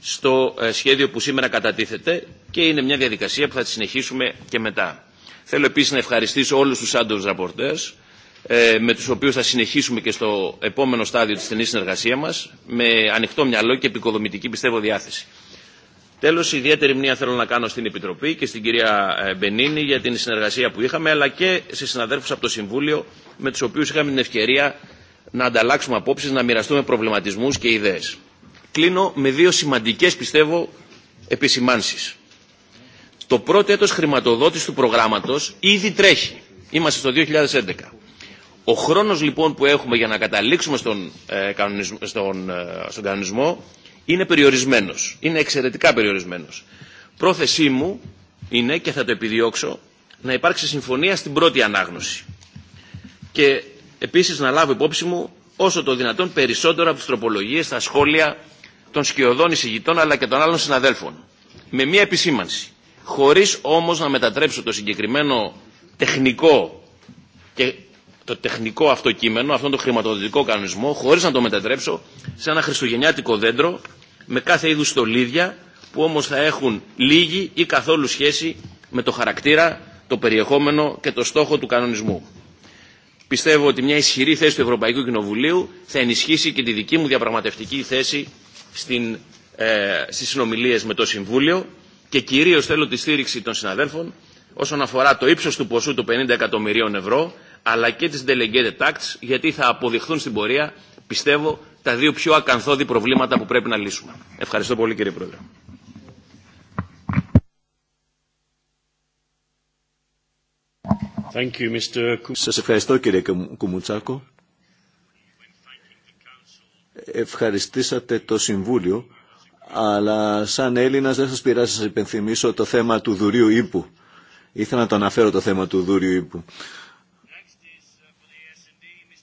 F: στο ε, σχέδιο που σήμερα κατατίθεται και είναι μια διαδικασία που θα τη συνεχίσουμε και μετά. Θέλω επίσης να ευχαριστήσω όλους τους άντρους ραπορτές, ε, με τους οποίους θα συνεχίσουμε και στο επόμενο στάδιο της στενής συνεργασίας μας, με ανοιχτό μυαλό και επικοδομητική πιστεύω διάθεση. Τέλο, ιδιαίτερη μνήμα θέλω να κάνω στην Επιτροπή και στην κυρία ε, Μπενίνη για την συνεργασία που είχαμε, αλλά και σε συναδέλφου από το Συμβούλιο, με του οποίου είχαμε την ευκαιρία να ανταλλάξουμε απόψει, να μοιραστούμε προβληματισμού και ιδέε. Κλείνω με δύο σημαντικέ, πιστεύω, επισημάνσει. Το πρώτο έτος χρηματοδότηση του προγράμματος ήδη τρέχει. Είμαστε στο 2011. Ο χρόνος λοιπόν που έχουμε για να καταλήξουμε στον, ε, στον, ε, στον κανονισμό είναι περιορισμένος. Είναι εξαιρετικά περιορισμένος. Πρόθεσή μου είναι, και θα το επιδιώξω, να υπάρξει συμφωνία στην πρώτη ανάγνωση. Και επίσης να λάβω υπόψη μου όσο το δυνατόν περισσότερο από τις τροπολογίες τα σχόλια των σκιωδών εισηγητών αλλά και των άλλων συναδέλφων. Με μία επισήμανση. Χωρίς όμω να μετατρέψω το συγκεκριμένο τεχνικό και το τεχνικό αυτό κείμενο, αυτόν τον χρηματοδοτικό κανονισμό, χωρίς να το μετατρέψω σε ένα χριστουγεννιάτικο δέντρο με κάθε είδου στολίδια που όμως θα έχουν λίγη ή καθόλου σχέση με το χαρακτήρα, το περιεχόμενο και το στόχο του κανονισμού. Πιστεύω ότι μια ισχυρή θέση του Ευρωπαϊκού Κοινοβουλίου θα ενισχύσει και τη δική μου διαπραγματευτική θέση στην, ε, στις συνομιλίες με το Συμβούλιο και κυρίως θέλω τη στήριξη των συναδέλφων όσον αφορά το ύψο του ποσού των 50 εκατομμυρίων ευρώ αλλά και τις delegated acts, γιατί θα αποδειχθούν στην πορεία, πιστεύω, τα δύο πιο ακαθόδη προβλήματα που πρέπει να λύσουμε. Ευχαριστώ πολύ κύριε Πρόεδρε.
B: Thank you, Mr. Σας ευχαριστώ κύριε Κουμουτσάκο. Ευχαριστήσατε το Συμβούλιο, αλλά σαν Έλληνας δεν σας πειράζει να σας υπενθυμίσω το θέμα του δουρίου ύπου. Ήθελα να το αναφέρω το θέμα του δουρίου ύπου.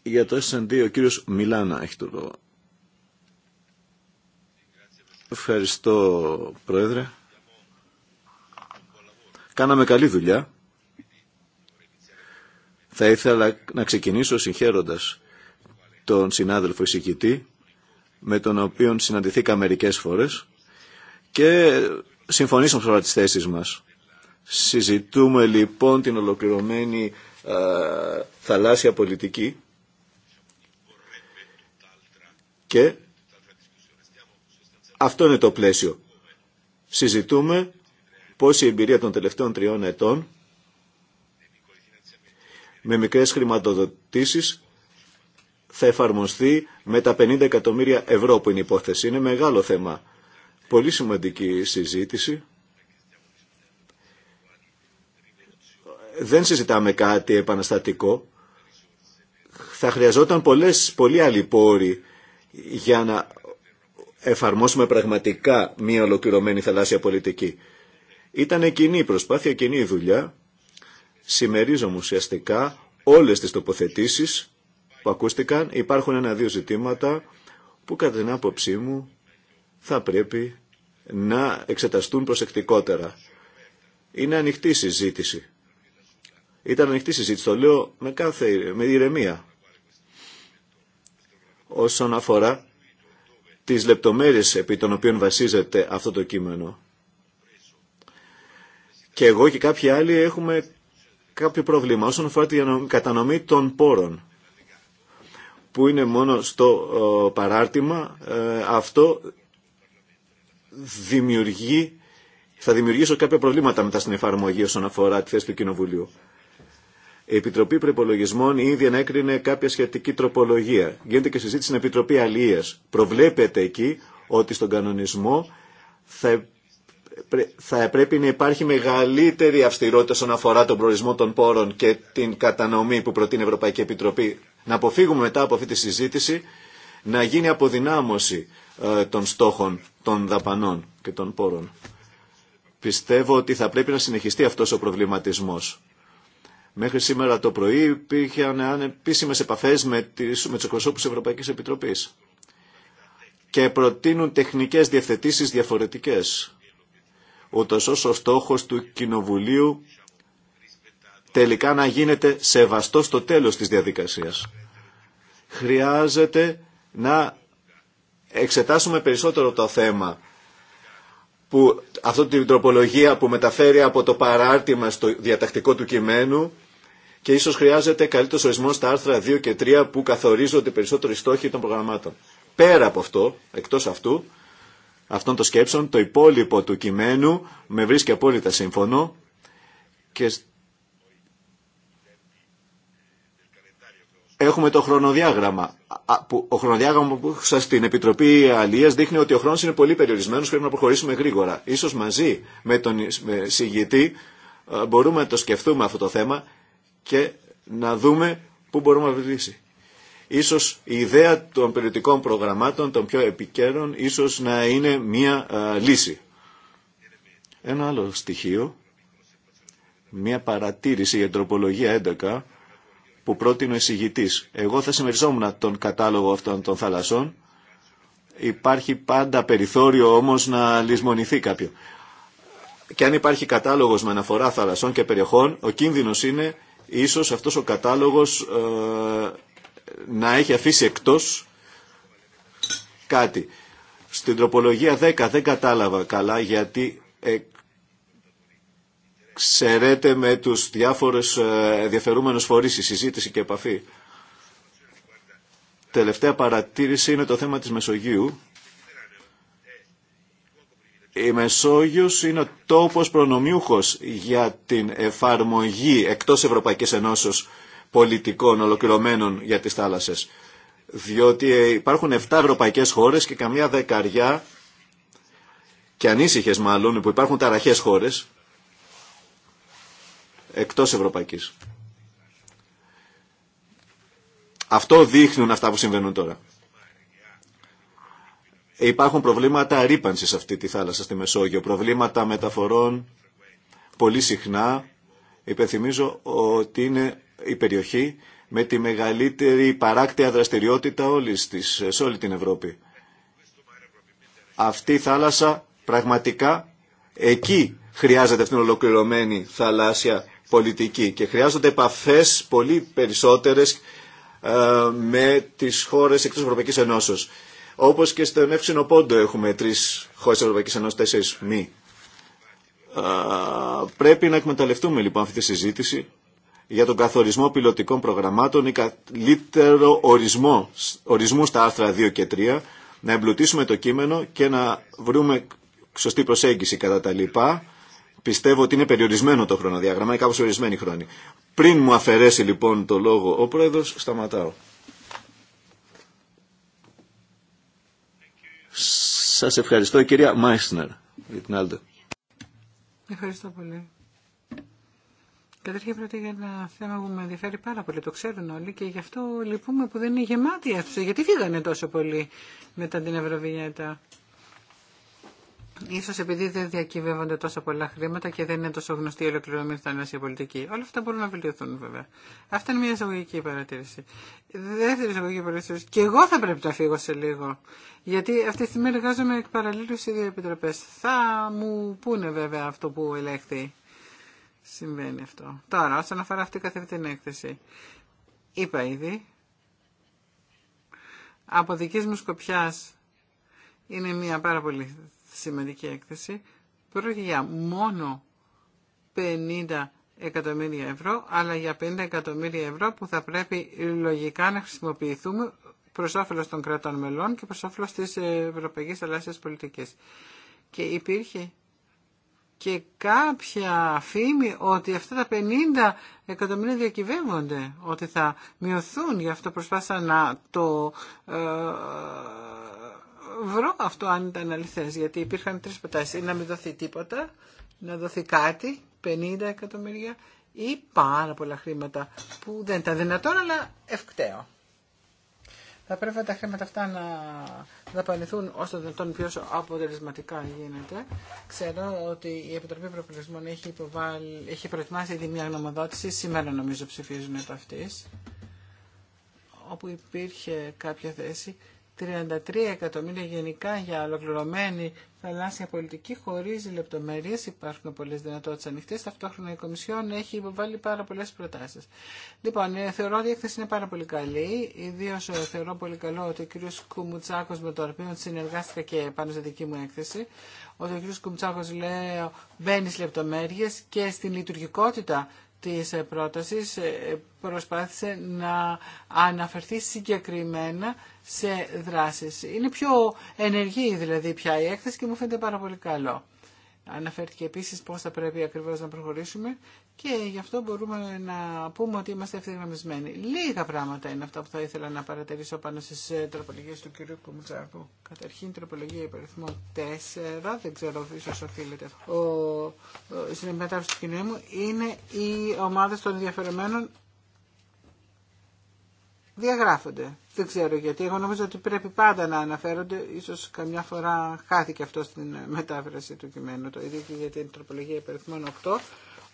B: Για το S&D ο κύριος Μιλάνα έχει το λόγο. Ευχαριστώ Πρόεδρε. Κάναμε καλή δουλειά. Θα ήθελα να ξεκινήσω συγχαίροντας τον συνάδελφο εισηγητή με τον οποίο συναντηθήκα μερικές φορές και συμφωνήσαμε σε όλα τις θέσεις μας. Συζητούμε λοιπόν την ολοκληρωμένη α, θαλάσσια πολιτική και αυτό είναι το πλαίσιο. Συζητούμε πώς η εμπειρία των τελευταίων τριών ετών με μικρές χρηματοδοτήσεις θα εφαρμοστεί με τα 50 εκατομμύρια ευρώ που είναι υπόθεση. Είναι μεγάλο θέμα. Πολύ σημαντική συζήτηση. Δεν συζητάμε κάτι επαναστατικό. Θα χρειαζόταν πολλές, πολλοί άλλοι πόροι για να εφαρμόσουμε πραγματικά μια ολοκληρωμένη θαλάσσια πολιτική. Ήταν κοινή προσπάθεια, κοινή δουλειά. μου ουσιαστικά όλες τις τοποθετήσεις που ακούστηκαν. Υπάρχουν ένα-δύο ζητήματα που κατά την άποψή μου θα πρέπει να εξεταστούν προσεκτικότερα. Είναι ανοιχτή συζήτηση. Ήταν ανοιχτή συζήτηση, το λέω με κάθε με ηρεμία όσον αφορά τις λεπτομέρειες επί των οποίων βασίζεται αυτό το κείμενο. Και εγώ και κάποιοι άλλοι έχουμε κάποιο πρόβλημα όσον αφορά την κατανομή των πόρων που είναι μόνο στο παράρτημα ε, αυτό δημιουργεί θα δημιουργήσω κάποια προβλήματα μετά στην εφαρμογή όσον αφορά τη θέση του Κοινοβουλίου. Η Επιτροπή Προπολογισμών ήδη ενέκρινε κάποια σχετική τροπολογία. Γίνεται και συζήτηση στην Επιτροπή Αλία. Προβλέπεται εκεί ότι στον κανονισμό θα, θα πρέπει να υπάρχει μεγαλύτερη αυστηρότητα όσον αφορά τον προορισμό των πόρων και την κατανομή που προτείνει η Ευρωπαϊκή Επιτροπή. Να αποφύγουμε μετά από αυτή τη συζήτηση να γίνει αποδυνάμωση ε, των στόχων των δαπανών και των πόρων. Πιστεύω ότι θα πρέπει να συνεχιστεί αυτός ο προβληματισμός Μέχρι σήμερα το πρωί υπήρχαν επίσημε επαφές με, με του εκπροσώπου της Ευρωπαϊκής Επιτροπής και προτείνουν τεχνικές διευθετήσει διαφορετικές, Ούτω όσο ο στόχος του Κοινοβουλίου τελικά να γίνεται σεβαστό στο τέλος της διαδικασίας. Χρειάζεται να εξετάσουμε περισσότερο το θέμα που αυτή την τροπολογία που μεταφέρει από το παράρτημα στο διατακτικό του κειμένου και ίσω χρειάζεται καλύτερο ορισμό στα άρθρα 2 και 3 που καθορίζονται περισσότερο οι στόχοι των προγραμμάτων. Πέρα από αυτό, εκτό αυτού, αυτών των σκέψεων, το υπόλοιπο του κειμένου με βρίσκει απόλυτα σύμφωνο και έχουμε το χρονοδιάγραμμα. Ο χρονοδιάγραμμα που σα στην Επιτροπή Αλίας δείχνει ότι ο χρόνο είναι πολύ περιορισμένο, πρέπει να προχωρήσουμε γρήγορα. σω μαζί με τον συγητή ε, μπορούμε να το σκεφτούμε αυτό το θέμα και να δούμε πού μπορούμε να βοηθήσει. Ίσως η ιδέα των περιοδικών προγραμμάτων, των πιο επικέρων, ίσως να είναι μία λύση. Ένα άλλο στοιχείο, μία παρατήρηση για τροπολογία 11, που πρότεινε ο εισηγητής. Εγώ θα συμμεριζόμουν τον κατάλογο αυτών των θαλασσών. Υπάρχει πάντα περιθώριο όμως να λησμονηθεί κάποιο. Και αν υπάρχει κατάλογος με αναφορά θαλασσών και περιοχών, ο κίνδυνος είναι ίσως αυτός ο κατάλογος ε, να έχει αφήσει εκτός κάτι. Στην τροπολογία 10 δεν κατάλαβα καλά γιατί ε, ξερέτε με τους διάφορους ε, διαφερούμενους φορείς η συζήτηση και επαφή. Τελευταία παρατήρηση είναι το θέμα της Μεσογείου η Μεσόγειος είναι ο τόπος προνομιούχος για την εφαρμογή εκτός Ευρωπαϊκής Ενώσεως πολιτικών ολοκληρωμένων για τις θάλασσες. Διότι ε, υπάρχουν 7 ευρωπαϊκές χώρες και καμιά δεκαριά και ανήσυχε μάλλον που υπάρχουν ταραχές χώρες εκτός Ευρωπαϊκής. Αυτό δείχνουν αυτά που συμβαίνουν τώρα. Υπάρχουν προβλήματα ρήπανσης αυτή τη θάλασσα στη Μεσόγειο, προβλήματα μεταφορών πολύ συχνά. Υπενθυμίζω ότι είναι η περιοχή με τη μεγαλύτερη παράκτεια δραστηριότητα όλης της, σε όλη την Ευρώπη. Αυτή η θάλασσα πραγματικά εκεί χρειάζεται αυτήν την ολοκληρωμένη θαλάσσια πολιτική και χρειάζονται επαφές πολύ περισσότερες ε, με τις χώρες εκτός Ευρωπαϊκής Ενώσεως. Όπω και στον Εύξηνο Πόντο έχουμε τρει χώρε Ευρωπαϊκή Ευρωπαϊκής τέσσερι τέσσερις μη. Πρέπει να εκμεταλλευτούμε λοιπόν αυτή τη συζήτηση για τον καθορισμό πιλωτικών προγραμμάτων ή καλύτερο ορισμό, ορισμού στα άρθρα 2 και 3, να εμπλουτίσουμε το κείμενο και να βρούμε σωστή προσέγγιση κατά τα λοιπά. Πιστεύω ότι είναι περιορισμένο το χρονοδιάγραμμα, είναι κάπως ορισμένη χρόνη. Πριν μου αφαιρέσει λοιπόν το λόγο ο Πρόεδρος, σταματάω. Σας ευχαριστώ κυρία Μάισνερ για
C: Ευχαριστώ πολύ. Καταρχήν πρόκειται για ένα θέμα που με ενδιαφέρει πάρα πολύ, το ξέρουν όλοι και γι' αυτό λυπούμε που δεν είναι γεμάτη η Γιατί φύγανε τόσο πολύ μετά την Ευρωβινιέτα. Ίσως επειδή δεν διακυβεύονται τόσο πολλά χρήματα και δεν είναι τόσο γνωστή η ολοκληρωμένη θανάσια πολιτική. Όλα αυτά μπορούν να βελτιωθούν βέβαια. Αυτή είναι μια εισαγωγική παρατήρηση. Δεύτερη εισαγωγική παρατήρηση. Και εγώ θα πρέπει να φύγω σε λίγο. Γιατί αυτή τη στιγμή εργάζομαι εκ παραλλήλου σε δύο επιτροπέ. Θα μου πούνε βέβαια αυτό που ελέγχθη. Συμβαίνει αυτό. Τώρα, όσον αφορά αυτή καθ' την έκθεση. Είπα ήδη. Από δική μου σκοπιά είναι μια πάρα πολύ σημαντική έκθεση. Πρόκειται για μόνο 50 εκατομμύρια ευρώ, αλλά για 50 εκατομμύρια ευρώ που θα πρέπει λογικά να χρησιμοποιηθούμε προς όφελος των κρατών μελών και προς όφελος της Ευρωπαϊκής πολιτικές Πολιτικής. Και υπήρχε και κάποια φήμη ότι αυτά τα 50 εκατομμύρια διακυβεύονται, ότι θα μειωθούν. Γι' αυτό προσπάθησα να το ε, βρω αυτό αν ήταν αληθές, γιατί υπήρχαν τρεις προτάσεις. Να μην δοθεί τίποτα, να δοθεί κάτι, 50 εκατομμύρια ή πάρα πολλά χρήματα που δεν ήταν δυνατόν, αλλά ευκταίο. Θα πρέπει τα χρήματα αυτά να δαπανηθούν όσο δυνατόν πιο αποτελεσματικά γίνεται. Ξέρω ότι η Επιτροπή Προπολισμών έχει, υποβάλει, έχει προετοιμάσει ήδη μια γνωμοδότηση, σήμερα νομίζω ψηφίζουν επ' αυτής, όπου υπήρχε κάποια θέση 33 εκατομμύρια γενικά για ολοκληρωμένη θαλάσσια πολιτική χωρίς λεπτομέρειες. Υπάρχουν πολλές δυνατότητες ανοιχτές. Ταυτόχρονα η Κομισιόν έχει υποβάλει πάρα πολλές προτάσεις. Λοιπόν, ε, θεωρώ ότι η έκθεση είναι πάρα πολύ καλή. Ιδίω ε, θεωρώ πολύ καλό ότι ο κ. Κουμουτσάκος με τον οποίο συνεργάστηκα και πάνω στη δική μου έκθεση, ότι ο κ. Κουμουτσάκος λέει μπαίνει λεπτομέρειες και στην λειτουργικότητα της πρότασης ε, προσπάθησε να αναφερθεί συγκεκριμένα σε δράσεις. Είναι πιο ενεργή δηλαδή πια η έκθεση και μου φαίνεται πάρα πολύ καλό. Αναφέρθηκε επίσης πώς θα πρέπει ακριβώς να προχωρήσουμε και γι' αυτό μπορούμε να πούμε ότι είμαστε ευθυγραμμισμένοι. Λίγα πράγματα είναι αυτά που θα ήθελα να παρατηρήσω πάνω στις ε, τροπολογίες του κυρίου Κομουτσάκου. Καταρχήν τροπολογία υπ. 4, δεν ξέρω ίσως οφείλεται ο, στην μετάφραση του κοινού μου, είναι οι ομάδα των ενδιαφερομένων διαγράφονται. Δεν ξέρω γιατί. Εγώ νομίζω ότι πρέπει πάντα να αναφέρονται. Ίσως καμιά φορά χάθηκε αυτό στην μετάφραση του κειμένου. Το ίδιο και για την τροπολογία υπεριθμών 8,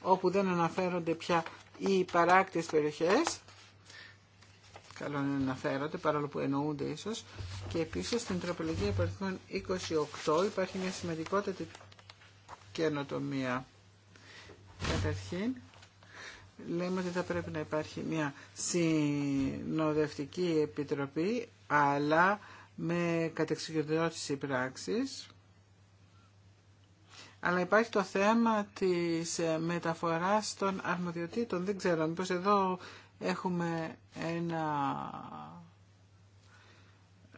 C: όπου δεν αναφέρονται πια οι παράκτιες περιοχές. Καλό είναι να αναφέρονται, παρόλο που εννοούνται ίσως. Και επίσης στην τροπολογία υπεριθμών 28 υπάρχει μια σημαντικότητα καινοτομία. Καταρχήν, λέμε ότι θα πρέπει να υπάρχει μια συνοδευτική επιτροπή, αλλά με κατεξοικειοδότηση πράξης. Αλλά υπάρχει το θέμα της μεταφοράς των αρμοδιοτήτων. Δεν ξέρω, μήπως εδώ έχουμε ένα ε,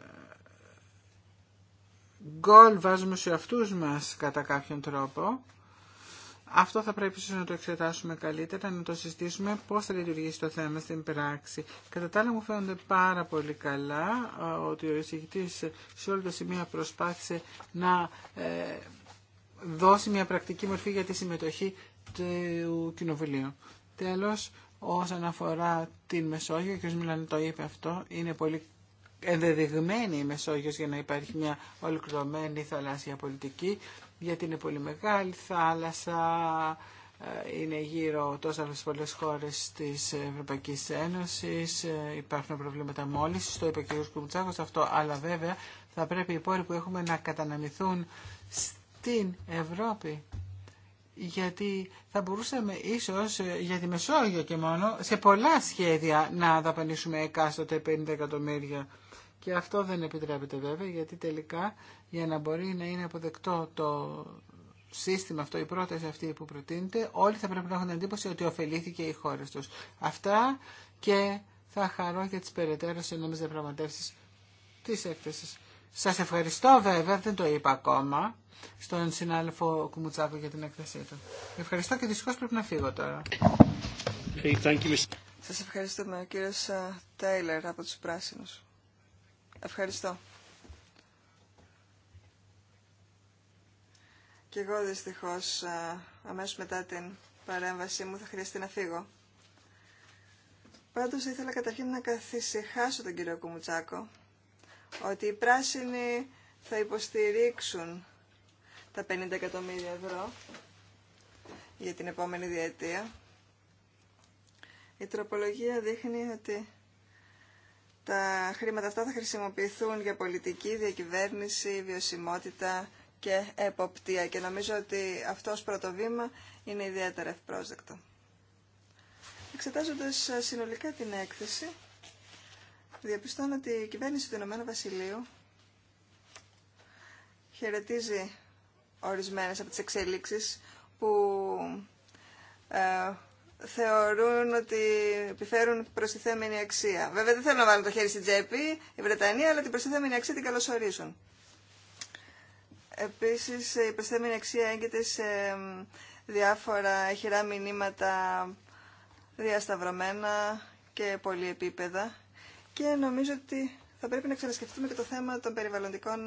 C: γκολ βάζουμε σε αυτούς μας κατά κάποιον τρόπο αυτό θα πρέπει ίσως να το εξετάσουμε καλύτερα, να το συζητήσουμε πώς θα λειτουργήσει το θέμα στην πράξη. Κατά τα άλλα μου φαίνονται πάρα πολύ καλά ότι ο εισηγητής σε όλα τα σημεία προσπάθησε να ε, δώσει μια πρακτική μορφή για τη συμμετοχή του Κοινοβουλίου. Τέλος, όσον αφορά την Μεσόγειο, και ο κ. το είπε αυτό, είναι πολύ ενδεδειγμένη η Μεσόγειος για να υπάρχει μια ολοκληρωμένη θαλάσσια πολιτική γιατί είναι πολύ μεγάλη θάλασσα, ε, είναι γύρω τόσα πολλές χώρες της Ευρωπαϊκής Ένωσης, ε, υπάρχουν προβλήματα μόλις, το είπε και ο αυτό, αλλά βέβαια θα πρέπει οι πόροι που έχουμε να καταναμηθούν στην Ευρώπη. Γιατί θα μπορούσαμε ίσως ε, για τη Μεσόγειο και μόνο σε πολλά σχέδια να δαπανίσουμε εκάστοτε 50 εκατομμύρια και αυτό δεν επιτρέπεται βέβαια γιατί τελικά για να μπορεί να είναι αποδεκτό το σύστημα αυτό, η πρόταση αυτή που προτείνεται, όλοι θα πρέπει να έχουν εντύπωση ότι ωφελήθηκε η χώρα τους. Αυτά και θα χαρώ για τις περαιτέρω συνόμες διαπραγματεύσεις της έκθεσης. Σας ευχαριστώ βέβαια, δεν το είπα ακόμα, στον συνάδελφο Κουμουτσάκο για την έκθεσή του. Ευχαριστώ και δυστυχώς πρέπει να φύγω τώρα. Hey, thank
A: Σας
E: ευχαριστούμε, ο κύριος ε, Τέιλερ από τους Πράσινους. Ευχαριστώ. Και εγώ δυστυχώς αμέσως μετά την παρέμβασή μου θα χρειαστεί να φύγω. Πάντως ήθελα καταρχήν να καθησυχάσω τον κύριο Κουμουτσάκο ότι οι πράσινοι θα υποστηρίξουν τα 50 εκατομμύρια ευρώ για την επόμενη διετία. Η τροπολογία δείχνει ότι τα χρήματα αυτά θα χρησιμοποιηθούν για πολιτική, διακυβέρνηση, βιωσιμότητα και εποπτεία και νομίζω ότι αυτό ως πρώτο βήμα είναι ιδιαίτερα ευπρόσδεκτο. Εξετάζοντας ε, συνολικά την έκθεση, διαπιστώνω ότι η κυβέρνηση του Ηνωμένου Βασιλείου χαιρετίζει ορισμένες από τις εξελίξεις που ε, θεωρούν ότι επιφέρουν προστιθέμενη αξία. Βέβαια δεν θέλουν να βάλω το χέρι στην τσέπη η Βρετανία, αλλά την προστιθέμενη αξία την καλωσορίζουν. Επίσης η προστιθέμενη αξία έγκυται σε διάφορα χειρά μηνύματα διασταυρωμένα και πολυεπίπεδα και νομίζω ότι θα πρέπει να ξανασκεφτούμε και το θέμα των περιβαλλοντικών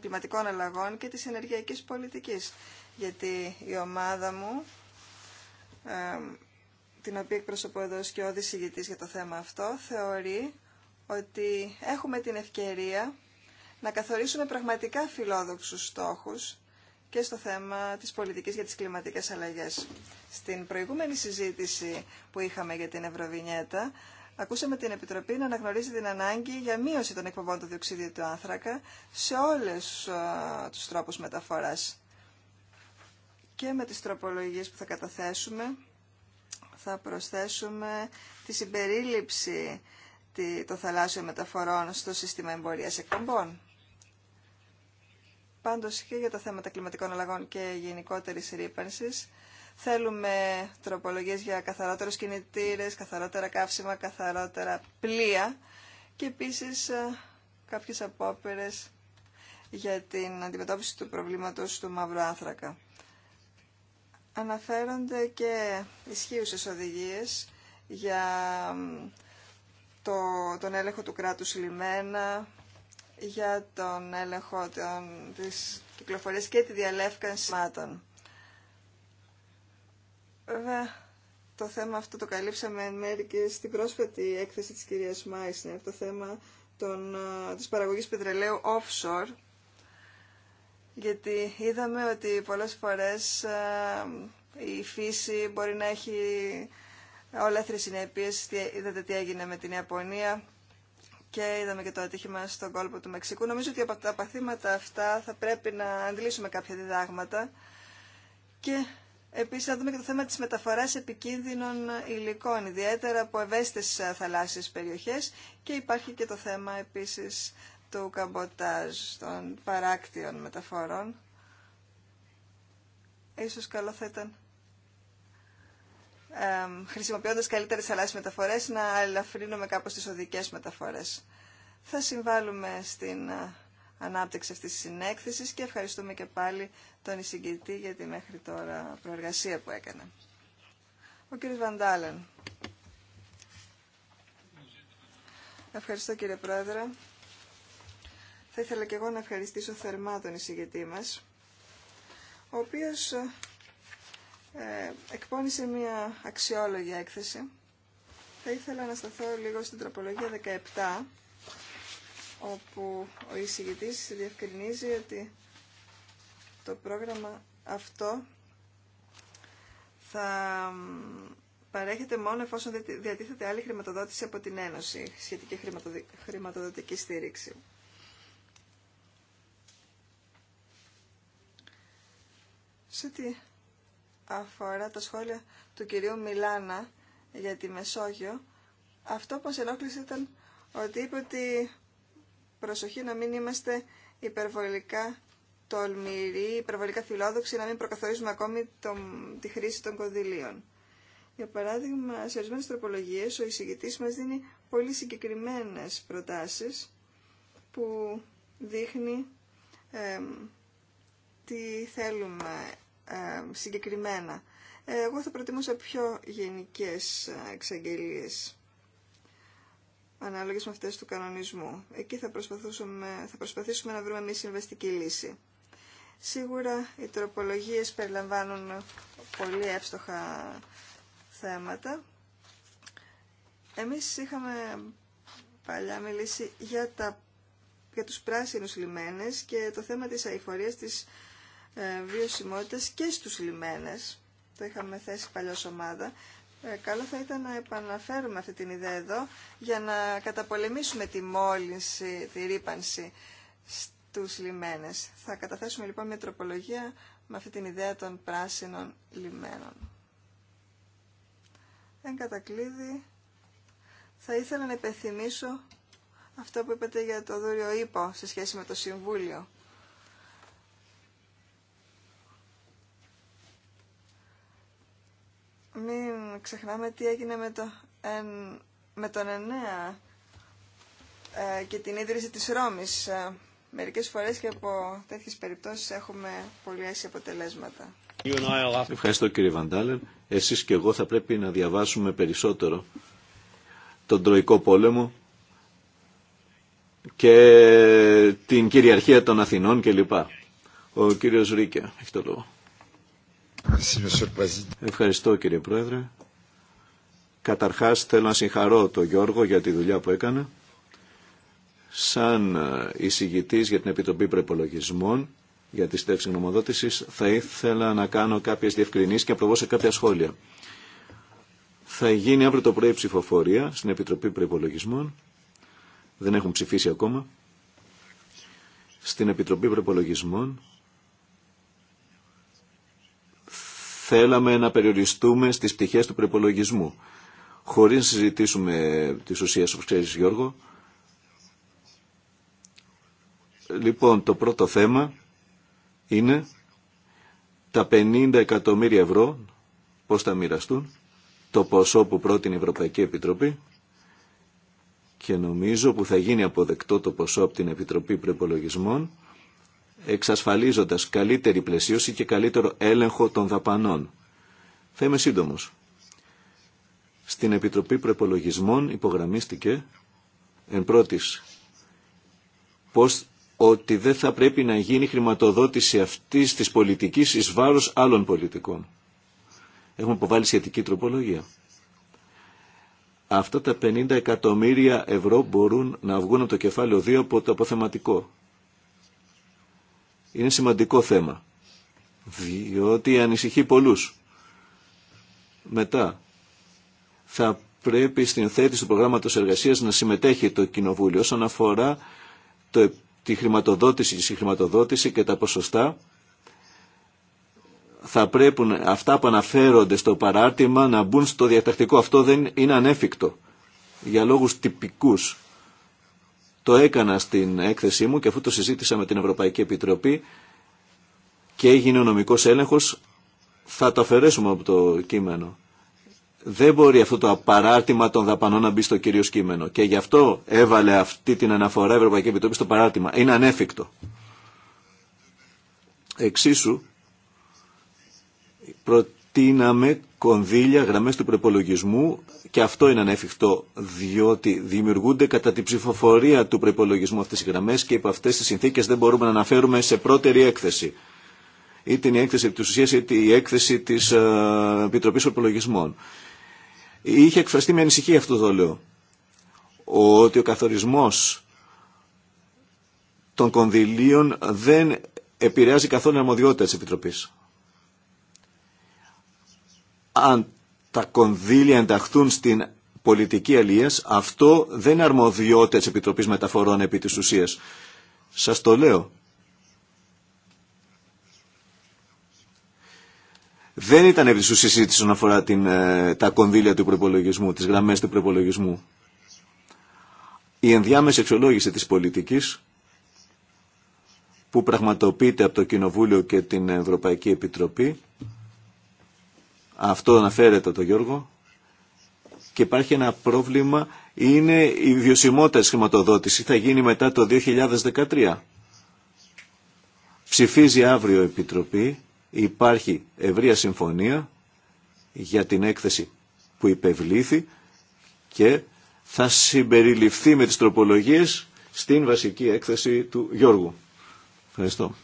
E: κλιματικών αλλαγών και της ενεργειακής πολιτικής. Γιατί η ομάδα μου την οποία εκπροσωπώ εδώ και ο για το θέμα αυτό, θεωρεί ότι έχουμε την ευκαιρία να καθορίσουμε πραγματικά φιλόδοξους στόχους και στο θέμα της πολιτικής για τις κλιματικές αλλαγές. Στην προηγούμενη συζήτηση που είχαμε για την Ευρωβινιέτα, ακούσαμε την Επιτροπή να αναγνωρίζει την ανάγκη για μείωση των εκπομπών του διοξίδιου του άνθρακα σε όλες α, τους τρόπους μεταφοράς. Και με τις τροπολογίες που θα καταθέσουμε, θα προσθέσουμε τη συμπερίληψη των θαλάσσιων μεταφορών στο σύστημα εμπορίας εκπομπών. Πάντως και για τα θέματα κλιματικών αλλαγών και γενικότερη ρήπανσης θέλουμε τροπολογίες για καθαρότερους κινητήρες, καθαρότερα καύσιμα, καθαρότερα πλοία και επίσης ε, κάποιες απόπειρες για την αντιμετώπιση του προβλήματος του μαύρου άνθρακα αναφέρονται και ισχύουσες οδηγίες για το, τον έλεγχο του κράτους λιμένα, για τον έλεγχο των, της κυκλοφορίας και τη διαλεύκανση μάτων. Βέβαια, το θέμα αυτό το καλύψαμε εν μέρη και στην πρόσφατη έκθεση της κυρίας Μάισνερ, το θέμα των, της παραγωγής πετρελαίου offshore, γιατί είδαμε ότι πολλές φορές ε, η φύση μπορεί να έχει τρεις συνέπειες. Είδατε τι έγινε με την Ιαπωνία και είδαμε και το ατύχημα στον κόλπο του Μεξικού. Νομίζω ότι από τα παθήματα αυτά θα πρέπει να αντλήσουμε κάποια διδάγματα και επίσης να δούμε και το θέμα της μεταφοράς επικίνδυνων υλικών, ιδιαίτερα από ευαίσθητες θαλάσσιες περιοχές και υπάρχει και το θέμα επίσης του καμποτάζ των παράκτιων μεταφορών. Ίσως καλό θα ήταν ε, χρησιμοποιώντας καλύτερες αλλάσεις μεταφορές να ελαφρύνουμε κάπως τις οδικές μεταφορές. Θα συμβάλλουμε στην ε, ανάπτυξη αυτής της συνέκθεσης και ευχαριστούμε και πάλι τον εισηγητή για τη μέχρι τώρα προεργασία που έκανε. Ο κύριος Βαντάλεν. Ευχαριστώ κύριε Πρόεδρε. Θα ήθελα και εγώ να ευχαριστήσω θερμά τον εισηγητή μας, ο οποίος ε, εκπώνησε μια αξιόλογη έκθεση. Θα ήθελα να σταθώ λίγο στην τροπολογία 17, όπου ο εισηγητής διευκρινίζει ότι το πρόγραμμα αυτό θα παρέχεται μόνο εφόσον διατίθεται άλλη χρηματοδότηση από την Ένωση, σχετική χρηματοδοτική στήριξη. Σε τι αφορά τα σχόλια του κυρίου Μιλάνα για τη Μεσόγειο, αυτό που μας ενόχλησε ήταν ότι είπε ότι προσοχή να μην είμαστε υπερβολικά τολμηροί, υπερβολικά φιλόδοξοι, να μην προκαθορίζουμε ακόμη τη χρήση των κονδυλίων. Για παράδειγμα, σε ορισμένε τροπολογίε ο εισηγητή μα δίνει πολύ συγκεκριμένε προτάσει που δείχνει τι θέλουμε συγκεκριμένα. Εγώ θα προτιμούσα πιο γενικές εξαγγελίες ανάλογες με αυτές του κανονισμού. Εκεί θα, προσπαθήσουμε, θα προσπαθήσουμε να βρούμε μια συμβαστική λύση. Σίγουρα οι τροπολογίες περιλαμβάνουν πολύ εύστοχα θέματα. Εμείς είχαμε παλιά μιλήσει για, τα, για τους πράσινους λιμένες και το θέμα της αηφορίας της ε, βιωσιμότητας και στους λιμένες. Το είχαμε θέσει παλιά ομάδα. Ε, καλό θα ήταν να επαναφέρουμε αυτή την ιδέα εδώ για να καταπολεμήσουμε τη μόλυνση, τη ρήπανση στους λιμένες. Θα καταθέσουμε λοιπόν μια τροπολογία με αυτή την ιδέα των πράσινων λιμένων. Εν κατακλείδη, θα ήθελα να υπενθυμίσω αυτό που είπατε για το δούριο ύπο σε σχέση με το Συμβούλιο. μην ξεχνάμε τι έγινε με, το, με τον Εννέα ε, και την ίδρυση της Ρώμης. Ε, μερικές φορές και από τέτοιες περιπτώσεις έχουμε πολύ αίσια αποτελέσματα.
B: Ευχαριστώ κύριε Βαντάλεν. Εσείς και εγώ θα πρέπει να διαβάσουμε περισσότερο τον Τροϊκό Πόλεμο και την κυριαρχία των Αθηνών κλπ. Ο κύριος Ρίκια έχει το λόγο. Ευχαριστώ κύριε Πρόεδρε. Καταρχάς θέλω να συγχαρώ τον Γιώργο για τη δουλειά που έκανε. Σαν ε, εισηγητής για την Επιτροπή Προπολογισμών για τη στέξη γνωμοδότηση, θα ήθελα να κάνω κάποιες διευκρινήσεις και να σε κάποια σχόλια. Θα γίνει αύριο το πρωί ψηφοφορία στην Επιτροπή Προπολογισμών. Δεν έχουν ψηφίσει ακόμα. Στην Επιτροπή Προπολογισμών θέλαμε να περιοριστούμε στις πτυχές του προπολογισμού. Χωρίς να συζητήσουμε τις ουσίες, όπως ξέρεις Γιώργο. Λοιπόν, το πρώτο θέμα είναι τα 50 εκατομμύρια ευρώ, πώς θα μοιραστούν, το ποσό που πρότεινε η Ευρωπαϊκή Επιτροπή και νομίζω που θα γίνει αποδεκτό το ποσό από την Επιτροπή Προπολογισμών εξασφαλίζοντας καλύτερη πλαισίωση και καλύτερο έλεγχο των δαπανών. Θα είμαι σύντομος. Στην Επιτροπή Προεπολογισμών υπογραμμίστηκε εν πρώτης πως ότι δεν θα πρέπει να γίνει χρηματοδότηση αυτής της πολιτικής εις βάρος άλλων πολιτικών. Έχουμε υποβάλει σχετική τροπολογία. Αυτά τα 50 εκατομμύρια ευρώ μπορούν να βγουν από το κεφάλαιο 2 από το αποθεματικό. Είναι σημαντικό θέμα, διότι ανησυχεί πολλούς. Μετά, θα πρέπει στην θέτηση του προγράμματος εργασίας να συμμετέχει το Κοινοβούλιο όσον αφορά το, τη χρηματοδότηση, τη χρηματοδότηση και τα ποσοστά θα πρέπει αυτά που αναφέρονται στο παράρτημα να μπουν στο διατακτικό. Αυτό δεν είναι ανέφικτο για λόγους τυπικούς. Το έκανα στην έκθεσή μου και αφού το συζήτησα με την Ευρωπαϊκή Επιτροπή και έγινε ο νομικός έλεγχος, θα το αφαιρέσουμε από το κείμενο. Δεν μπορεί αυτό το παράρτημα των δαπανών να μπει στο κυρίω κείμενο. Και γι' αυτό έβαλε αυτή την αναφορά η Ευρωπαϊκή Επιτροπή στο παράρτημα. Είναι ανέφικτο. Εξίσου, προτείναμε κονδύλια, γραμμές του προπολογισμού και αυτό είναι ανέφικτο διότι δημιουργούνται κατά την ψηφοφορία του προπολογισμού αυτές οι γραμμέ και υπό αυτέ τι συνθήκες δεν μπορούμε να αναφέρουμε σε πρώτερη έκθεση. Είτε είναι η έκθεση τη ουσία ή είτε η έκθεση της ε, επιτροπή Προπολογισμών. Είχε εκφραστεί με ανησυχία αυτό το λέω. Ότι ο καθορισμός των κονδυλίων δεν επηρεάζει καθόλου την αρμοδιότητα τη Επιτροπής. Αν τα κονδύλια ενταχθούν στην πολιτική αλίας αυτό δεν είναι αρμοδιότητα της Επιτροπής Μεταφορών επί της ουσίας. Σας το λέω. Δεν ήταν επί της συζήτηση όσον αφορά την, ε, τα κονδύλια του προπολογισμού, τις γραμμές του προπολογισμού. Η ενδιάμεση εξολόγηση της πολιτικής που πραγματοποιείται από το Κοινοβούλιο και την Ευρωπαϊκή Επιτροπή αυτό αναφέρεται το Γιώργο, και υπάρχει ένα πρόβλημα, είναι η βιωσιμότητα της χρηματοδότησης, θα γίνει μετά το 2013. Ψηφίζει αύριο η Επιτροπή, υπάρχει ευρεία συμφωνία για την έκθεση που υπευλήθη και θα συμπεριληφθεί με τις τροπολογίες στην βασική έκθεση του Γιώργου. Ευχαριστώ.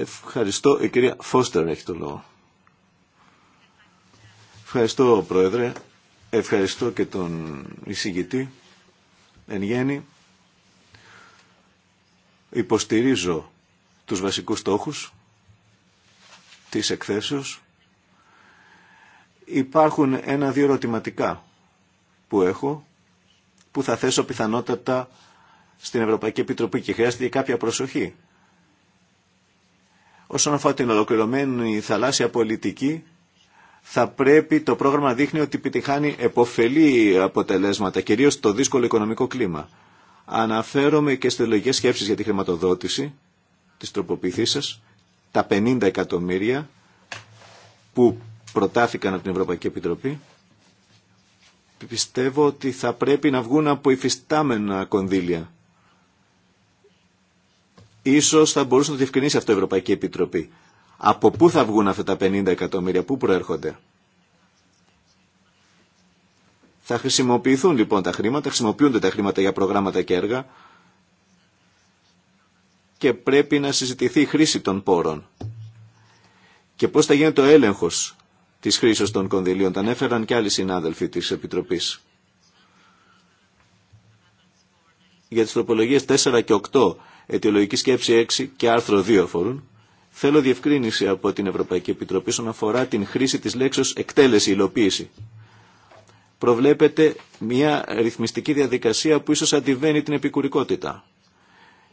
B: Ευχαριστώ. Η κυρία Φώστερ έχει το λόγο. Ευχαριστώ, Πρόεδρε. Ευχαριστώ και τον εισηγητή. Εν γέννη, υποστηρίζω τους βασικούς στόχους της εκθέσεως. Υπάρχουν ένα-δύο ερωτηματικά που έχω, που θα θέσω πιθανότατα στην Ευρωπαϊκή Επιτροπή και χρειάζεται κάποια προσοχή Όσον αφορά την ολοκληρωμένη θαλάσσια πολιτική, θα πρέπει το πρόγραμμα να δείχνει ότι επιτυχάνει επωφελή αποτελέσματα, κυρίως το δύσκολο οικονομικό κλίμα. Αναφέρομαι και στις λογικές σκέψεις για τη χρηματοδότηση της σας. τα 50 εκατομμύρια που προτάθηκαν από την Ευρωπαϊκή Επιτροπή. Πιστεύω ότι θα πρέπει να βγουν από υφιστάμενα κονδύλια Ίσως θα μπορούσε να το διευκρινίσει αυτό η Ευρωπαϊκή Επιτροπή. Από πού θα βγουν αυτά τα 50 εκατομμύρια, πού προέρχονται. Θα χρησιμοποιηθούν λοιπόν τα χρήματα, χρησιμοποιούνται τα χρήματα για προγράμματα και έργα και πρέπει να συζητηθεί η χρήση των πόρων. Και πώς θα γίνεται ο έλεγχος της χρήσης των κονδυλίων. Τα ανέφεραν και άλλοι συνάδελφοι της Επιτροπής. Για τις τροπολογίες 4 και 8 αιτιολογική σκέψη 6 και άρθρο 2 αφορούν. Θέλω διευκρίνηση από την Ευρωπαϊκή Επιτροπή όσον αφορά την χρήση της λέξης εκτέλεση, υλοποίηση. Προβλέπεται μια ρυθμιστική διαδικασία που ίσως αντιβαίνει την επικουρικότητα.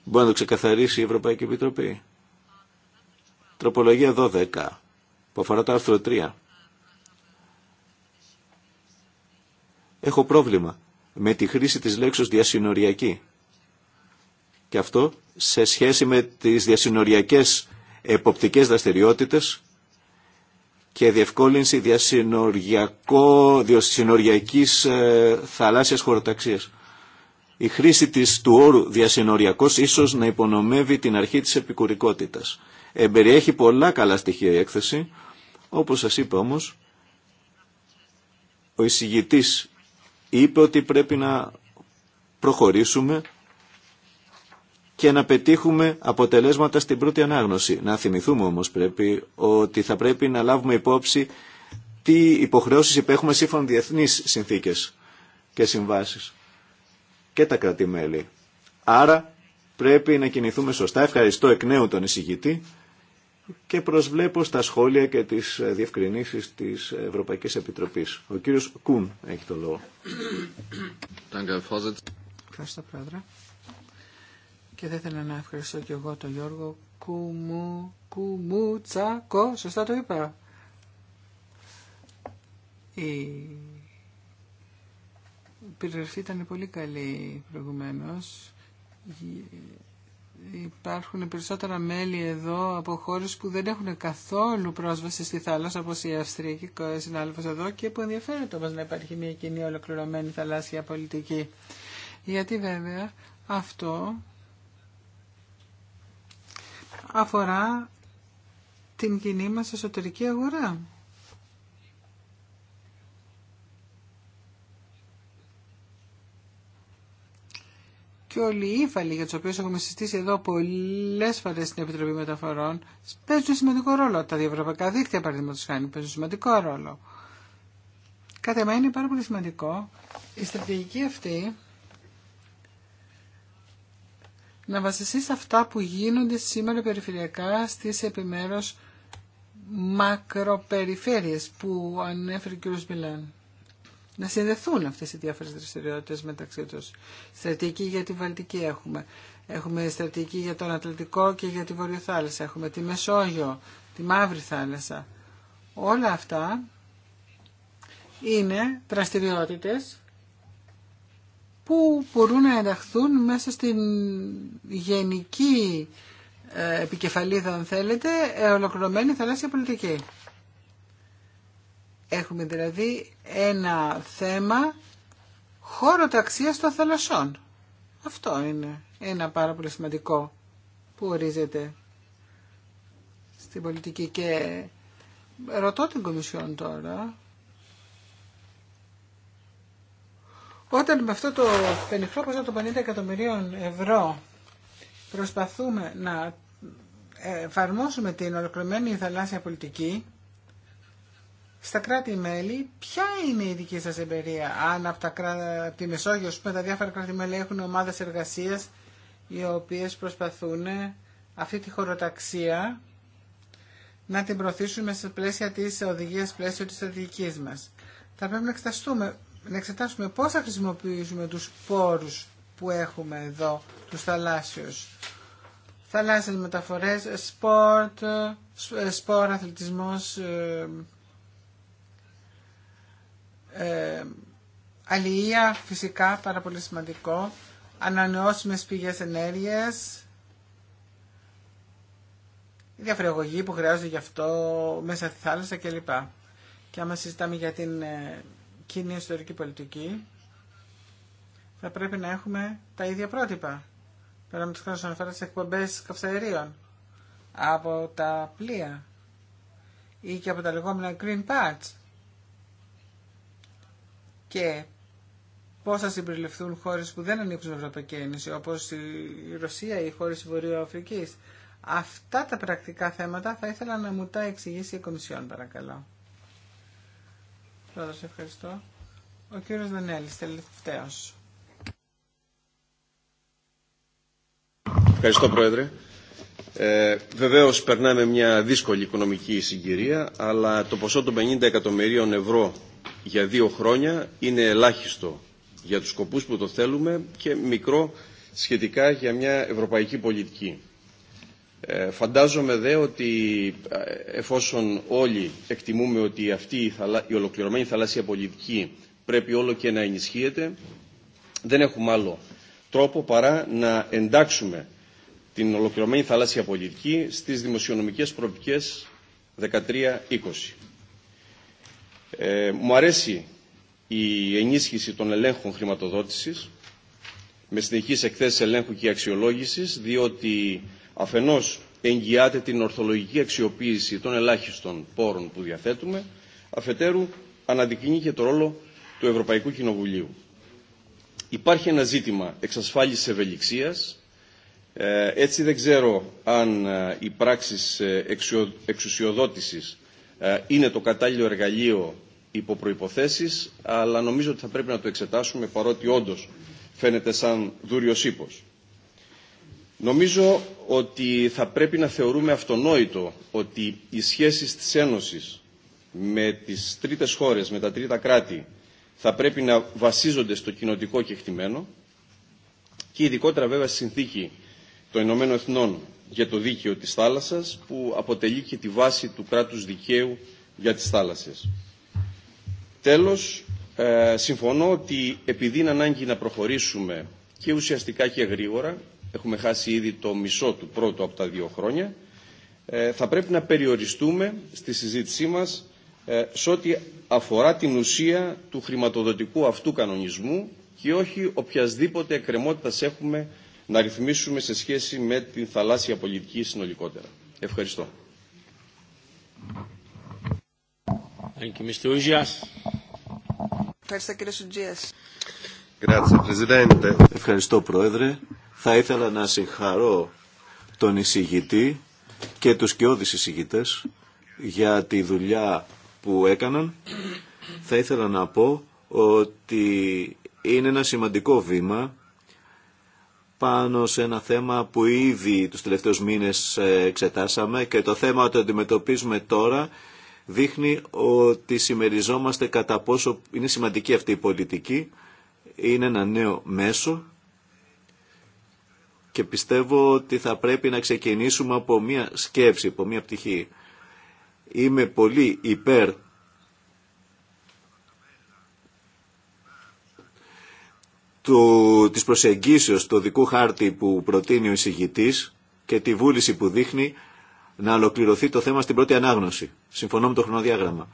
B: Μπορεί να το ξεκαθαρίσει η Ευρωπαϊκή Επιτροπή. Τροπολογία 12 που αφορά το άρθρο 3. Έχω πρόβλημα με τη χρήση της λέξης διασυνοριακή και αυτό σε σχέση με τις διασυνοριακές εποπτικές δραστηριότητες και διευκόλυνση διασυνοριακό, διασυνοριακής ε, θαλάσσιας χωροταξίας. Η χρήση της, του όρου διασυνοριακός ίσως να υπονομεύει την αρχή της επικουρικότητας. Εμπεριέχει πολλά καλά στοιχεία η έκθεση. Όπως σας είπα όμως, ο εισηγητής είπε ότι πρέπει να προχωρήσουμε και να πετύχουμε αποτελέσματα στην πρώτη ανάγνωση. Να θυμηθούμε όμως πρέπει ότι θα πρέπει να λάβουμε υπόψη τι υποχρεώσεις υπέχουμε σύμφωνα διεθνείς συνθήκες και συμβάσεις και τα κρατημέλη. Άρα πρέπει να κινηθούμε σωστά. Ευχαριστώ εκ νέου τον εισηγητή και προσβλέπω στα σχόλια και τις διευκρινήσεις της Ευρωπαϊκής Επιτροπής. Ο κύριος Κούν έχει το λόγο.
C: Ευχαριστώ, Πρόεδρε. Και δεν ήθελα να ευχαριστώ και εγώ τον Γιώργο Κουμου, Κουμουτσακό, σωστά το είπα. Η περιγραφή ήταν πολύ καλή προηγουμένως. Υπάρχουν περισσότερα μέλη εδώ από χώρες που δεν έχουν καθόλου πρόσβαση στη θάλασσα όπως η και ο συνάδελφος εδώ και που ενδιαφέρεται όμως να υπάρχει μια κοινή ολοκληρωμένη θαλάσσια πολιτική. Γιατί βέβαια αυτό αφορά την κοινή μας εσωτερική αγορά. Και όλοι οι ύφαλοι για του οποίου έχουμε συστήσει εδώ πολλές φορέ στην Επιτροπή Μεταφορών παίζουν σημαντικό ρόλο. Τα διευρωπαϊκά δίκτυα, παραδείγματο χάνει, παίζουν σημαντικό ρόλο. Κατά μένα είναι πάρα πολύ σημαντικό η στρατηγική αυτή να βασιστεί σε αυτά που γίνονται σήμερα περιφερειακά στις επιμέρους μακροπεριφέρειες που ανέφερε ο κ. Μιλάν. Να συνδεθούν αυτές οι διάφορες δραστηριότητες μεταξύ τους. Στρατηγική για τη Βαλτική έχουμε. Έχουμε στρατηγική για τον Ατλαντικό και για τη Βορειοθάλασσα. Έχουμε τη Μεσόγειο, τη Μαύρη Θάλασσα. Όλα αυτά είναι δραστηριότητες που μπορούν να ενταχθούν μέσα στην γενική ε, επικεφαλίδα, αν θέλετε, ε, ολοκληρωμένη θαλάσσια πολιτική. Έχουμε δηλαδή ένα θέμα χώρο ταξίας των θαλασσών. Αυτό είναι ένα πάρα πολύ σημαντικό που ορίζεται στην πολιτική και ρωτώ την Κομισιόν τώρα Όταν με αυτό το πενιχρό ποσό των 50 εκατομμυρίων ευρώ προσπαθούμε να εφαρμόσουμε την ολοκληρωμένη θαλάσσια πολιτική, στα κράτη-μέλη, ποια είναι η δική σας εμπειρία, αν από, τα, από τη Μεσόγειο, πούμε, τα διάφορα κράτη-μέλη έχουν ομάδες εργασίας οι οποίες προσπαθούν αυτή τη χωροταξία να την προωθήσουν σε πλαίσια της οδηγίας πλαίσιο της στρατηγικής μας. Θα πρέπει να εξεταστούμε να εξετάσουμε πώς θα χρησιμοποιήσουμε τους πόρους που έχουμε εδώ, τους θαλάσσιους. Θαλάσσιες μεταφορές, σπορτ, ε, σπορ, αθλητισμός, ε, ε, αλληλεία φυσικά πάρα πολύ σημαντικό, ανανεώσιμες πηγές ενέργειας, η διαφραγωγή που χρειάζεται γι' αυτό μέσα στη θάλασσα κλπ. Και άμα συζητάμε για την κοινή ιστορική πολιτική θα πρέπει να έχουμε τα ίδια πρότυπα. τους όσον αφορά τι εκπομπέ καυσαερίων από τα πλοία ή και από τα λεγόμενα green parts. Και πώ θα συμπεριληφθούν χώρε που δεν ανήκουν στην Ευρωπαϊκή Ένωση, όπω η Ρωσία ή οι χώρε τη Αυτά τα πρακτικά θέματα θα ήθελα να μου τα εξηγήσει η Κομισιόν, παρακαλώ ευχαριστώ. Ο κύριος Δανέλης,
D: Πρόεδρε. Ε, βεβαίως περνάμε μια δύσκολη οικονομική συγκυρία, αλλά το ποσό των 50 εκατομμυρίων ευρώ για δύο χρόνια είναι ελάχιστο για τους σκοπούς που το θέλουμε και μικρό σχετικά για μια ευρωπαϊκή πολιτική. Ε, φαντάζομαι δε ότι ε, εφόσον όλοι εκτιμούμε ότι αυτή η ολοκληρωμένη θαλάσσια πολιτική πρέπει όλο και να ενισχύεται, δεν έχουμε άλλο τρόπο παρά να εντάξουμε την ολοκληρωμένη θαλάσσια πολιτική στις δημοσιονομικές προοπτικές 13-20. Ε, μου αρέσει η ενίσχυση των ελέγχων χρηματοδότησης με συνεχείς εκθέσεις ελέγχου και αξιολόγησης, διότι αφενός εγγυάται την ορθολογική αξιοποίηση των ελάχιστων πόρων που διαθέτουμε, αφετέρου αναδεικνύει και το ρόλο του Ευρωπαϊκού Κοινοβουλίου. Υπάρχει ένα ζήτημα εξασφάλισης ευελιξίας, ε, έτσι δεν ξέρω αν ε, οι πράξεις ε, εξουσιοδότησης είναι το κατάλληλο εργαλείο υπό αλλά νομίζω ότι θα πρέπει να το εξετάσουμε παρότι όντως φαίνεται σαν δούριος ύπος. Νομίζω ότι θα πρέπει να θεωρούμε αυτονόητο ότι οι σχέσεις της Ένωσης με τις τρίτες χώρες, με τα τρίτα κράτη, θα πρέπει να βασίζονται στο κοινοτικό κεκτημένο και ειδικότερα βέβαια στη συνθήκη των Ηνωμένων Εθνών για το δίκαιο της θάλασσας που αποτελεί και τη βάση του κράτους δικαίου για τις θάλασσες. Τέλος, ε, συμφωνώ ότι επειδή είναι ανάγκη να προχωρήσουμε και ουσιαστικά και γρήγορα έχουμε χάσει ήδη το μισό του πρώτου από τα δύο χρόνια, ε, θα πρέπει να περιοριστούμε στη συζήτησή μας ε, σε ό,τι αφορά την ουσία του χρηματοδοτικού αυτού κανονισμού και όχι οποιασδήποτε εκκρεμότητα έχουμε να ρυθμίσουμε σε σχέση με την θαλάσσια πολιτική συνολικότερα. Ευχαριστώ. Ευχαριστώ
E: κύριε
B: Ευχαριστώ Πρόεδρε. Θα ήθελα να συγχαρώ τον εισηγητή και τους κοιόδης εισηγητές για τη δουλειά που έκαναν. Θα ήθελα να πω ότι είναι ένα σημαντικό βήμα πάνω σε ένα θέμα που ήδη τους τελευταίους μήνες εξετάσαμε και το θέμα το αντιμετωπίζουμε τώρα δείχνει ότι συμμεριζόμαστε κατά πόσο είναι σημαντική αυτή η πολιτική, είναι ένα νέο μέσο και πιστεύω ότι θα πρέπει να ξεκινήσουμε από μία σκέψη, από μία πτυχή. Είμαι πολύ υπέρ του, της προσεγγίσεως του δικού χάρτη που προτείνει ο εισηγητής και τη βούληση που δείχνει να ολοκληρωθεί το θέμα στην πρώτη ανάγνωση. Συμφωνώ με το χρονοδιάγραμμα.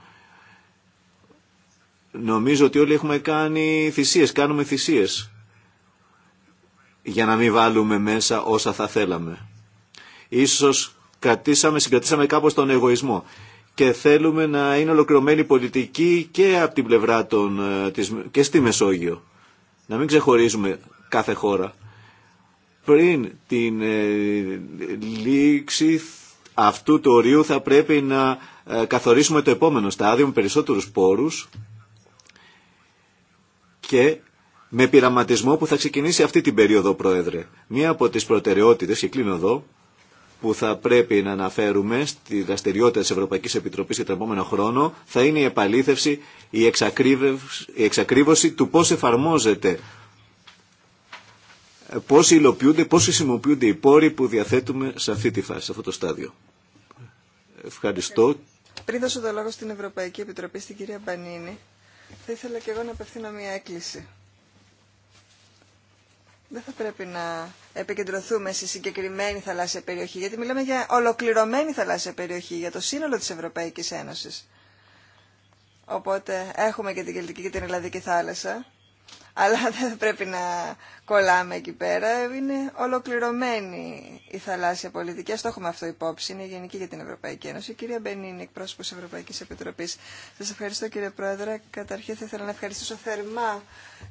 B: Νομίζω ότι όλοι έχουμε κάνει θυσίες, κάνουμε θυσίες για να μην βάλουμε μέσα όσα θα θέλαμε. Ίσως κρατήσαμε, συγκρατήσαμε κάπως τον εγωισμό και θέλουμε να είναι ολοκληρωμένη πολιτική και από την πλευρά των, ε, και στη Μεσόγειο. Να μην ξεχωρίζουμε κάθε χώρα. Πριν την ε, λήξη αυτού του ορίου θα πρέπει να ε, καθορίσουμε το επόμενο στάδιο με περισσότερους πόρους και με πειραματισμό που θα ξεκινήσει αυτή την περίοδο, Πρόεδρε. Μία από τι προτεραιότητε και κλείνω εδώ, που θα πρέπει να αναφέρουμε στη δραστηριότητα τη Ευρωπαϊκή Επιτροπή για τον επόμενο χρόνο θα είναι η επαλήθευση, η, η εξακρίβωση του πώ εφαρμόζεται, πώ υλοποιούνται, πώ χρησιμοποιούνται οι πόροι που διαθέτουμε σε αυτή τη φάση, σε αυτό το στάδιο. Ευχαριστώ.
E: Πριν δώσω το λόγο στην Ευρωπαϊκή Επιτροπή, στην κυρία Μπανίνη, θα ήθελα και εγώ να απευθύνω μια έκκληση δεν θα πρέπει να επικεντρωθούμε σε συγκεκριμένη θαλάσσια περιοχή, γιατί μιλάμε για ολοκληρωμένη θαλάσσια περιοχή, για το σύνολο της Ευρωπαϊκής Ένωσης. Οπότε έχουμε και την Κελτική και την Ελλαδική θάλασσα, αλλά *laughs* δεν πρέπει να κολλάμε εκεί πέρα. Είναι ολοκληρωμένη η θαλάσσια πολιτική. Ας το έχουμε αυτό υπόψη. Είναι γενική για την Ευρωπαϊκή Ένωση. Η κυρία Μπενίνη, εκπρόσωπος Ευρωπαϊκής Επιτροπής. Σας ευχαριστώ κύριε Πρόεδρε. Καταρχήν θα ήθελα να ευχαριστήσω θερμά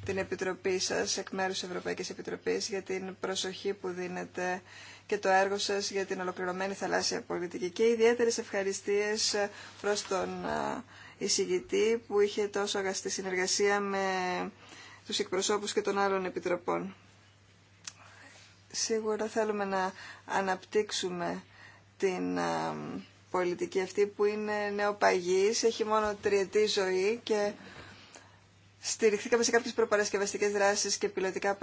E: την Επιτροπή σας εκ μέρους της Ευρωπαϊκής Επιτροπής για την προσοχή που δίνετε και το έργο σας για την ολοκληρωμένη θαλάσσια πολιτική και ιδιαίτερες ευχαριστίες προς τον εισηγητή που είχε τόσο αγαστή συνεργασία με τους εκπροσώπους και των άλλων επιτροπών. Σίγουρα θέλουμε να αναπτύξουμε την πολιτική αυτή που είναι νεοπαγής, έχει μόνο τριετή ζωή και στηριχθήκαμε σε κάποιες προπαρασκευαστικές δράσεις και πιλωτικά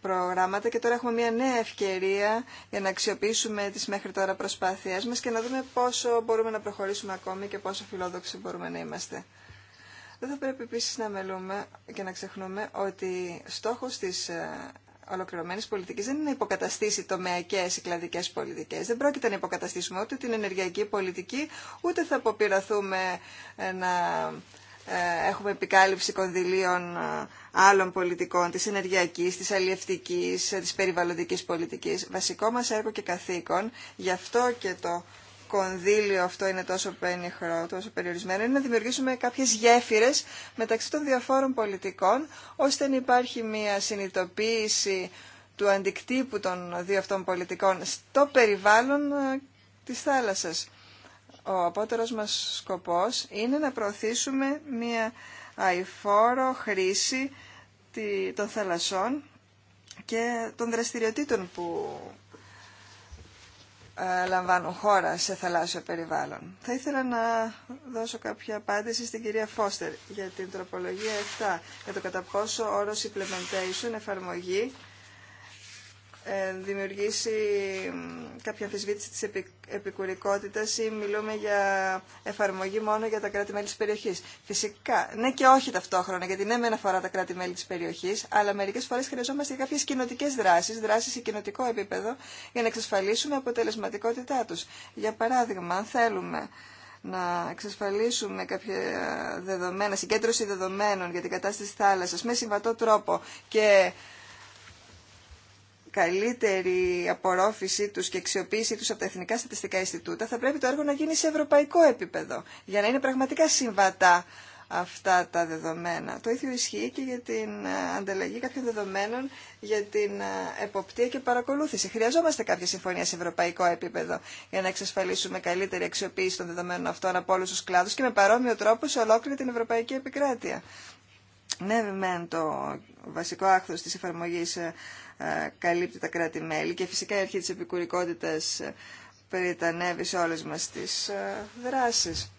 E: προγράμματα και τώρα έχουμε μια νέα ευκαιρία για να αξιοποιήσουμε τις μέχρι τώρα προσπάθειές μας και να δούμε πόσο μπορούμε να προχωρήσουμε ακόμη και πόσο φιλόδοξοι μπορούμε να είμαστε. Δεν θα πρέπει επίσης να μελούμε και να ξεχνούμε ότι στόχος τη ε, ολοκληρωμένη πολιτική δεν είναι να υποκαταστήσει τομεακέ ή κλαδικέ πολιτικές. Δεν πρόκειται να υποκαταστήσουμε ούτε την ενεργειακή πολιτική, ούτε θα αποπειραθούμε ε, να ε, έχουμε επικάλυψη κονδυλίων άλλων πολιτικών, της ενεργειακής, της αλλιευτικής, της περιβαλλοντικής πολιτικής. Βασικό μας έργο και καθήκον, γι' αυτό και το κονδύλιο αυτό είναι τόσο πενιχρό, τόσο περιορισμένο, είναι να δημιουργήσουμε κάποιες γέφυρες μεταξύ των διαφόρων πολιτικών, ώστε να υπάρχει μια συνειδητοποίηση του αντικτύπου των δύο αυτών πολιτικών στο περιβάλλον ε, της θάλασσας. Ο απότερος μας σκοπός είναι να προωθήσουμε μια αηφόρο χρήση των θαλασσών και των δραστηριοτήτων που ε, λαμβάνουν χώρα σε θαλάσσιο περιβάλλον. Θα ήθελα να δώσω κάποια απάντηση στην κυρία Φώστερ για την τροπολογία 7, για το κατά πόσο όρος implementation, εφαρμογή, ε, δημιουργήσει κάποια αμφισβήτηση της επικουρικότητας ή μιλούμε για εφαρμογή μόνο για τα κράτη-μέλη της περιοχής. Φυσικά, ναι και όχι ταυτόχρονα, γιατί ναι μεν αφορά τα κράτη-μέλη της περιοχής, αλλά μερικές φορές χρειαζόμαστε κάποιες κοινοτικέ δράσεις, δράσεις σε κοινοτικό επίπεδο, για να εξασφαλίσουμε αποτελεσματικότητά τους. Για παράδειγμα, αν θέλουμε να εξασφαλίσουμε κάποια δεδομένα, συγκέντρωση δεδομένων για την κατάσταση θάλασσας με συμβατό τρόπο και καλύτερη απορρόφησή τους και αξιοποίησή του από τα Εθνικά Στατιστικά Ινστιτούτα, θα πρέπει το έργο να γίνει σε ευρωπαϊκό επίπεδο, για να είναι πραγματικά συμβατά αυτά τα δεδομένα. Το ίδιο ισχύει και για την ε, ανταλλαγή κάποιων δεδομένων για την ε, εποπτεία και παρακολούθηση. Χρειαζόμαστε κάποια συμφωνία σε ευρωπαϊκό επίπεδο για να εξασφαλίσουμε καλύτερη αξιοποίηση των δεδομένων αυτών από όλου του κλάδου και με παρόμοιο τρόπο σε ολόκληρη την ευρωπαϊκή επικράτεια. Ναι, το βασικό άχθος της εφαρμογής ε, ε, καλύπτει τα κράτη-μέλη και φυσικά η αρχή της επικουρικότητας ε, περιτανεύει σε όλες μας τις δράσεις.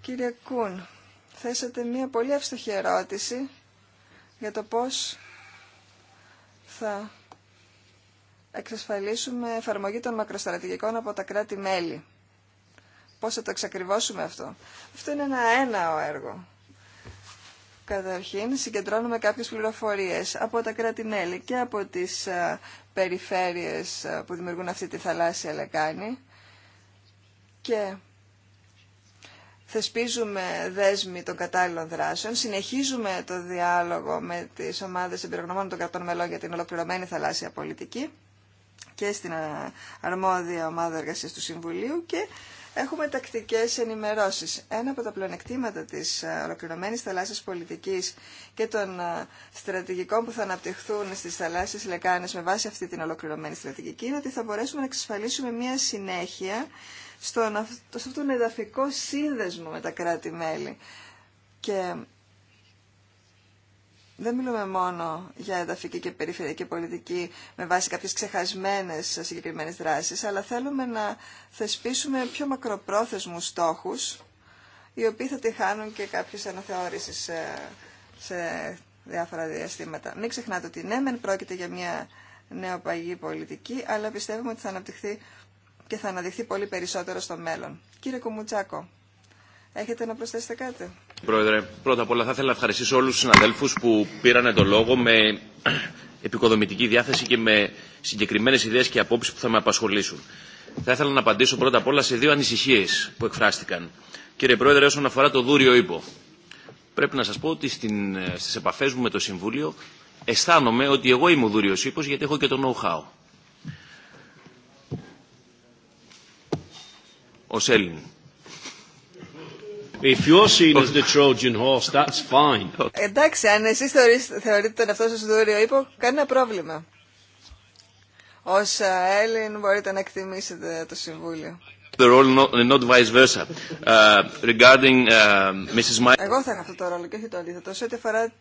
E: Κύριε Κούν, θέσατε μία πολύ εύστοχη ερώτηση για το πώς θα εξασφαλίσουμε εφαρμογή των μακροστρατηγικών από τα κράτη-μέλη. Πώς θα το εξακριβώσουμε αυτό. Αυτό είναι ένα έναο έργο. Καταρχήν συγκεντρώνουμε κάποιες πληροφορίες από τα κράτη-μέλη και από τις ε, περιφέρειες ε, που δημιουργούν αυτή τη θαλάσσια λεκάνη και θεσπίζουμε δέσμοι των κατάλληλων δράσεων, συνεχίζουμε το διάλογο με τις ομάδες εμπειρογνωμών των κρατών μελών για την ολοκληρωμένη θαλάσσια πολιτική και στην ε, αρμόδια ομάδα εργασίας του Συμβουλίου και Έχουμε τακτικέ ενημερώσεις. Ένα από τα πλεονεκτήματα της ε, ολοκληρωμένη θαλάσσια πολιτικής και των ε, στρατηγικών που θα αναπτυχθούν στις θαλάσσιες λεκάνε, με βάση αυτή την ολοκληρωμένη στρατηγική είναι ότι θα μπορέσουμε να εξασφαλίσουμε μια συνέχεια στον, αυτόν τον εδαφικό σύνδεσμο με τα κράτη-μέλη. Και δεν μιλούμε μόνο για εδαφική και περιφερειακή πολιτική με βάση κάποιε ξεχασμένε συγκεκριμένε δράσει, αλλά θέλουμε να θεσπίσουμε πιο μακροπρόθεσμου στόχου οι οποίοι θα τη και κάποιε αναθεώρησει σε, διάφορα διαστήματα. Μην ξεχνάτε ότι ναι, μεν πρόκειται για μια νεοπαγή πολιτική, αλλά πιστεύουμε ότι θα αναπτυχθεί και θα αναδειχθεί πολύ περισσότερο στο μέλλον. Κύριε Κουμουτσάκο, έχετε να προσθέσετε κάτι.
F: Πρόεδρε, πρώτα απ' όλα θα ήθελα να ευχαριστήσω όλους τους συναδέλφους που πήραν το λόγο με επικοδομητική διάθεση και με συγκεκριμένες ιδέες και απόψεις που θα με απασχολήσουν. Θα ήθελα να απαντήσω πρώτα απ' όλα σε δύο ανησυχίες που εκφράστηκαν. Κύριε Πρόεδρε, όσον αφορά το δούριο ύπο, πρέπει να σας πω ότι στην, στις επαφές μου με το Συμβούλιο αισθάνομαι ότι εγώ είμαι ο δούριος ύπος γιατί έχω και το know-how.
A: Ως If you're seen as the Trojan horse, that's fine.
E: Εντάξει, αν εσείς θεωρείτε τον εαυτό σας δούριο ύπο, κανένα πρόβλημα. Όσα ε, Έλλην μπορείτε να εκτιμήσετε το Συμβούλιο.
F: not, not vice versa. Uh, regarding uh, Mrs. Εγώ
E: θα είχα αυτό το ρόλο και όχι το αντίθετο. Σε ό,τι αφορά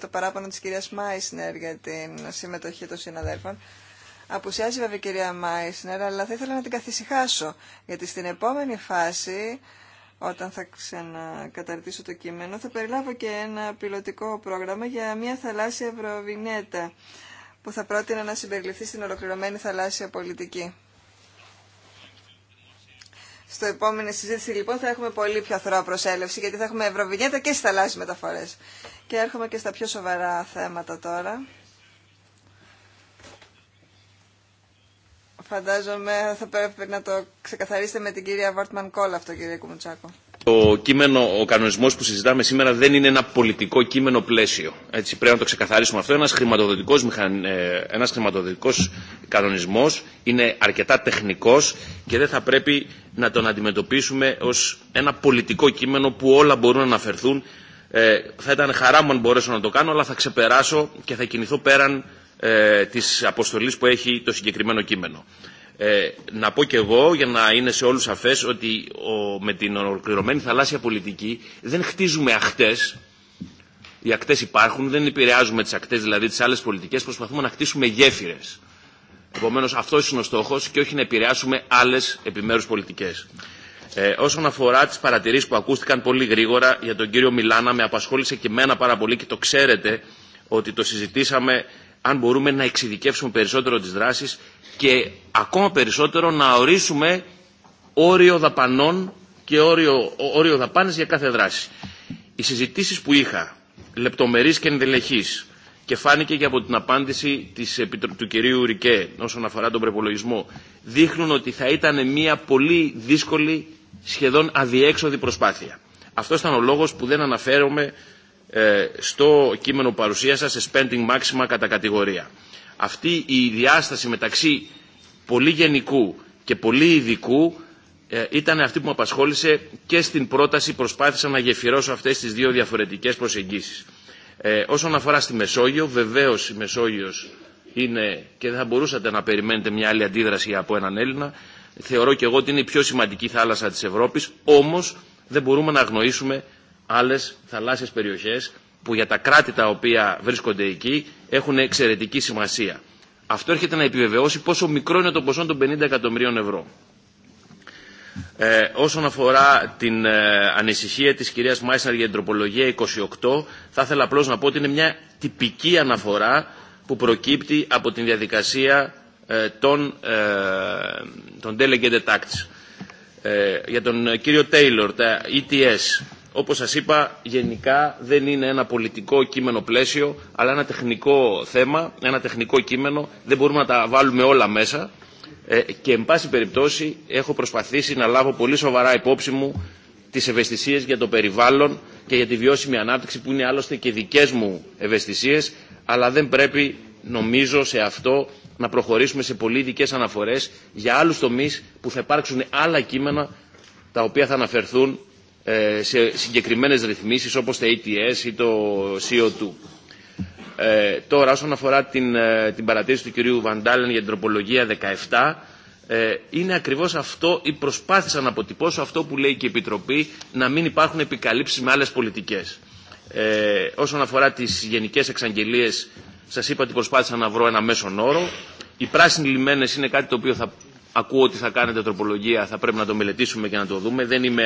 E: το παράπονο της κυρίας Μάισνερ για την συμμετοχή των συναδέλφων, απουσιάζει βέβαια η κυρία Μάισνερ, αλλά θα ήθελα να την καθησυχάσω, γιατί στην επόμενη φάση όταν θα ξανακαταρτήσω το κείμενο, θα περιλάβω και ένα πιλωτικό πρόγραμμα για μια θαλάσσια ευρωβινέτα που θα πρότεινα να συμπεριληφθεί στην ολοκληρωμένη θαλάσσια πολιτική. Στο επόμενο συζήτηση λοιπόν θα έχουμε πολύ πιο αθρώα προσέλευση γιατί θα έχουμε ευρωβινέτα και στις θαλάσσιες μεταφορές. Και έρχομαι και στα πιο σοβαρά θέματα τώρα. Φαντάζομαι θα πρέπει να το ξεκαθαρίσετε με την κυρία Βάρτμαν Κόλ αυτό, κύριε Κουμουτσάκο.
F: Το κείμενο, ο κανονισμό που συζητάμε σήμερα δεν είναι ένα πολιτικό κείμενο πλαίσιο. Έτσι, πρέπει να το ξεκαθαρίσουμε αυτό. Ένα χρηματοδοτικό μηχαν... Ε, ένας χρηματοδοτικός κανονισμός είναι αρκετά τεχνικός και δεν θα πρέπει να τον αντιμετωπίσουμε ως ένα πολιτικό κείμενο που όλα μπορούν να αναφερθούν. Ε, θα ήταν χαρά μου αν μπορέσω να το κάνω, αλλά θα ξεπεράσω και θα κινηθώ πέραν ε, της αποστολής που έχει το συγκεκριμένο κείμενο. Ε, να πω και εγώ για να είναι σε όλους σαφές ότι με την ολοκληρωμένη θαλάσσια πολιτική δεν χτίζουμε αχτές. Οι ακτές υπάρχουν, δεν επηρεάζουμε τις ακτές δηλαδή τις άλλες πολιτικές, προσπαθούμε να χτίσουμε γέφυρες. Επομένω, αυτό είναι ο στόχο και όχι να επηρεάσουμε άλλε επιμέρου πολιτικέ. Ε, όσον αφορά τι παρατηρήσει που ακούστηκαν πολύ γρήγορα για τον κύριο Μιλάνα, με απασχόλησε και εμένα πάρα πολύ και το ξέρετε ότι το συζητήσαμε αν μπορούμε να εξειδικεύσουμε περισσότερο τις δράσεις και ακόμα περισσότερο να ορίσουμε όριο δαπανών και όριο, όριο δαπάνες για κάθε δράση. Οι συζητήσεις που είχα, λεπτομερείς και ενδελεχείς, και φάνηκε και από την απάντηση της, του κυρίου Ρικέ όσον αφορά τον προπολογισμό, δείχνουν ότι θα ήταν μια πολύ δύσκολη, σχεδόν αδιέξοδη προσπάθεια. Αυτό ήταν ο λόγος που δεν αναφέρομαι ε, στο κείμενο παρουσία σα σε spending maxima κατά κατηγορία. Αυτή η διάσταση μεταξύ πολύ γενικού και πολύ ειδικού ε, ήταν αυτή που με απασχόλησε και στην πρόταση προσπάθησα να γεφυρώσω αυτές τις δύο διαφορετικές προσεγγίσεις. Ε, όσον αφορά στη Μεσόγειο, βεβαίως η Μεσόγειος είναι και δεν θα μπορούσατε να περιμένετε μια άλλη αντίδραση από έναν Έλληνα. Θεωρώ και εγώ ότι είναι η πιο σημαντική θάλασσα της Ευρώπης, όμως δεν μπορούμε να αγνοήσουμε άλλες θαλάσσιες περιοχές που για τα κράτη τα οποία βρίσκονται εκεί έχουν εξαιρετική σημασία. Αυτό έρχεται να επιβεβαιώσει πόσο μικρό είναι το ποσό των 50 εκατομμυρίων ευρώ. Ε, όσον αφορά την ε, ανησυχία της κυρίας Μάισναρ για την τροπολογία 28, θα ήθελα απλώς να πω ότι είναι μια τυπική αναφορά που προκύπτει από την διαδικασία ε, των, ε, των delegated acts. Ε, για τον κύριο Τέιλορ, τα ETS όπως σας είπα, γενικά δεν είναι ένα πολιτικό κείμενο πλαίσιο, αλλά ένα τεχνικό θέμα, ένα τεχνικό κείμενο. Δεν μπορούμε να τα βάλουμε όλα μέσα. Ε, και, εν πάση περιπτώσει, έχω προσπαθήσει να λάβω πολύ σοβαρά υπόψη μου τις ευαισθησίες για το περιβάλλον και για τη βιώσιμη ανάπτυξη, που είναι άλλωστε και δικές μου ευαισθησίες, αλλά δεν πρέπει, νομίζω, σε αυτό να προχωρήσουμε σε πολιτικές αναφορές για άλλους τομείς που θα υπάρξουν άλλα κείμενα τα οποία θα αναφερθούν ε, σε συγκεκριμένες ρυθμίσεις όπως το ETS ή το CO2. Ε, τώρα, όσον αφορά την, ε, την παρατήρηση του κυρίου Βαντάλεν για την τροπολογία 17, ε, είναι ακριβώς αυτό ή προσπάθησα να αποτυπώσω αυτό που λέει και η Επιτροπή να μην υπάρχουν επικαλύψεις με άλλες πολιτικές. Ε, όσον αφορά τις γενικές εξαγγελίες, σας είπα ότι προσπάθησα να βρω ένα μέσον όρο. Οι πράσινοι λιμένες είναι κάτι το οποίο θα ακούω ότι θα κάνετε τροπολογία, θα πρέπει να το μελετήσουμε και να το δούμε. Δεν είμαι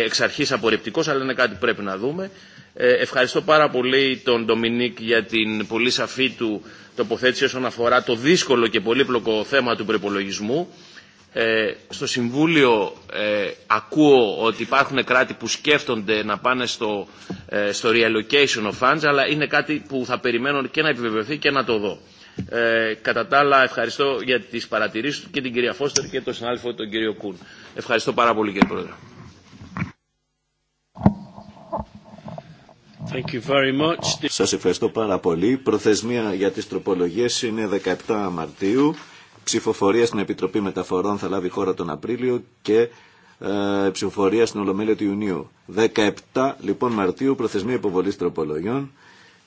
F: εξ αρχής απορριπτικός, αλλά είναι κάτι που πρέπει να δούμε. Ε, ευχαριστώ πάρα πολύ τον Ντομινίκ για την πολύ σαφή του τοποθέτηση όσον αφορά το δύσκολο και πολύπλοκο θέμα του προπολογισμού. Ε, στο Συμβούλιο ε, ακούω ότι υπάρχουν κράτη που σκέφτονται να πάνε στο, ε, στο reallocation of funds, αλλά είναι κάτι που θα περιμένω και να επιβεβαιωθεί και να το δω. Ε, κατά τα άλλα, ευχαριστώ για τις παρατηρήσεις του και την κυρία Φώστερ και τον συνάδελφο τον κύριο Κούν. Ευχαριστώ πάρα πολύ κύριε Πρόεδρε.
B: Σας ευχαριστώ πάρα πολύ. Προθεσμία για τις τροπολογίες είναι 17 Μαρτίου. Ψηφοφορία στην Επιτροπή Μεταφορών θα λάβει χώρα τον Απρίλιο και ε, ψηφοφορία στην Ολομέλεια του Ιουνίου. 17 λοιπόν Μαρτίου, προθεσμία υποβολής τροπολογιών.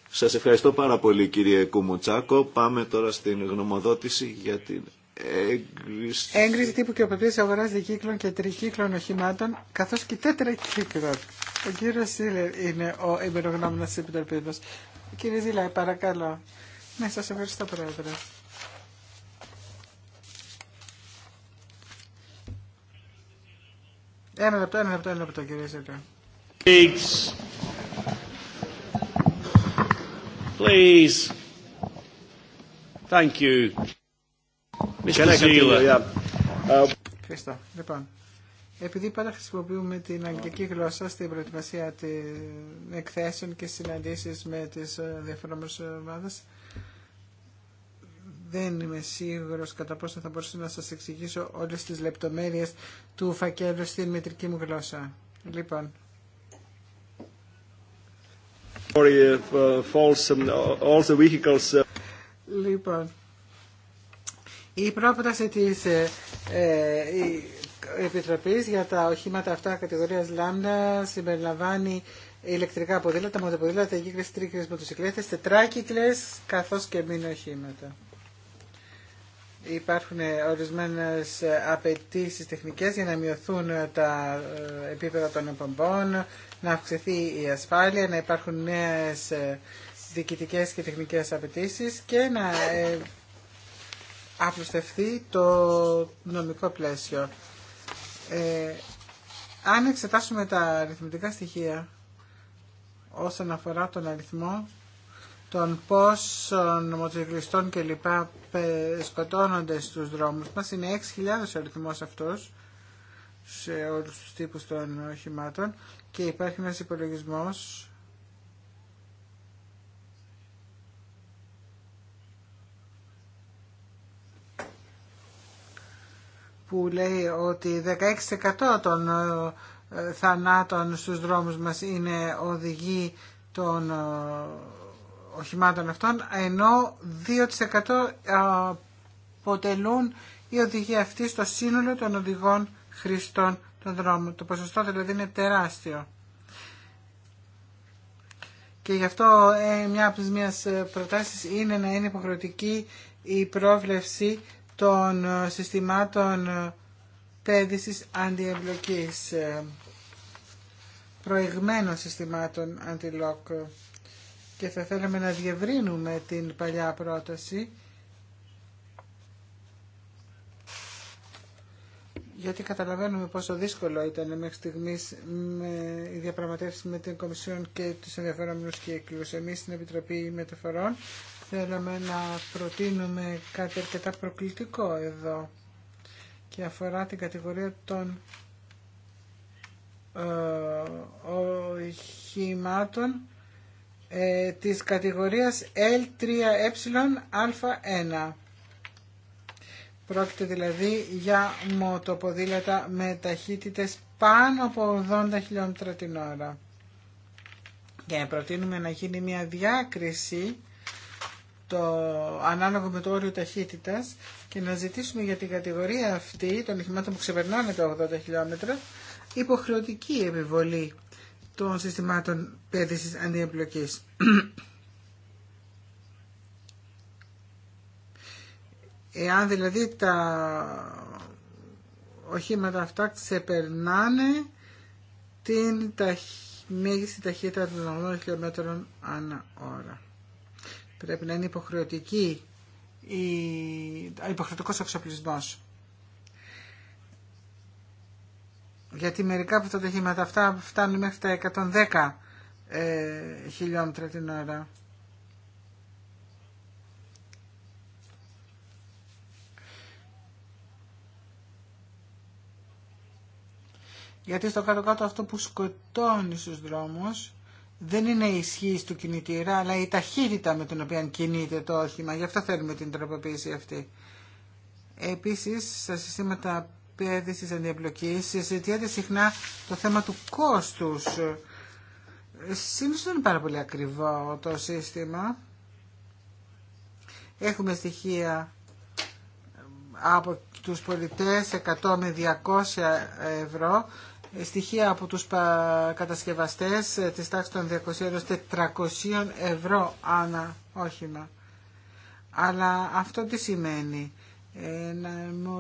B: Σας ευχαριστώ πάρα πολύ κύριε Κουμουτσάκο. Πάμε τώρα στην γνωμοδότηση για την έγκριση.
C: Έγκριση τύπου και οπεδίες αγοράς δικύκλων και τρικύκλων οχημάτων, καθώς και τέτρα κύκλων. Ο κύριο Σίλερ είναι ο ημερογνώμονα τη Επιτροπή μα. Κύριε Ζήλα, παρακαλώ. Ναι, σα ευχαριστώ, Πρόεδρε. Ένα λεπτό, ένα λεπτό, ένα λεπτό, κύριε Ζήλα.
A: Please. Thank you. Mr. Zila. Uh, ευχαριστώ.
C: Λοιπόν, επειδή πάντα χρησιμοποιούμε την αγγλική γλώσσα στην προετοιμασία των εκθέσεων και συναντήσεις με τις ε, διαφορετικές ομάδες, δεν είμαι σίγουρος κατά πόσο θα μπορούσα να σας εξηγήσω όλες τις λεπτομέρειες του φακέλου στην μετρική μου γλώσσα. Λοιπόν.
A: Ε, ε,
C: λοιπόν, η πρόταση της ε, Επιτροπής για τα οχήματα αυτά κατηγορίας ΛΑΜΝΑ συμπεριλαμβάνει ηλεκτρικά ποδήλατα, μοτοποδήλατα, γύκλες, τρίκρες, μοτοσυκλέτες, τετράκυκλες καθώς και μην οχήματα. Υπάρχουν ορισμένες απαιτήσει τεχνικές για να μειωθούν τα ε, επίπεδα των εμπομπών, να αυξηθεί η ασφάλεια, να υπάρχουν νέες ε, διοικητικές και τεχνικές απαιτήσει και να ε, απλουστευτεί το νομικό πλαίσιο. Ε, αν εξετάσουμε τα αριθμητικά στοιχεία όσον αφορά τον αριθμό των πόσων μοτοσυκλιστών και λοιπά σκοτώνονται στους δρόμους μας είναι 6.000 ο αριθμός αυτός σε όλους τους τύπους των οχημάτων και υπάρχει ένας υπολογισμός που λέει ότι 16% των ε, θανάτων στους δρόμους μας είναι οδηγοί των ε, οχημάτων αυτών, ενώ 2% ε, αποτελούν οι οδηγοί αυτοί στο σύνολο των οδηγών χρηστών των δρόμων. Το ποσοστό δηλαδή είναι τεράστιο. Και γι' αυτό μια από τις μιας προτάσεις είναι να είναι υποχρεωτική η πρόβλεψη των ε, συστημάτων ε, πέδησης αντιεμπλοκής ε, προηγμένων συστημάτων αντιλόκ και θα θέλαμε να διευρύνουμε την παλιά πρόταση γιατί καταλαβαίνουμε πόσο δύσκολο ήταν μέχρι στιγμή η διαπραγματεύση με την Κομισιόν και του ενδιαφερόμενους κύκλους. Εμείς στην Επιτροπή Μεταφορών θέλαμε να προτείνουμε κάτι αρκετά προκλητικό εδώ και αφορά την κατηγορία των ε, οχημάτων ε, της κατηγορίας L3εα1. Πρόκειται δηλαδή για μοτοποδήλατα με ταχύτητες πάνω από 80 χιλιόμετρα την ώρα. Και προτείνουμε να γίνει μια διάκριση το ανάλογο με το όριο ταχύτητας και να ζητήσουμε για την κατηγορία αυτή των οχημάτων που ξεπερνάνε τα 80 χιλιόμετρα υποχρεωτική επιβολή των συστημάτων πέδησης αντιεμπλοκής. Εάν δηλαδή τα οχήματα αυτά ξεπερνάνε την μέγιστη ταχύτητα των 80 χιλιόμετρων ανά ώρα. Πρέπει να είναι υποχρεωτική η... υποχρεωτικό εξοπλισμό. Γιατί μερικά από τα ταχύματα αυτά φτάνουν μέχρι τα 110 ε, χιλιόμετρα την ώρα. Γιατί στο κάτω-κάτω αυτό που σκοτώνει στους δρόμους δεν είναι η ισχύ του κινητήρα, αλλά η ταχύτητα με την οποία κινείται το όχημα. Γι' αυτό θέλουμε την τροποποίηση αυτή. Επίση στα συστήματα πέδηση αντιεμπλοκή συζητιέται συχνά το θέμα του κόστους. Συνήθω δεν είναι πάρα πολύ ακριβό το σύστημα. Έχουμε στοιχεία από τους πολιτές 100 με 200 ευρώ στοιχεία από τους κατασκευαστές ε, της τάξης των 200-400 ευρώ ανά όχημα. Αλλά αυτό τι σημαίνει. Ένα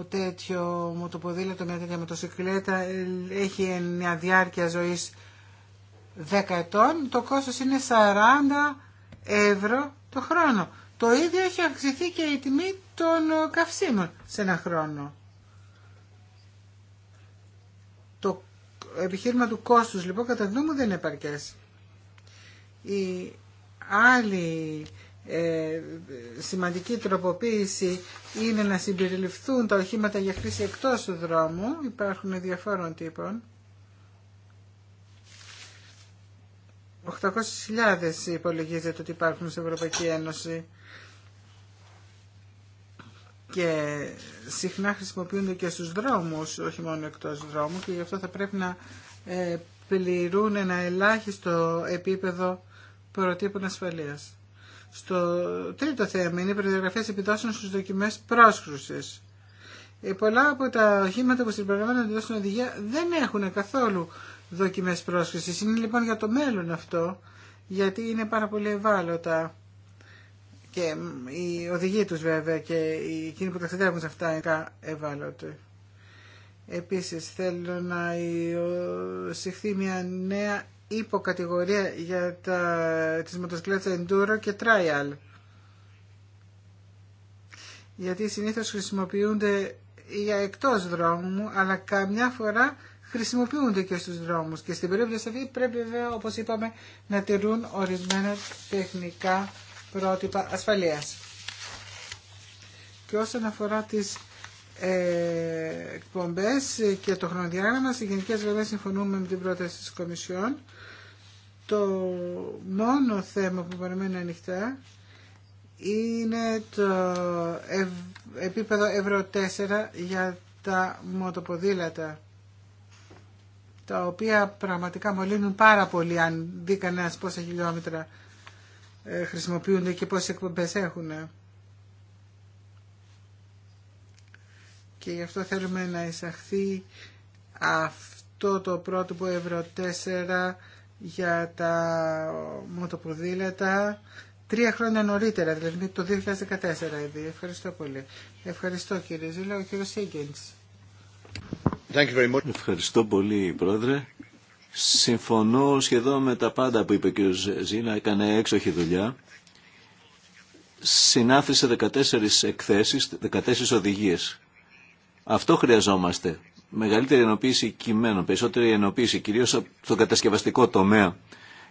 C: τέτοιο μοτοποδήλατο, μια τέτοια μοτοσυκλέτα ε, έχει μια διάρκεια ζωής 10 ετών, το κόστος είναι 40 ευρώ το χρόνο. Το ίδιο έχει αυξηθεί και η τιμή των καυσίμων σε ένα χρόνο. επιχείρημα του κόστους λοιπόν κατά δεν είναι επαρκές. Η άλλη ε, σημαντική τροποποίηση είναι να συμπεριληφθούν τα οχήματα για χρήση εκτός του δρόμου. Υπάρχουν διαφόρων τύπων. 800.000 υπολογίζεται ότι υπάρχουν στην Ευρωπαϊκή Ένωση και συχνά χρησιμοποιούνται και στους δρόμους, όχι μόνο εκτός δρόμου και γι' αυτό θα πρέπει να ε, πληρούν ένα ελάχιστο επίπεδο προτύπων ασφαλείας. Στο τρίτο θέμα είναι οι προδιαγραφές επιδόσεων στους δοκιμές πρόσκρουσης. Ε, πολλά από τα οχήματα που συμπεριλαμβάνονται να στην οδηγία δεν έχουν καθόλου δοκιμές πρόσκρουσης. Είναι λοιπόν για το μέλλον αυτό, γιατί είναι πάρα πολύ ευάλωτα και οι οδηγοί τους βέβαια και εκείνοι που ταξιδεύουν σε αυτά είναι ευάλωτοι. Επίσης θέλω να συχθεί μια νέα υποκατηγορία για τα, τις μοτοσυκλέτες Enduro και Trial. Γιατί συνήθως χρησιμοποιούνται για εκτός δρόμου, αλλά καμιά φορά χρησιμοποιούνται και στους δρόμους. Και στην περίπτωση αυτή πρέπει βέβαια, όπως είπαμε, να τηρούν ορισμένα τεχνικά πρότυπα ασφαλείας. Και όσον αφορά τις ε, εκπομπές και το χρονοδιάγραμμα, στις γενικές γραμμές συμφωνούμε με την πρόταση της Κομισιόν. Το μόνο θέμα που παραμένει ανοιχτά είναι το επίπεδο ευρώ 4 για τα μοτοποδήλατα τα οποία πραγματικά μολύνουν πάρα πολύ αν δει κανένα πόσα χιλιόμετρα ε, χρησιμοποιούνται και πόσες εκπομπές έχουν. Και γι' αυτό θέλουμε να εισαχθεί αυτό το πρότυπο Ευρω 4 για τα μοτοποδήλατα τρία χρόνια νωρίτερα, δηλαδή το 2014 ήδη. Ευχαριστώ πολύ. Ευχαριστώ κύριε Ζήλα, ο κύριος Σίγκεντς.
B: Ευχαριστώ πολύ πρόεδρε Συμφωνώ σχεδόν με τα πάντα που είπε ο κ. Ζήνα, έκανε έξοχη δουλειά. Συνάθρισε 14 εκθέσεις, 14 οδηγίες. Αυτό χρειαζόμαστε. Μεγαλύτερη ενοποίηση κειμένων, περισσότερη ενοποίηση, κυρίως στον κατασκευαστικό τομέα.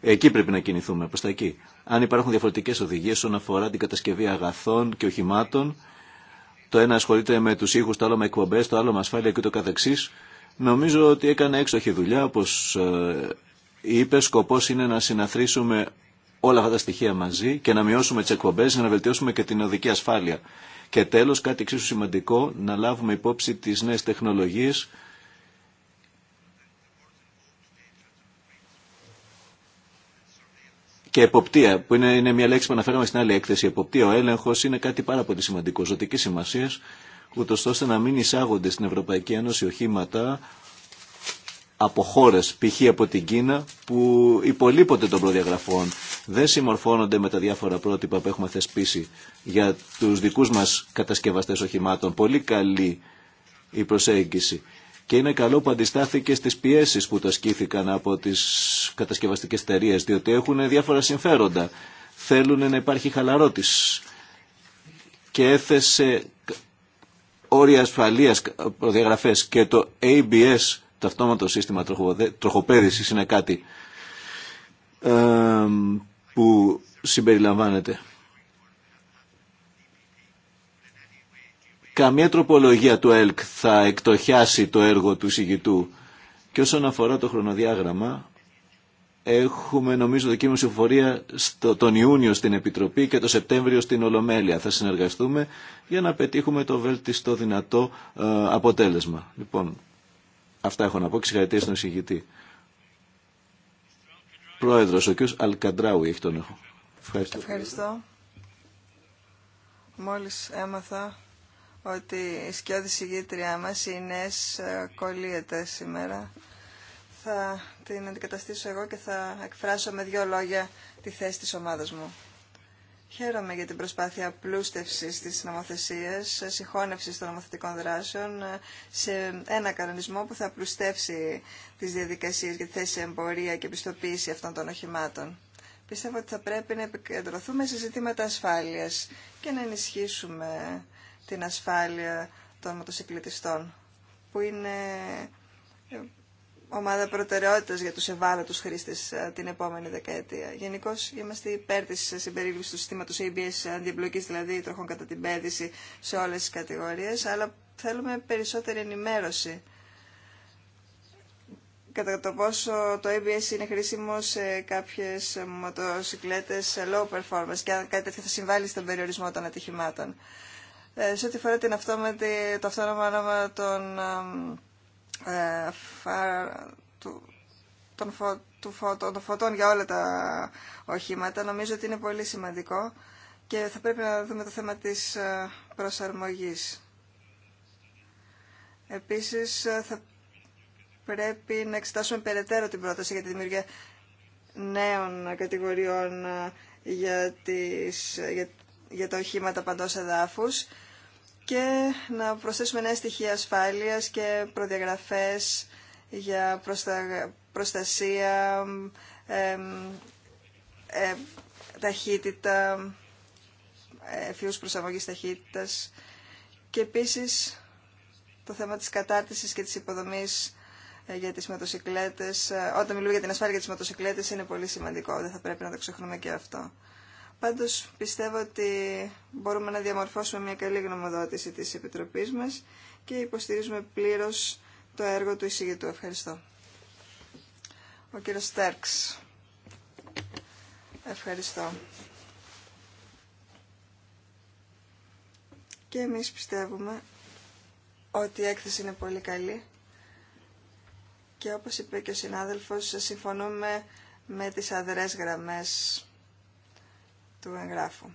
B: Εκεί πρέπει να κινηθούμε, προς τα εκεί. Αν υπάρχουν διαφορετικές οδηγίες όσον αφορά την κατασκευή αγαθών και οχημάτων, το ένα ασχολείται με τους ήχους, το άλλο με εκπομπές, το άλλο με ασφάλεια και το καθεξής, Νομίζω ότι έκανε έξοχη δουλειά, όπως ε, είπε, σκοπός είναι να συναθρήσουμε όλα αυτά τα στοιχεία μαζί και να μειώσουμε τις εκπομπές, να βελτιώσουμε και την οδική ασφάλεια. Και τέλος, κάτι εξίσου σημαντικό, να λάβουμε υπόψη τις νέες τεχνολογίες και εποπτεία, που είναι, είναι μια λέξη που αναφέραμε στην άλλη έκθεση. Εποπτεία, ο έλεγχος είναι κάτι πάρα πολύ σημαντικό, ζωτική σημασία ούτως ώστε να μην εισάγονται στην Ευρωπαϊκή Ένωση οχήματα από χώρε, π.χ. από την Κίνα, που υπολείπονται των προδιαγραφών, δεν συμμορφώνονται με τα διάφορα πρότυπα που έχουμε θεσπίσει για του δικού μα κατασκευαστέ οχημάτων. Πολύ καλή η προσέγγιση. Και είναι καλό που αντιστάθηκε στι πιέσει που το ασκήθηκαν από τι κατασκευαστικέ εταιρείε, διότι έχουν διάφορα συμφέροντα. Θέλουν να υπάρχει χαλαρότης. Και έθεσε όρια ασφαλείας προδιαγραφές και το ABS, το αυτόματο σύστημα τροχοπέδησης είναι κάτι που συμπεριλαμβάνεται. Καμία τροπολογία του ΕΛΚ θα εκτοχιάσει το έργο του συγητού. Και όσον αφορά το χρονοδιάγραμμα, Έχουμε νομίζω δική μου συμφορία στο, τον Ιούνιο στην Επιτροπή και το Σεπτέμβριο στην Ολομέλεια. Θα συνεργαστούμε για να πετύχουμε το βέλτιστο δυνατό ε, αποτέλεσμα. Λοιπόν, αυτά έχω να πω και συγχαρητήρια στον εισηγητή. Πρόεδρος, ο κ. Αλκαντράουι έχει τον έχω. Ευχαριστώ.
E: Ευχαριστώ. Μόλις έμαθα ότι η σκιώδη συγγήτριά μας, η ε, σήμερα. Θα την αντικαταστήσω εγώ και θα εκφράσω με δύο λόγια τη θέση της ομάδας μου. Χαίρομαι για την προσπάθεια πλούστευσης της νομοθεσίας, συγχώνευσης των νομοθετικών δράσεων σε ένα κανονισμό που θα πλουστεύσει τις διαδικασίες για τη θέση εμπορία και επιστοποίηση αυτών των οχημάτων. Πιστεύω ότι θα πρέπει να επικεντρωθούμε σε ζητήματα ασφάλειας και να ενισχύσουμε την ασφάλεια των μοτοσυκλετιστών, που είναι ομάδα προτεραιότητας για τους ευάλωτους χρήστες ε, την επόμενη δεκαετία. Γενικώ είμαστε υπέρ της ε, συμπερίληψης του συστήματος ABS ε, αντιεμπλοκής, δηλαδή τροχών κατά την πέδηση σε όλες τις κατηγορίες, αλλά θέλουμε περισσότερη ενημέρωση κατά το πόσο το ABS είναι χρήσιμο σε κάποιες μοτοσυκλέτες low performance και αν κάτι τέτοιο θα συμβάλλει στον περιορισμό των ατυχημάτων. σε ό,τι φορά την αυτόματη, το αυτόνομα όνομα των ε, του, των, φωτών για όλα τα οχήματα νομίζω ότι είναι πολύ σημαντικό και θα πρέπει να δούμε το θέμα της ε, προσαρμογής. Επίσης ε, θα πρέπει να εξετάσουμε περαιτέρω την πρόταση για τη δημιουργία νέων κατηγοριών για, τις, για, για τα οχήματα παντός εδάφους και να προσθέσουμε νέα στοιχεία ασφάλειας και προδιαγραφές για προστασία, ε, ταχύτητα, εφίους προσαρμογής ταχύτητας και επίσης το θέμα της κατάρτισης και της υποδομής ε, για τις μοτοσυκλέτες. Ε, όταν μιλούμε για την ασφάλεια για τις μοτοσυκλέτες είναι πολύ σημαντικό, δεν θα πρέπει να το ξεχνούμε και αυτό. Πάντως πιστεύω ότι μπορούμε να διαμορφώσουμε μια καλή γνωμοδότηση της Επιτροπής μας και υποστηρίζουμε πλήρως το έργο του εισηγητού. Ευχαριστώ. Ο κύριος Στέρξ. Ευχαριστώ. Και εμείς πιστεύουμε ότι η έκθεση είναι πολύ καλή και όπως είπε και ο συνάδελφος συμφωνούμε με τις αδρές γραμμές του εγγράφου.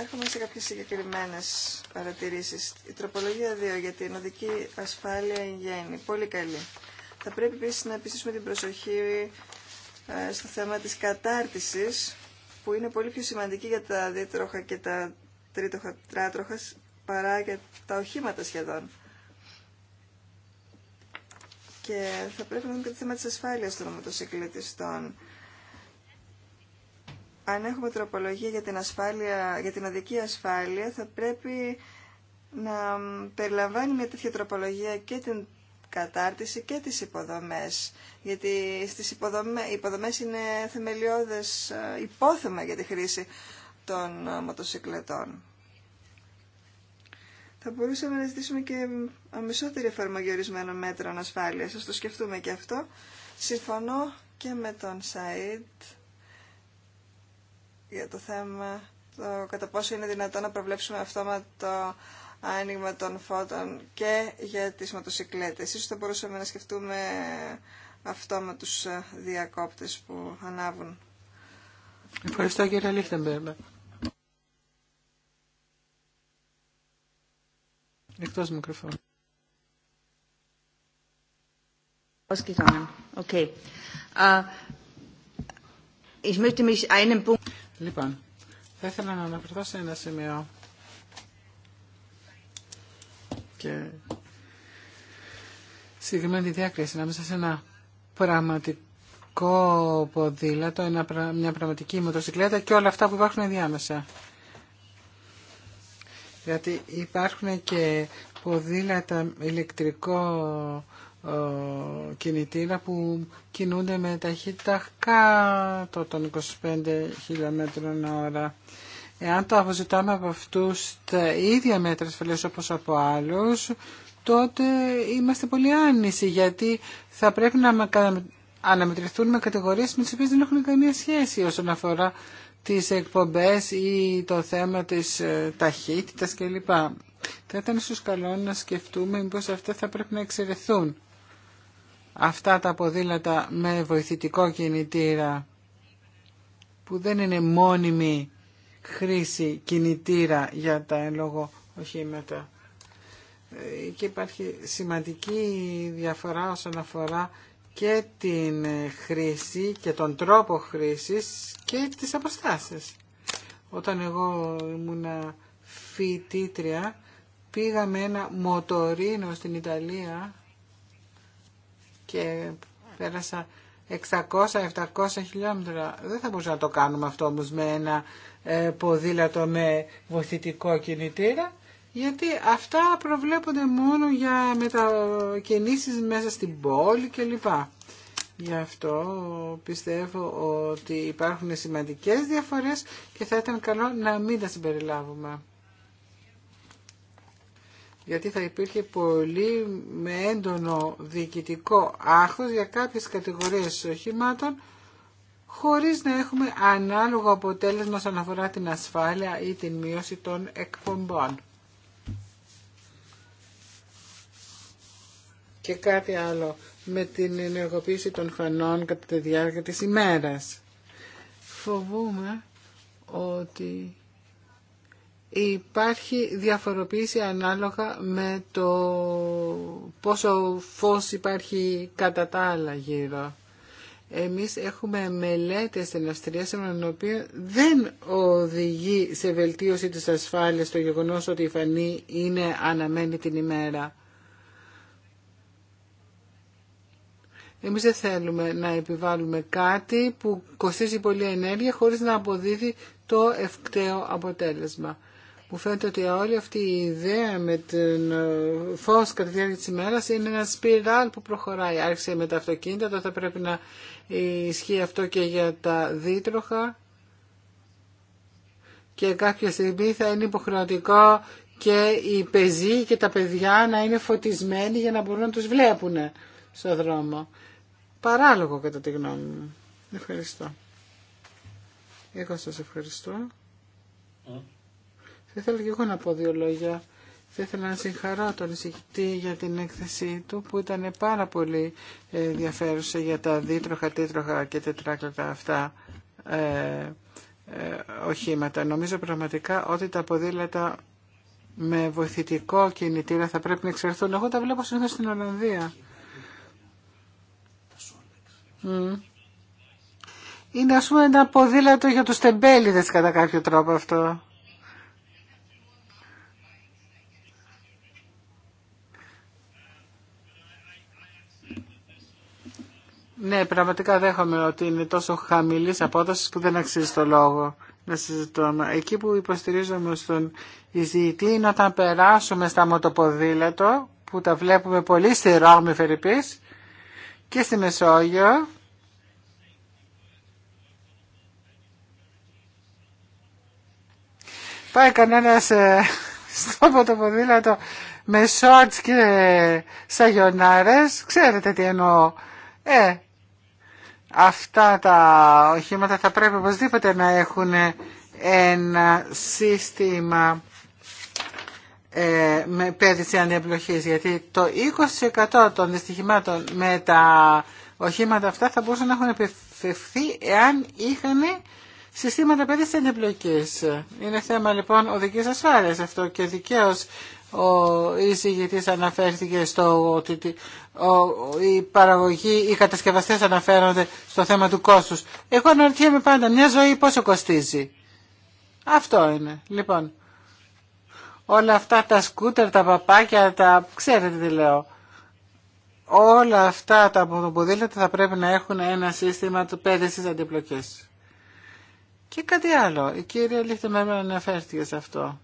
E: Έρχομαι σε κάποιες συγκεκριμένες παρατηρήσεις. Η τροπολογία 2 για την οδική ασφάλεια είναι γέννη. Πολύ καλή. Θα πρέπει επίση να επιστήσουμε την προσοχή ε, στο θέμα της κατάρτισης που είναι πολύ πιο σημαντική για τα δίτροχα και τα τρίτοχα τράτροχα παρά για τα οχήματα σχεδόν. Και θα πρέπει να δούμε και το θέμα της ασφάλειας των μοτοσυκλετιστών αν έχουμε τροπολογία για την, ασφάλεια, για την οδική ασφάλεια, θα πρέπει να περιλαμβάνει μια τέτοια τροπολογία και την κατάρτιση και τις υποδομές. Γιατί στις υποδομές, οι υποδομές είναι θεμελιώδες ε, υπόθεμα για τη χρήση των ε, μοτοσυκλετών. Θα μπορούσαμε να ζητήσουμε και αμεσότερη ε, εφαρμογή ορισμένων μέτρων ασφάλειας. Ας το σκεφτούμε και αυτό. Συμφωνώ και με τον Σαΐντ για το θέμα το κατά πόσο είναι δυνατόν να προβλέψουμε αυτόματο άνοιγμα των φώτων και για τις μοτοσυκλέτες. Ίσως θα μπορούσαμε να σκεφτούμε αυτόματους ε, διακόπτες που ανάβουν.
C: Ευχαριστώ κύριε Λίχτεμπερμα. Εκτός μικροφώνου. Okay. Uh, ich möchte mich einem Punkt Λοιπόν, θα ήθελα να αναφερθώ σε ένα σημείο και συγκεκριμένη διάκριση ανάμεσα σε ένα πραγματικό ποδήλατο, ένα, μια πραγματική μοτοσυκλέτα και όλα αυτά που υπάρχουν διάμεσα. Γιατί υπάρχουν και ποδήλατα ηλεκτρικό ε, κινητήρα που κινούνται με ταχύτητα κάτω των 25 χιλιόμετρων ώρα. Εάν το αποζητάμε από αυτούς τα ίδια μέτρα ασφαλείας όπως από άλλους, τότε είμαστε πολύ άνηση γιατί θα πρέπει να αναμετρηθούν με κατηγορίες με τις οποίες δεν έχουν καμία σχέση όσον αφορά τις εκπομπές ή το θέμα της ε, ταχύτητας κλπ. Θα ήταν ίσως καλό να σκεφτούμε μήπως αυτά θα πρέπει να εξαιρεθούν αυτά τα ποδήλατα με βοηθητικό κινητήρα που δεν είναι μόνιμη χρήση κινητήρα για τα εν λόγω οχήματα. Ε, και υπάρχει σημαντική διαφορά όσον αφορά και την χρήση και τον τρόπο χρήσης και τις αποστάσεις. Όταν εγώ ήμουνα φοιτήτρια πήγα με ένα μοτορίνο στην Ιταλία και πέρασα 600-700 χιλιόμετρα. Δεν θα μπορούσα να το κάνουμε αυτό όμω με ένα ε, ποδήλατο με βοηθητικό κινητήρα, γιατί αυτά προβλέπονται μόνο για μετακινήσεις μέσα στην πόλη κλπ. Γι' αυτό πιστεύω ότι υπάρχουν σημαντικές διαφορές και θα ήταν καλό να μην τα συμπεριλάβουμε γιατί θα υπήρχε πολύ με έντονο διοικητικό άχθος για κάποιες κατηγορίες οχημάτων χωρίς να έχουμε ανάλογο αποτέλεσμα όσον αφορά την ασφάλεια ή την μείωση των εκπομπών. Και κάτι άλλο με την ενεργοποίηση των φανών κατά τη διάρκεια της ημέρας. Φοβούμε ότι υπάρχει διαφοροποίηση ανάλογα με το πόσο φως υπάρχει κατά τα άλλα γύρω. Εμείς έχουμε μελέτες στην Αυστρία σε δεν οδηγεί σε βελτίωση της ασφάλειας το γεγονός ότι η φανή είναι αναμένη την ημέρα. Εμείς δεν θέλουμε να επιβάλλουμε κάτι που κοστίζει πολύ ενέργεια χωρίς να αποδίδει το ευκταίο αποτέλεσμα. Μου φαίνεται ότι όλη αυτή η ιδέα με τον ε, φως κατά τη διάρκεια της ημέρας είναι ένα σπιράλ που προχωράει. Άρχισε με τα αυτοκίνητα, τότε θα πρέπει να ισχύει αυτό και για τα δίτροχα και κάποια στιγμή θα είναι υποχρεωτικό και οι πεζοί και τα παιδιά να είναι φωτισμένοι για να μπορούν να τους βλέπουν στο δρόμο. Παράλογο κατά τη γνώμη μου. Ευχαριστώ. Εγώ σας ευχαριστώ. Mm. Θα ήθελα και εγώ να πω δύο λόγια. Θα ήθελα να συγχαρώ τον εισηγητή για την έκθεσή του που ήταν πάρα πολύ ε, ενδιαφέρουσα για τα δίτροχα, τίτροχα και τετράκλατα αυτά ε, ε, οχήματα. Νομίζω πραγματικά ότι τα ποδήλατα με βοηθητικό κινητήρα θα πρέπει να εξερθούν. Εγώ τα βλέπω συνήθως στην Ολλανδία. Mm. Είναι ας πούμε ένα ποδήλατο για τους τεμπέληδες κατά κάποιο τρόπο αυτό. Ναι, πραγματικά δέχομαι ότι είναι τόσο χαμηλή απόδοση που δεν αξίζει το λόγο να συζητώ. Εκεί που υποστηρίζομαι στον εισηγητή είναι όταν περάσουμε στα μοτοποδήλατο που τα βλέπουμε πολύ στη Ρώμη Φερρυπής και στη Μεσόγειο πάει κανένας ε, *laughs* στο μοτοποδήλατο με σότς και σαγιονάρες ξέρετε τι εννοώ ε, αυτά τα οχήματα θα πρέπει οπωσδήποτε να έχουν ένα σύστημα ε, με πέδηση αντιεπλοχής γιατί το 20% των δυστυχημάτων με τα οχήματα αυτά θα μπορούσαν να έχουν επιφευθεί εάν είχαν συστήματα πέδησης αντιεπλοχής. Είναι θέμα λοιπόν οδικής ασφάλειας αυτό και δικαίως ο εισηγητής αναφέρθηκε στο ότι οι παραγωγοί, οι κατασκευαστές αναφέρονται στο θέμα του κόστους. Εγώ αναρωτιέμαι πάντα, μια ζωή πόσο κοστίζει. Αυτό είναι. Λοιπόν, όλα αυτά τα σκούτερ, τα παπάκια, τα ξέρετε τι λέω. Όλα αυτά τα ποδήλατα θα πρέπει να έχουν ένα σύστημα του πέδησης αντιπλοκής. Και κάτι άλλο. Η κυρία αναφέρθηκε σε αυτό.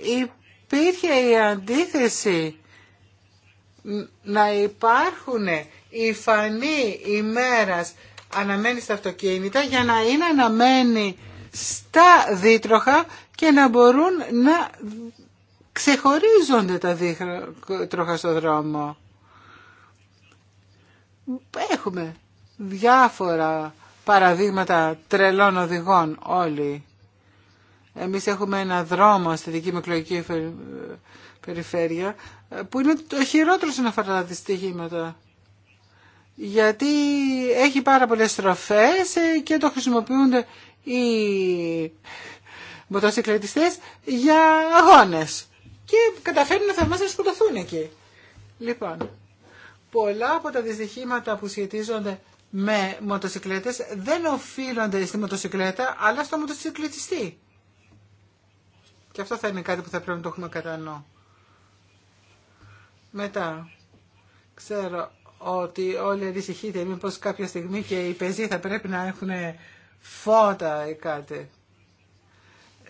C: υπήρχε η αντίθεση να υπάρχουν οι φανή ημέρας αναμένη στα αυτοκίνητα για να είναι αναμένοι στα δίτροχα και να μπορούν να ξεχωρίζονται τα δίτροχα στο δρόμο. Έχουμε διάφορα παραδείγματα τρελών οδηγών όλοι. Εμείς έχουμε ένα δρόμο στη δική μου εκλογική περιφέρεια που είναι το χειρότερο σε αφορά τα δυστυχήματα. Γιατί έχει πάρα πολλές στροφές ε, και το χρησιμοποιούνται οι μοτοσυκλετιστές για αγώνες. Και καταφέρνουν να θερμάσουν να σκοτωθούν εκεί. Λοιπόν, πολλά από τα δυστυχήματα που σχετίζονται με μοτοσυκλέτες δεν οφείλονται στη μοτοσυκλέτα αλλά στο μοτοσυκλετιστή. Και αυτό θα είναι κάτι που θα πρέπει να το έχουμε κατά Μετά, ξέρω ότι όλοι ανησυχείτε μήπως κάποια στιγμή και οι πεζοί θα πρέπει να έχουν φώτα ή κάτι.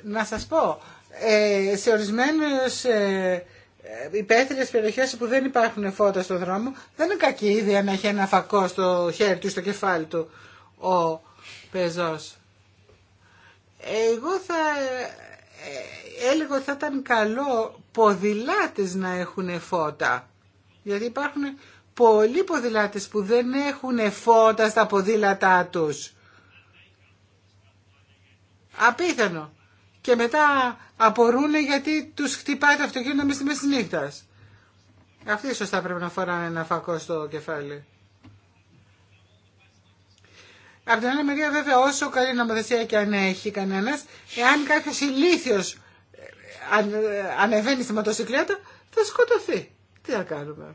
C: Να σας πω, ε, σε ορισμένες ε, ε, υπαίθριες περιοχές που δεν υπάρχουν φώτα στον δρόμο, δεν είναι κακή ιδέα να έχει ένα φακό στο χέρι του, στο κεφάλι του ο πεζός. Εγώ θα ε, έλεγα ότι θα ήταν καλό ποδηλάτες να έχουν φώτα. Γιατί υπάρχουν πολλοί ποδηλάτες που δεν έχουν φώτα στα ποδήλατά τους. Απίθανο. Και μετά απορούν γιατί τους χτυπάει το αυτοκίνητο μέσα στη μέση της νύχτας. Αυτοί σωστά πρέπει να φοράνε ένα φακό στο κεφάλι. Από την άλλη μεριά βέβαια όσο καλή νομοθεσία και αν έχει κανένας, εάν κάποιο ηλίθιος ε, ε, ανεβαίνει στη μοτοσυκλέτα θα σκοτωθεί. Τι θα κάνουμε.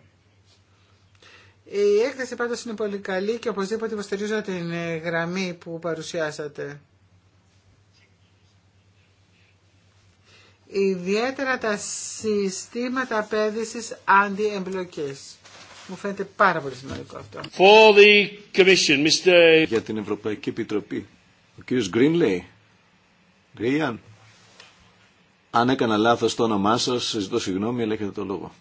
C: Η έκθεση πάντως είναι πολύ καλή και οπωσδήποτε υποστηρίζω την ε, γραμμή που παρουσιάσατε. Ιδιαίτερα τα συστήματα πέδησης αντιεμπλοκής. Μου φαίνεται πάρα πολύ σημαντικό αυτό.
B: For the commission, Mr. Για την Ευρωπαϊκή Επιτροπή, ο κύριος Greenley. Αν έκανα λάθος το όνομά σας, ζητώ συγγνώμη, αλλά έχετε το λόγο.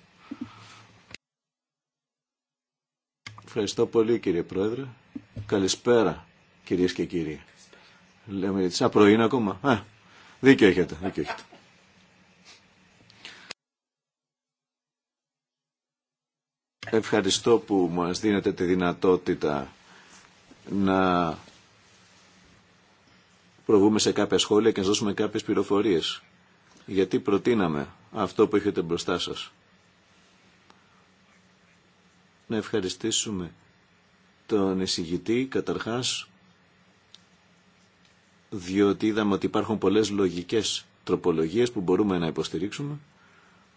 B: Ευχαριστώ πολύ κύριε Πρόεδρε. Καλησπέρα κυρίες και κύριοι. Λέμε έτσι, πρωί είναι ακόμα. Α, δίκιο έχετε, δίκιο έχετε. Ευχαριστώ που μας δίνετε τη δυνατότητα να προβούμε σε κάποια σχόλια και να δώσουμε κάποιες πληροφορίες. Γιατί προτείναμε αυτό που έχετε μπροστά σας. Να ευχαριστήσουμε τον εισηγητή καταρχάς διότι είδαμε ότι υπάρχουν πολλές λογικές τροπολογίες που μπορούμε να υποστηρίξουμε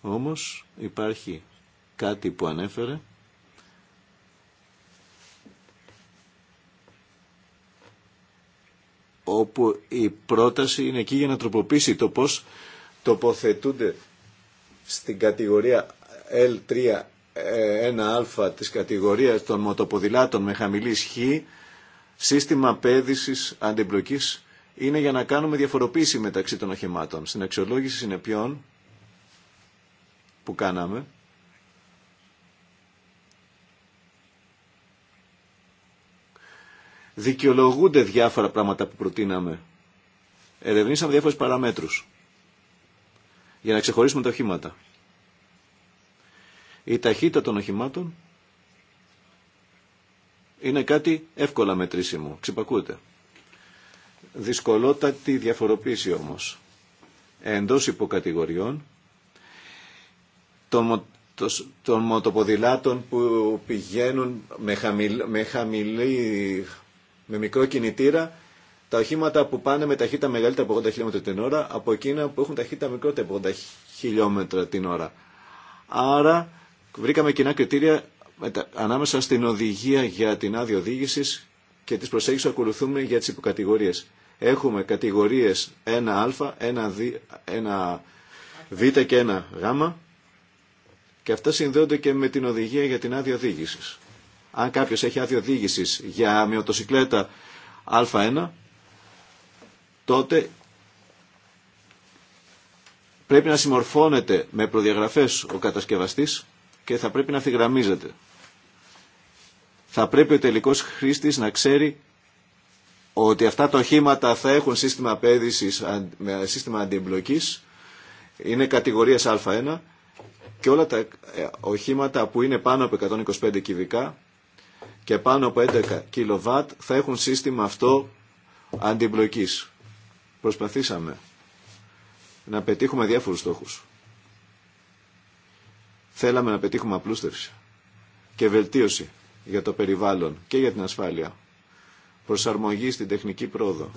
B: όμως υπάρχει κάτι που ανέφερε. όπου η πρόταση είναι εκεί για να τροποποιήσει το πώς τοποθετούνται στην κατηγορία L3-1α της κατηγορίας των μοτοποδηλάτων με χαμηλή ισχύ σύστημα πέδησης αντιμπλοκής είναι για να κάνουμε διαφοροποίηση μεταξύ των οχημάτων. Στην αξιολόγηση συνεπιών που κάναμε, δικαιολογούνται διάφορα πράγματα που προτείναμε. Ερευνήσαμε διάφορε παραμέτρου για να ξεχωρίσουμε τα οχήματα. Η ταχύτητα των οχημάτων είναι κάτι εύκολα μετρήσιμο, ξυπακούτε. Δυσκολότατη διαφοροποίηση όμως εντός υποκατηγοριών των, των μοτοποδηλάτων που πηγαίνουν με, με χαμηλή με μικρό κινητήρα τα οχήματα που πάνε με ταχύτητα μεγαλύτερα από 80 χιλιόμετρα την ώρα από εκείνα που έχουν ταχύτητα μικρότερα από 80 χιλιόμετρα την ώρα. Άρα βρήκαμε κοινά κριτήρια ανάμεσα στην οδηγία για την άδεια οδήγηση και τις προσέγγιση που ακολουθούμε για τις υποκατηγορίες. Έχουμε κατηγορίες 1α, 1, α 1 β και 1γ και αυτά συνδέονται και με την οδηγία για την άδεια οδήγησης. Αν κάποιος έχει άδειο οδήγηση για μοτοσυκλετα α Α1, τότε πρέπει να συμμορφώνεται με προδιαγραφές ο κατασκευαστής και θα πρέπει να θυγραμίζεται. Θα πρέπει ο τελικός χρήστης να ξέρει ότι αυτά τα οχήματα θα έχουν σύστημα πέδησης, σύστημα αντιεμπλοκής, είναι κατηγορίας Α1 και όλα τα ε, οχήματα που είναι πάνω από 125 κυβικά και πάνω από 11 κιλοβάτ θα έχουν σύστημα αυτό αντιμπλοκής. Προσπαθήσαμε να πετύχουμε διάφορους στόχους. Θέλαμε να πετύχουμε απλούστευση και βελτίωση για το περιβάλλον και για την ασφάλεια. Προσαρμογή στην τεχνική πρόοδο.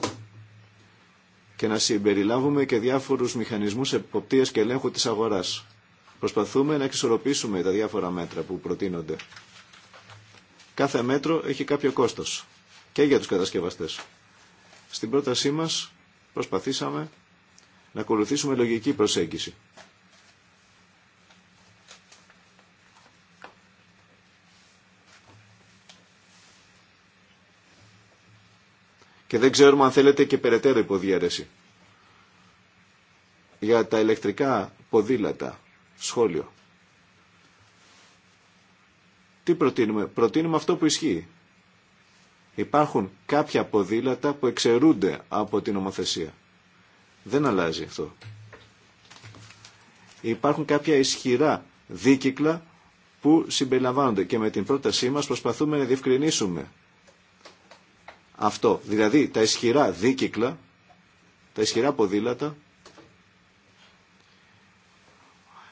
B: Και να συμπεριλάβουμε και διάφορους μηχανισμούς εποπτείας και ελέγχου της αγοράς. Προσπαθούμε να εξορροπήσουμε τα διάφορα μέτρα που προτείνονται Κάθε μέτρο έχει κάποιο κόστος και για τους κατασκευαστές. Στην πρότασή μας προσπαθήσαμε να ακολουθήσουμε λογική προσέγγιση. Και δεν ξέρουμε αν θέλετε και περαιτέρω υποδιαίρεση. Για τα ηλεκτρικά ποδήλατα, σχόλιο. Τι προτείνουμε. Προτείνουμε αυτό που ισχύει. Υπάρχουν κάποια ποδήλατα που εξαιρούνται από την ομοθεσία. Δεν αλλάζει αυτό. Υπάρχουν κάποια ισχυρά δίκυκλα που συμπεριλαμβάνονται και με την πρότασή μας προσπαθούμε να διευκρινίσουμε αυτό. Δηλαδή τα ισχυρά δίκυκλα, τα ισχυρά ποδήλατα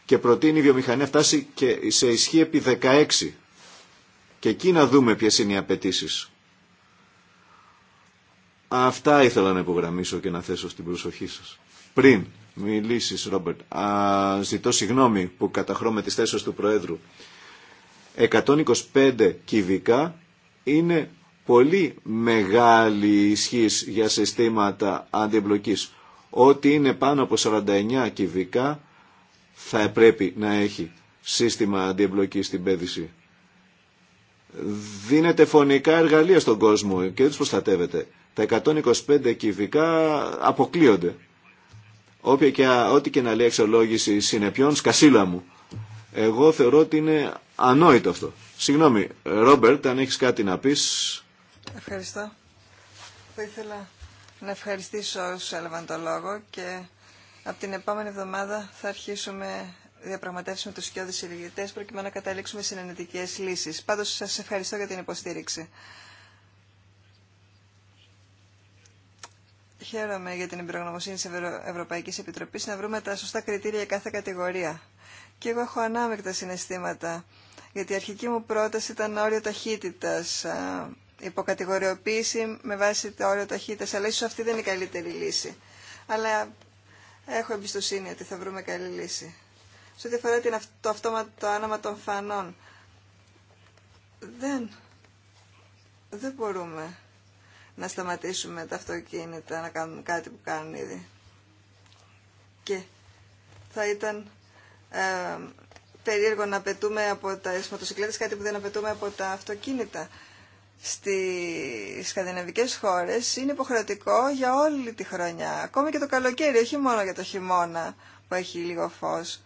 B: και προτείνει η βιομηχανία φτάσει και σε ισχύ επί 16 και εκεί να δούμε ποιες είναι οι απαιτήσει. Αυτά ήθελα να υπογραμμίσω και να θέσω στην προσοχή σας. Πριν μιλήσεις, Ρόμπερτ, ζητώ συγγνώμη που με τις θέσεις του Προέδρου. 125 κυβικά είναι πολύ μεγάλη ισχύ για συστήματα αντιεμπλοκής. Ό,τι είναι πάνω από 49 κυβικά θα πρέπει να έχει σύστημα αντιεμπλοκής στην πέδηση δίνεται φωνικά εργαλεία στον κόσμο και δεν τους προστατεύετε. Τα 125 κυβικά αποκλείονται. Όποια και, ό,τι και να λέει αξιολόγηση συνεπιών, σκασίλα μου. Εγώ θεωρώ ότι είναι ανόητο αυτό. Συγγνώμη, Ρόμπερτ, αν έχεις κάτι να πεις.
E: Ευχαριστώ. Θα ήθελα να ευχαριστήσω όσους έλαβαν το λόγο και από την επόμενη εβδομάδα θα αρχίσουμε διαπραγματεύσουμε του οικειώδει συλλογητέ προκειμένου να καταλήξουμε συνενετικέ λύσει. Πάντω, σα ευχαριστώ για την υποστήριξη. Χαίρομαι για την εμπειρογνωμοσύνη τη Ευρω... Ευρωπαϊκής Επιτροπής να βρούμε τα σωστά κριτήρια για κάθε κατηγορία. Και εγώ έχω ανάμεικτα συναισθήματα, γιατί η αρχική μου πρόταση ήταν όριο ταχύτητα, υποκατηγοριοποίηση με βάση το όριο ταχύτητα. αλλά ίσω αυτή δεν είναι η καλύτερη λύση. Αλλά έχω εμπιστοσύνη ότι θα βρούμε καλή λύση σε ό,τι αφορά την, το αυτόματο άναμα των φανών. Δεν, δεν μπορούμε να σταματήσουμε τα αυτοκίνητα να κάνουν κάτι που κάνουν ήδη. Και θα ήταν ε, περίεργο να πετούμε από τα μοτοσυκλέτες κάτι που δεν απαιτούμε από τα αυτοκίνητα. Στις σκανδιναβικές χώρες είναι υποχρεωτικό για όλη τη χρονιά, ακόμη και το καλοκαίρι, όχι μόνο για το χειμώνα που έχει λίγο φως.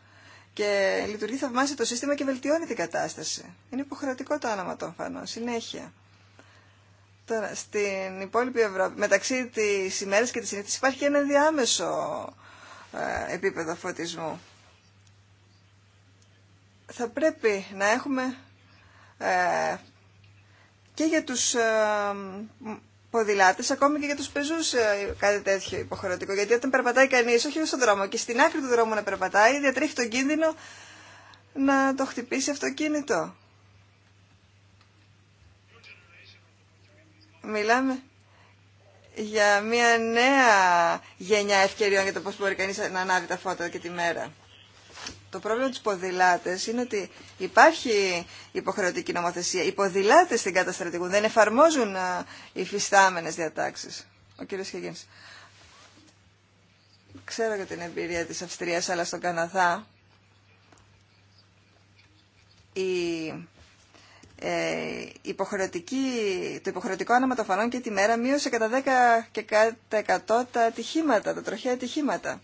E: Και λειτουργεί θαυμάσια το σύστημα και βελτιώνει την κατάσταση. Είναι υποχρεωτικό το άναμα των φανών, συνέχεια. Τώρα, στην υπόλοιπη Ευρώπη, μεταξύ τη ημέρα και τη συνήθεια, υπάρχει ένα διάμεσο ε, επίπεδο φωτισμού. Θα πρέπει να έχουμε ε, και για τους ε, Ποδηλάτε ακόμη και για τους πεζούς ε, κάτι τέτοιο υποχρεωτικό. Γιατί όταν περπατάει κανείς, όχι στον δρόμο, και στην άκρη του δρόμου να περπατάει, διατρέχει τον κίνδυνο να το χτυπήσει αυτοκίνητο. Μιλάμε για μια νέα γενιά ευκαιριών για το πώς μπορεί κανείς να ανάβει τα φώτα και τη μέρα. Το πρόβλημα του ποδηλάτε είναι ότι υπάρχει υποχρεωτική νομοθεσία. Οι ποδηλάτε στην καταστρατηγού δεν εφαρμόζουν οι φυστάμενε διατάξει. Ο κύριο Χιγίνη. Ξέρω για την εμπειρία της Αυστρία αλλά στον Καναδά η ε, υποχρεωτική, το υποχρεωτικό άνομα των φανών και τη μέρα μείωσε κατά 10 τα ατυχήματα, τα τροχαία ατυχήματα.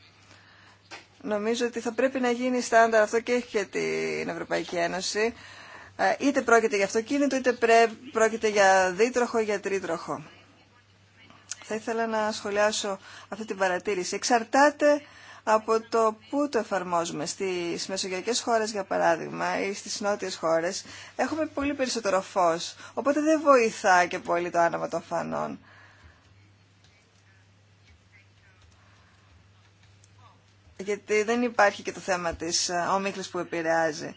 E: Νομίζω ότι θα πρέπει να γίνει στάνταρ αυτό και έχει και την Ευρωπαϊκή Ένωση. Ε, είτε πρόκειται για αυτοκίνητο, είτε πρόκειται για δίτροχο, για τρίτροχο. Θα ήθελα να σχολιάσω αυτή την παρατήρηση. Εξαρτάται από το πού το εφαρμόζουμε. Στις μεσογειακές χώρες, για παράδειγμα, ή στις νότιες χώρες, έχουμε πολύ περισσότερο φως, οπότε δεν βοηθά και πολύ το άναμα των φανών. γιατί δεν υπάρχει και το θέμα της ε, ομίχλης που επηρεάζει.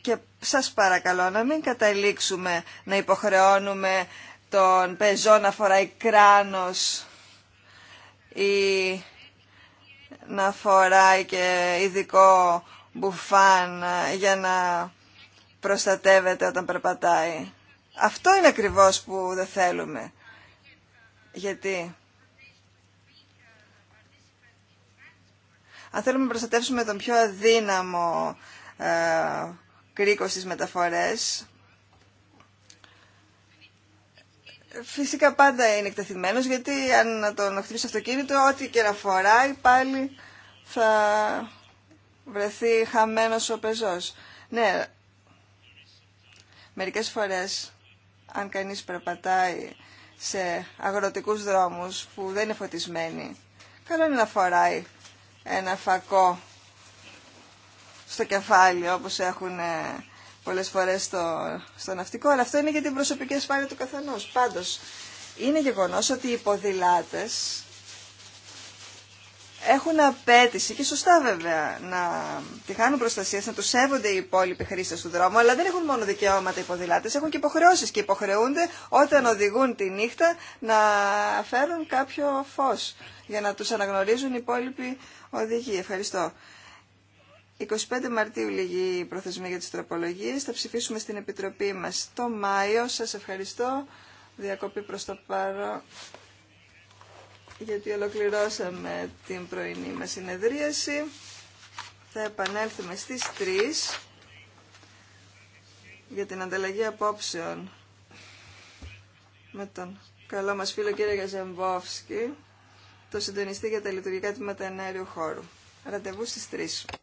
E: Και σας παρακαλώ να μην καταλήξουμε να υποχρεώνουμε τον πεζό να φοράει κράνος ή να φοράει και ειδικό μπουφάν ε, για να προστατεύεται όταν περπατάει. Αυτό είναι ακριβώς που δεν θέλουμε. Γιατί Αν θέλουμε να προστατεύσουμε τον πιο αδύναμο ε, κρίκο στις μεταφορές, φυσικά πάντα είναι εκτεθειμένος, γιατί αν τον χτυπήσει αυτοκίνητο, ό,τι και να φοράει, πάλι θα βρεθεί χαμένος ο πεζός. Ναι, μερικές φορές, αν κανείς περπατάει σε αγροτικούς δρόμους που δεν είναι φωτισμένοι, καλό είναι να φοράει ένα φακό στο κεφάλι όπως έχουν ε, πολλές φορές στο, στο ναυτικό, αλλά αυτό είναι για την προσωπική ασφάλεια του καθενό. Πάντως, είναι γεγονός ότι οι ποδηλάτες έχουν απέτηση και σωστά βέβαια να τη χάνουν προστασία, να του σέβονται οι υπόλοιποι χρήστε του δρόμου, αλλά δεν έχουν μόνο δικαιώματα οι ποδηλάτε, έχουν και υποχρεώσει και υποχρεούνται όταν οδηγούν τη νύχτα να φέρουν κάποιο φω για να του αναγνωρίζουν οι υπόλοιποι οδηγεί. Ευχαριστώ. 25 Μαρτίου λήγει η προθεσμία για τις τροπολογίες. Θα ψηφίσουμε στην Επιτροπή μας το Μάιο. Σας ευχαριστώ. Διακοπή προς το πάρο γιατί ολοκληρώσαμε την πρωινή μας συνεδρίαση. Θα επανέλθουμε στις 3 για την ανταλλαγή απόψεων με τον καλό μας φίλο κύριο Γαζεμβόφσκι το συντονιστή για τα λειτουργικά τμήματα ενέργειου χώρου. Ραντεβού στις 3.